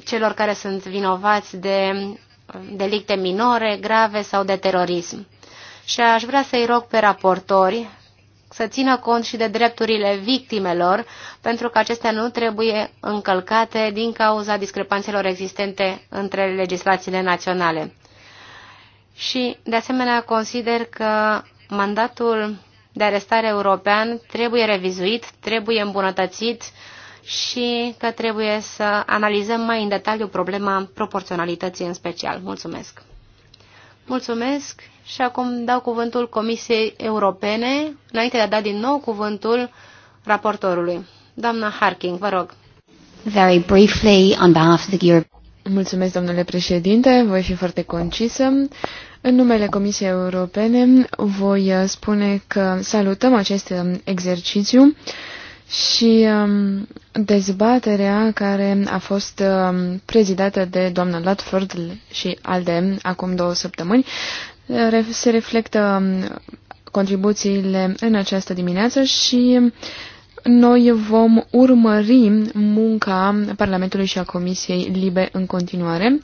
S3: celor care sunt vinovați de uh, delicte minore, grave sau de terorism. Și aș vrea să-i rog pe raportori să țină cont și de drepturile victimelor, pentru că acestea nu trebuie încălcate din cauza discrepanțelor existente între legislațiile naționale. Și, de asemenea, consider că mandatul de arestare european trebuie revizuit, trebuie îmbunătățit și că trebuie să analizăm mai în detaliu problema proporționalității în special. Mulțumesc! Mulțumesc și acum dau cuvântul Comisiei Europene, înainte de a da din nou cuvântul raportorului. Doamna Harking,
S1: vă rog. Very briefly, on behalf of the Mulțumesc, domnule președinte, voi fi foarte concisă. În numele Comisiei Europene voi uh, spune că salutăm acest um, exercițiu și um, dezbaterea care a fost um, prezidată de doamna Latford și ALDE acum două săptămâni se reflectă contribuțiile în această dimineață și noi vom urmări munca Parlamentului și a Comisiei Libe în continuare.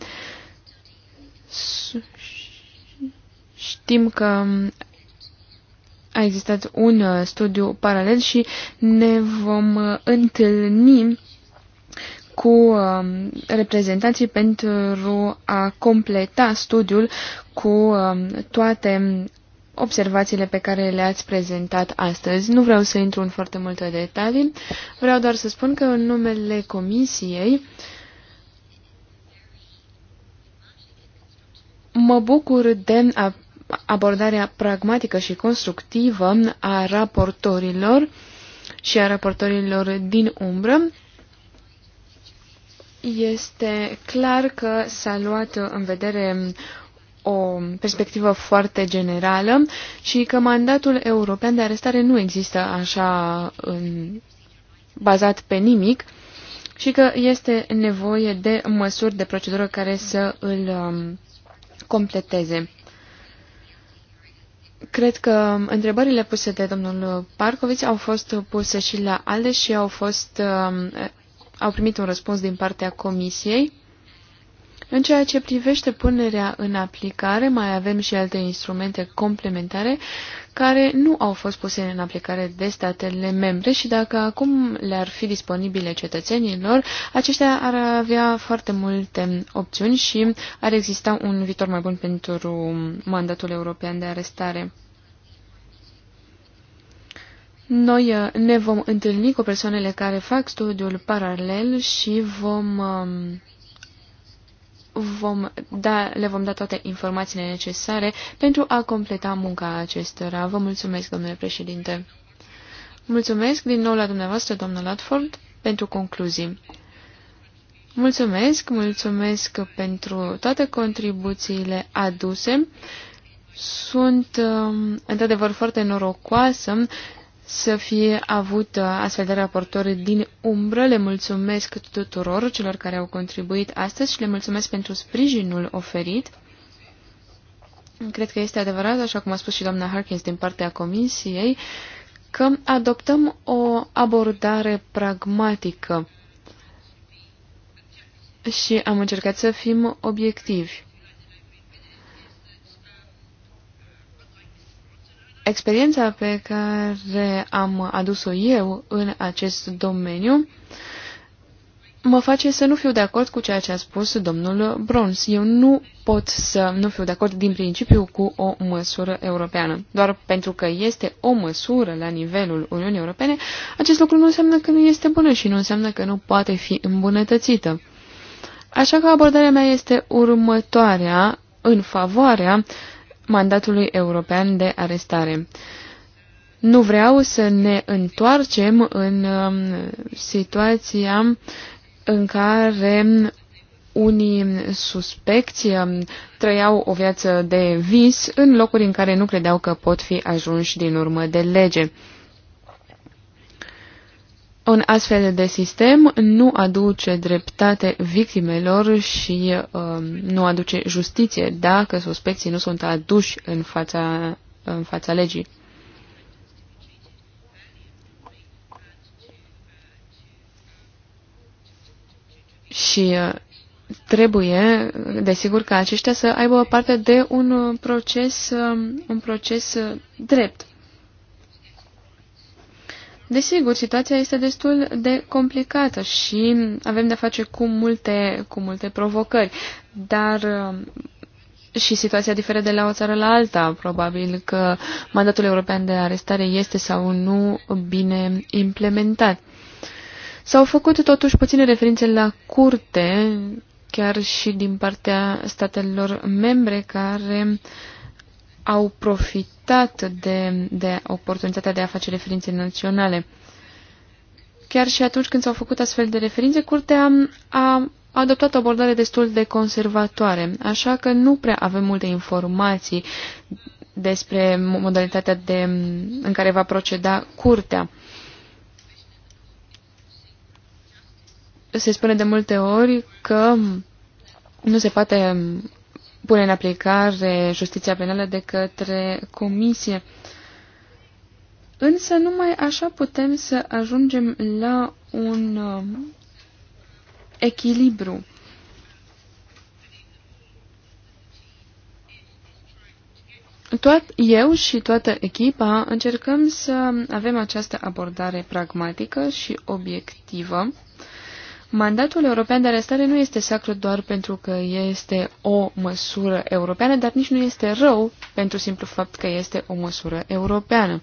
S1: Știm că a existat un uh, studiu paralel și ne vom uh, întâlni cu um, reprezentanții pentru a completa studiul cu um, toate observațiile pe care le-ați prezentat astăzi. Nu vreau să intru în foarte multe detalii, vreau doar să spun că în numele comisiei mă bucur de abordarea pragmatică și constructivă a raportorilor și a raportorilor din umbră, este clar că s-a luat în vedere o perspectivă foarte generală și că mandatul european de arestare nu există așa în, bazat pe nimic și că este nevoie de măsuri de procedură care să îl um, completeze. Cred că întrebările puse de domnul Parcoviț au fost puse și la ALDE și au, fost, um, au primit un răspuns din partea Comisiei. În ceea ce privește punerea în aplicare, mai avem și alte instrumente complementare care nu au fost puse în aplicare de statele membre și dacă acum le-ar fi disponibile cetățenilor, aceștia ar avea foarte multe opțiuni și ar exista un viitor mai bun pentru mandatul european de arestare. Noi uh, ne vom întâlni cu persoanele care fac studiul paralel și vom um, vom da, le vom da toate informațiile necesare pentru a completa munca acestora. Vă mulțumesc, domnule președinte. Mulțumesc din nou la dumneavoastră, domnul Latford, pentru concluzii. Mulțumesc, mulțumesc pentru toate contribuțiile aduse. Sunt, um, într-adevăr, foarte norocoasă să fie avut uh, astfel de raportori din umbră. Le mulțumesc tuturor celor care au contribuit astăzi și le mulțumesc pentru sprijinul oferit. Cred că este adevărat, așa cum a spus și doamna Harkins din partea comisiei, că adoptăm o abordare pragmatică și am încercat să fim obiectivi. Experiența pe care am adus-o eu în acest domeniu mă face să nu fiu de acord cu ceea ce a spus domnul Bruns. Eu nu pot să nu fiu de acord din principiu cu o măsură europeană. Doar pentru că este o măsură la nivelul Uniunii Europene, acest lucru nu înseamnă că nu este bună și nu înseamnă că nu poate fi îmbunătățită. Așa că abordarea mea este următoarea în favoarea uh, mandatului european de arestare. Nu vreau să ne întoarcem în um, situația în care unii suspecți um, trăiau o viață de vis în locuri în care nu credeau că pot fi ajunși din urmă de lege. Un astfel de sistem nu aduce dreptate victimelor și uh, nu aduce justiție dacă suspecții nu sunt aduși în fața, în fața legii. Și uh, trebuie, desigur, ca aceștia să aibă parte de un uh, proces, um, un proces uh, drept. Desigur, situația este destul de complicată și avem de-a face cu multe, cu multe provocări, dar um, și situația diferă de la o țară la alta. Probabil că mandatul european de arestare este sau nu bine implementat. S-au făcut totuși puține referințe la curte, chiar și din partea statelor membre care uh, au profitat de, de oportunitatea de a face referințe naționale. Chiar și atunci când s-au făcut astfel de referințe, curtea a adoptat o abordare destul de conservatoare, așa că nu prea avem multe informații despre modalitatea de, în care va proceda curtea. Se spune de multe ori că nu se poate pune în aplicare justiția penală de către comisie. Însă numai așa putem să ajungem la un uh, echilibru. Toat eu și toată echipa încercăm să avem această abordare pragmatică și obiectivă Mandatul european de arestare nu este sacru doar pentru că este o măsură europeană, dar nici nu este rău pentru simplu fapt că este o măsură europeană.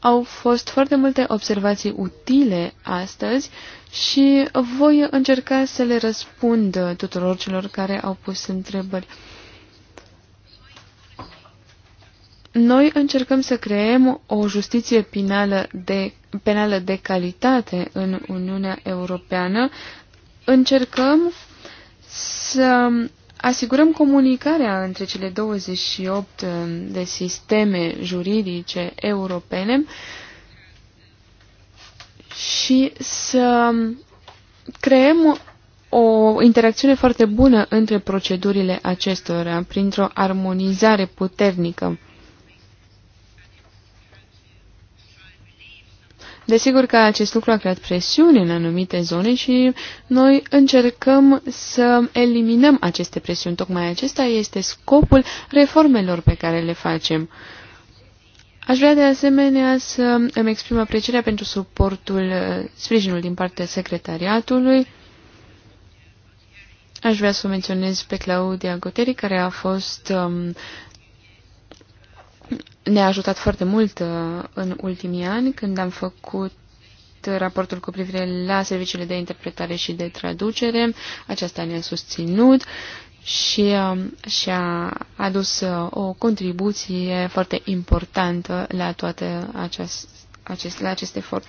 S1: Au fost foarte multe observații utile astăzi și voi încerca să le răspund tuturor celor care au pus întrebări. Noi încercăm să creăm o justiție penală de, penală de calitate în Uniunea Europeană. Încercăm să asigurăm comunicarea între cele 28 um, de sisteme juridice europene și să um, creăm o interacțiune foarte bună între procedurile acestora printr-o armonizare puternică. Desigur că acest lucru a creat presiuni în anumite zone și noi încercăm să eliminăm aceste presiuni. Tocmai acesta este scopul reformelor pe care le facem. Aș vrea de asemenea să îmi exprim aprecierea pentru suportul, uh, sprijinul din partea secretariatului. Aș vrea să o menționez pe Claudia Goteri, care a fost um, ne-a ajutat foarte mult uh, în ultimii ani când am făcut raportul cu privire la serviciile de interpretare și de traducere. Aceasta ne-a susținut și um, și-a adus uh, o contribuție foarte importantă la toate acest, acest, la acest efort.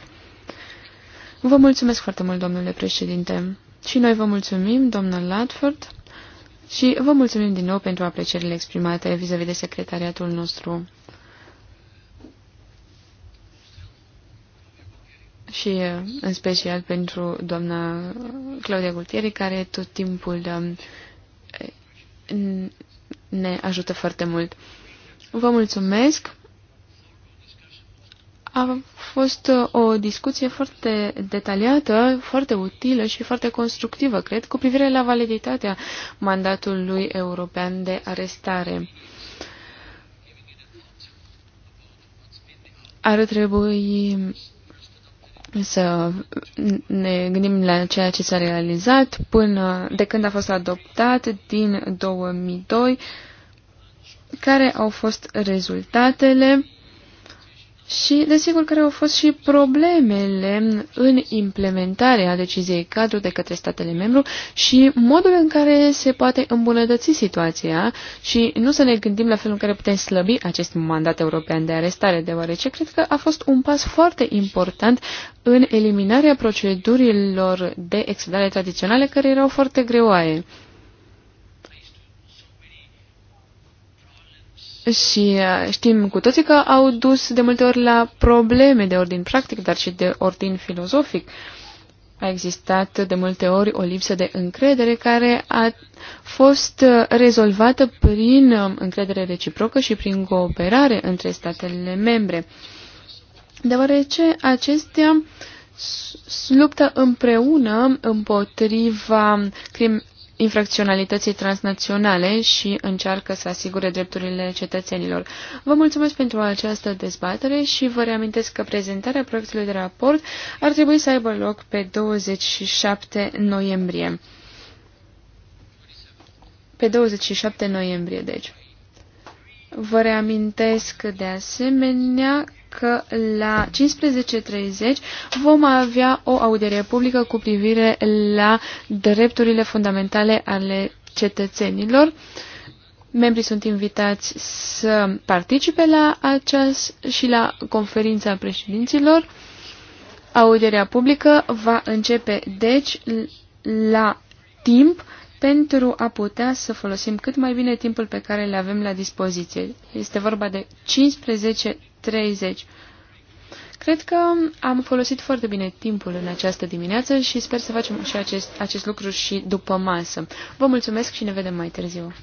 S1: Vă mulțumesc foarte mult, domnule președinte. Și noi vă mulțumim, domnul Latford, și vă mulțumim din nou pentru aprecierile exprimate vis-a-vis -vis de secretariatul nostru și în special pentru doamna Claudia Gultieri, care tot timpul um, ne ajută foarte mult. Vă mulțumesc! A fost uh, o discuție foarte detaliată, foarte utilă și foarte constructivă, cred, cu privire la validitatea mandatului european de arestare. Ar trebui să ne gândim la ceea ce s-a realizat până de când a fost adoptat din 2002, care au fost rezultatele și, desigur, care au fost și problemele în implementarea deciziei cadru de către statele membru și modul în care se poate îmbunătăți situația și nu să ne gândim la felul în care putem slăbi acest mandat european de arestare, deoarece cred că a fost un pas foarte important în eliminarea procedurilor de extradare tradiționale care erau foarte greoaie. și uh, știm cu toții că au dus de multe ori la probleme de ordin practic, dar și de ordin filozofic. A existat de multe ori o lipsă de încredere care a fost uh, rezolvată prin uh, încredere reciprocă și prin cooperare între statele membre. Deoarece acestea luptă împreună împotriva crim infracționalității transnaționale și încearcă să asigure drepturile cetățenilor. Vă mulțumesc pentru această dezbatere și vă reamintesc că prezentarea proiectului de raport ar trebui să aibă loc pe 27 noiembrie. Pe 27 noiembrie, deci. Vă reamintesc de asemenea că la 15.30 vom avea o audiere publică cu privire la drepturile fundamentale ale cetățenilor. Membrii sunt invitați să participe la acest și la conferința președinților. Audierea publică va începe, deci, la timp pentru a putea să folosim cât mai bine timpul pe care le avem la dispoziție. Este vorba de 15 30. Cred că am folosit foarte bine timpul în această dimineață și sper să facem și acest, acest lucru și după masă. Vă mulțumesc și ne vedem mai târziu.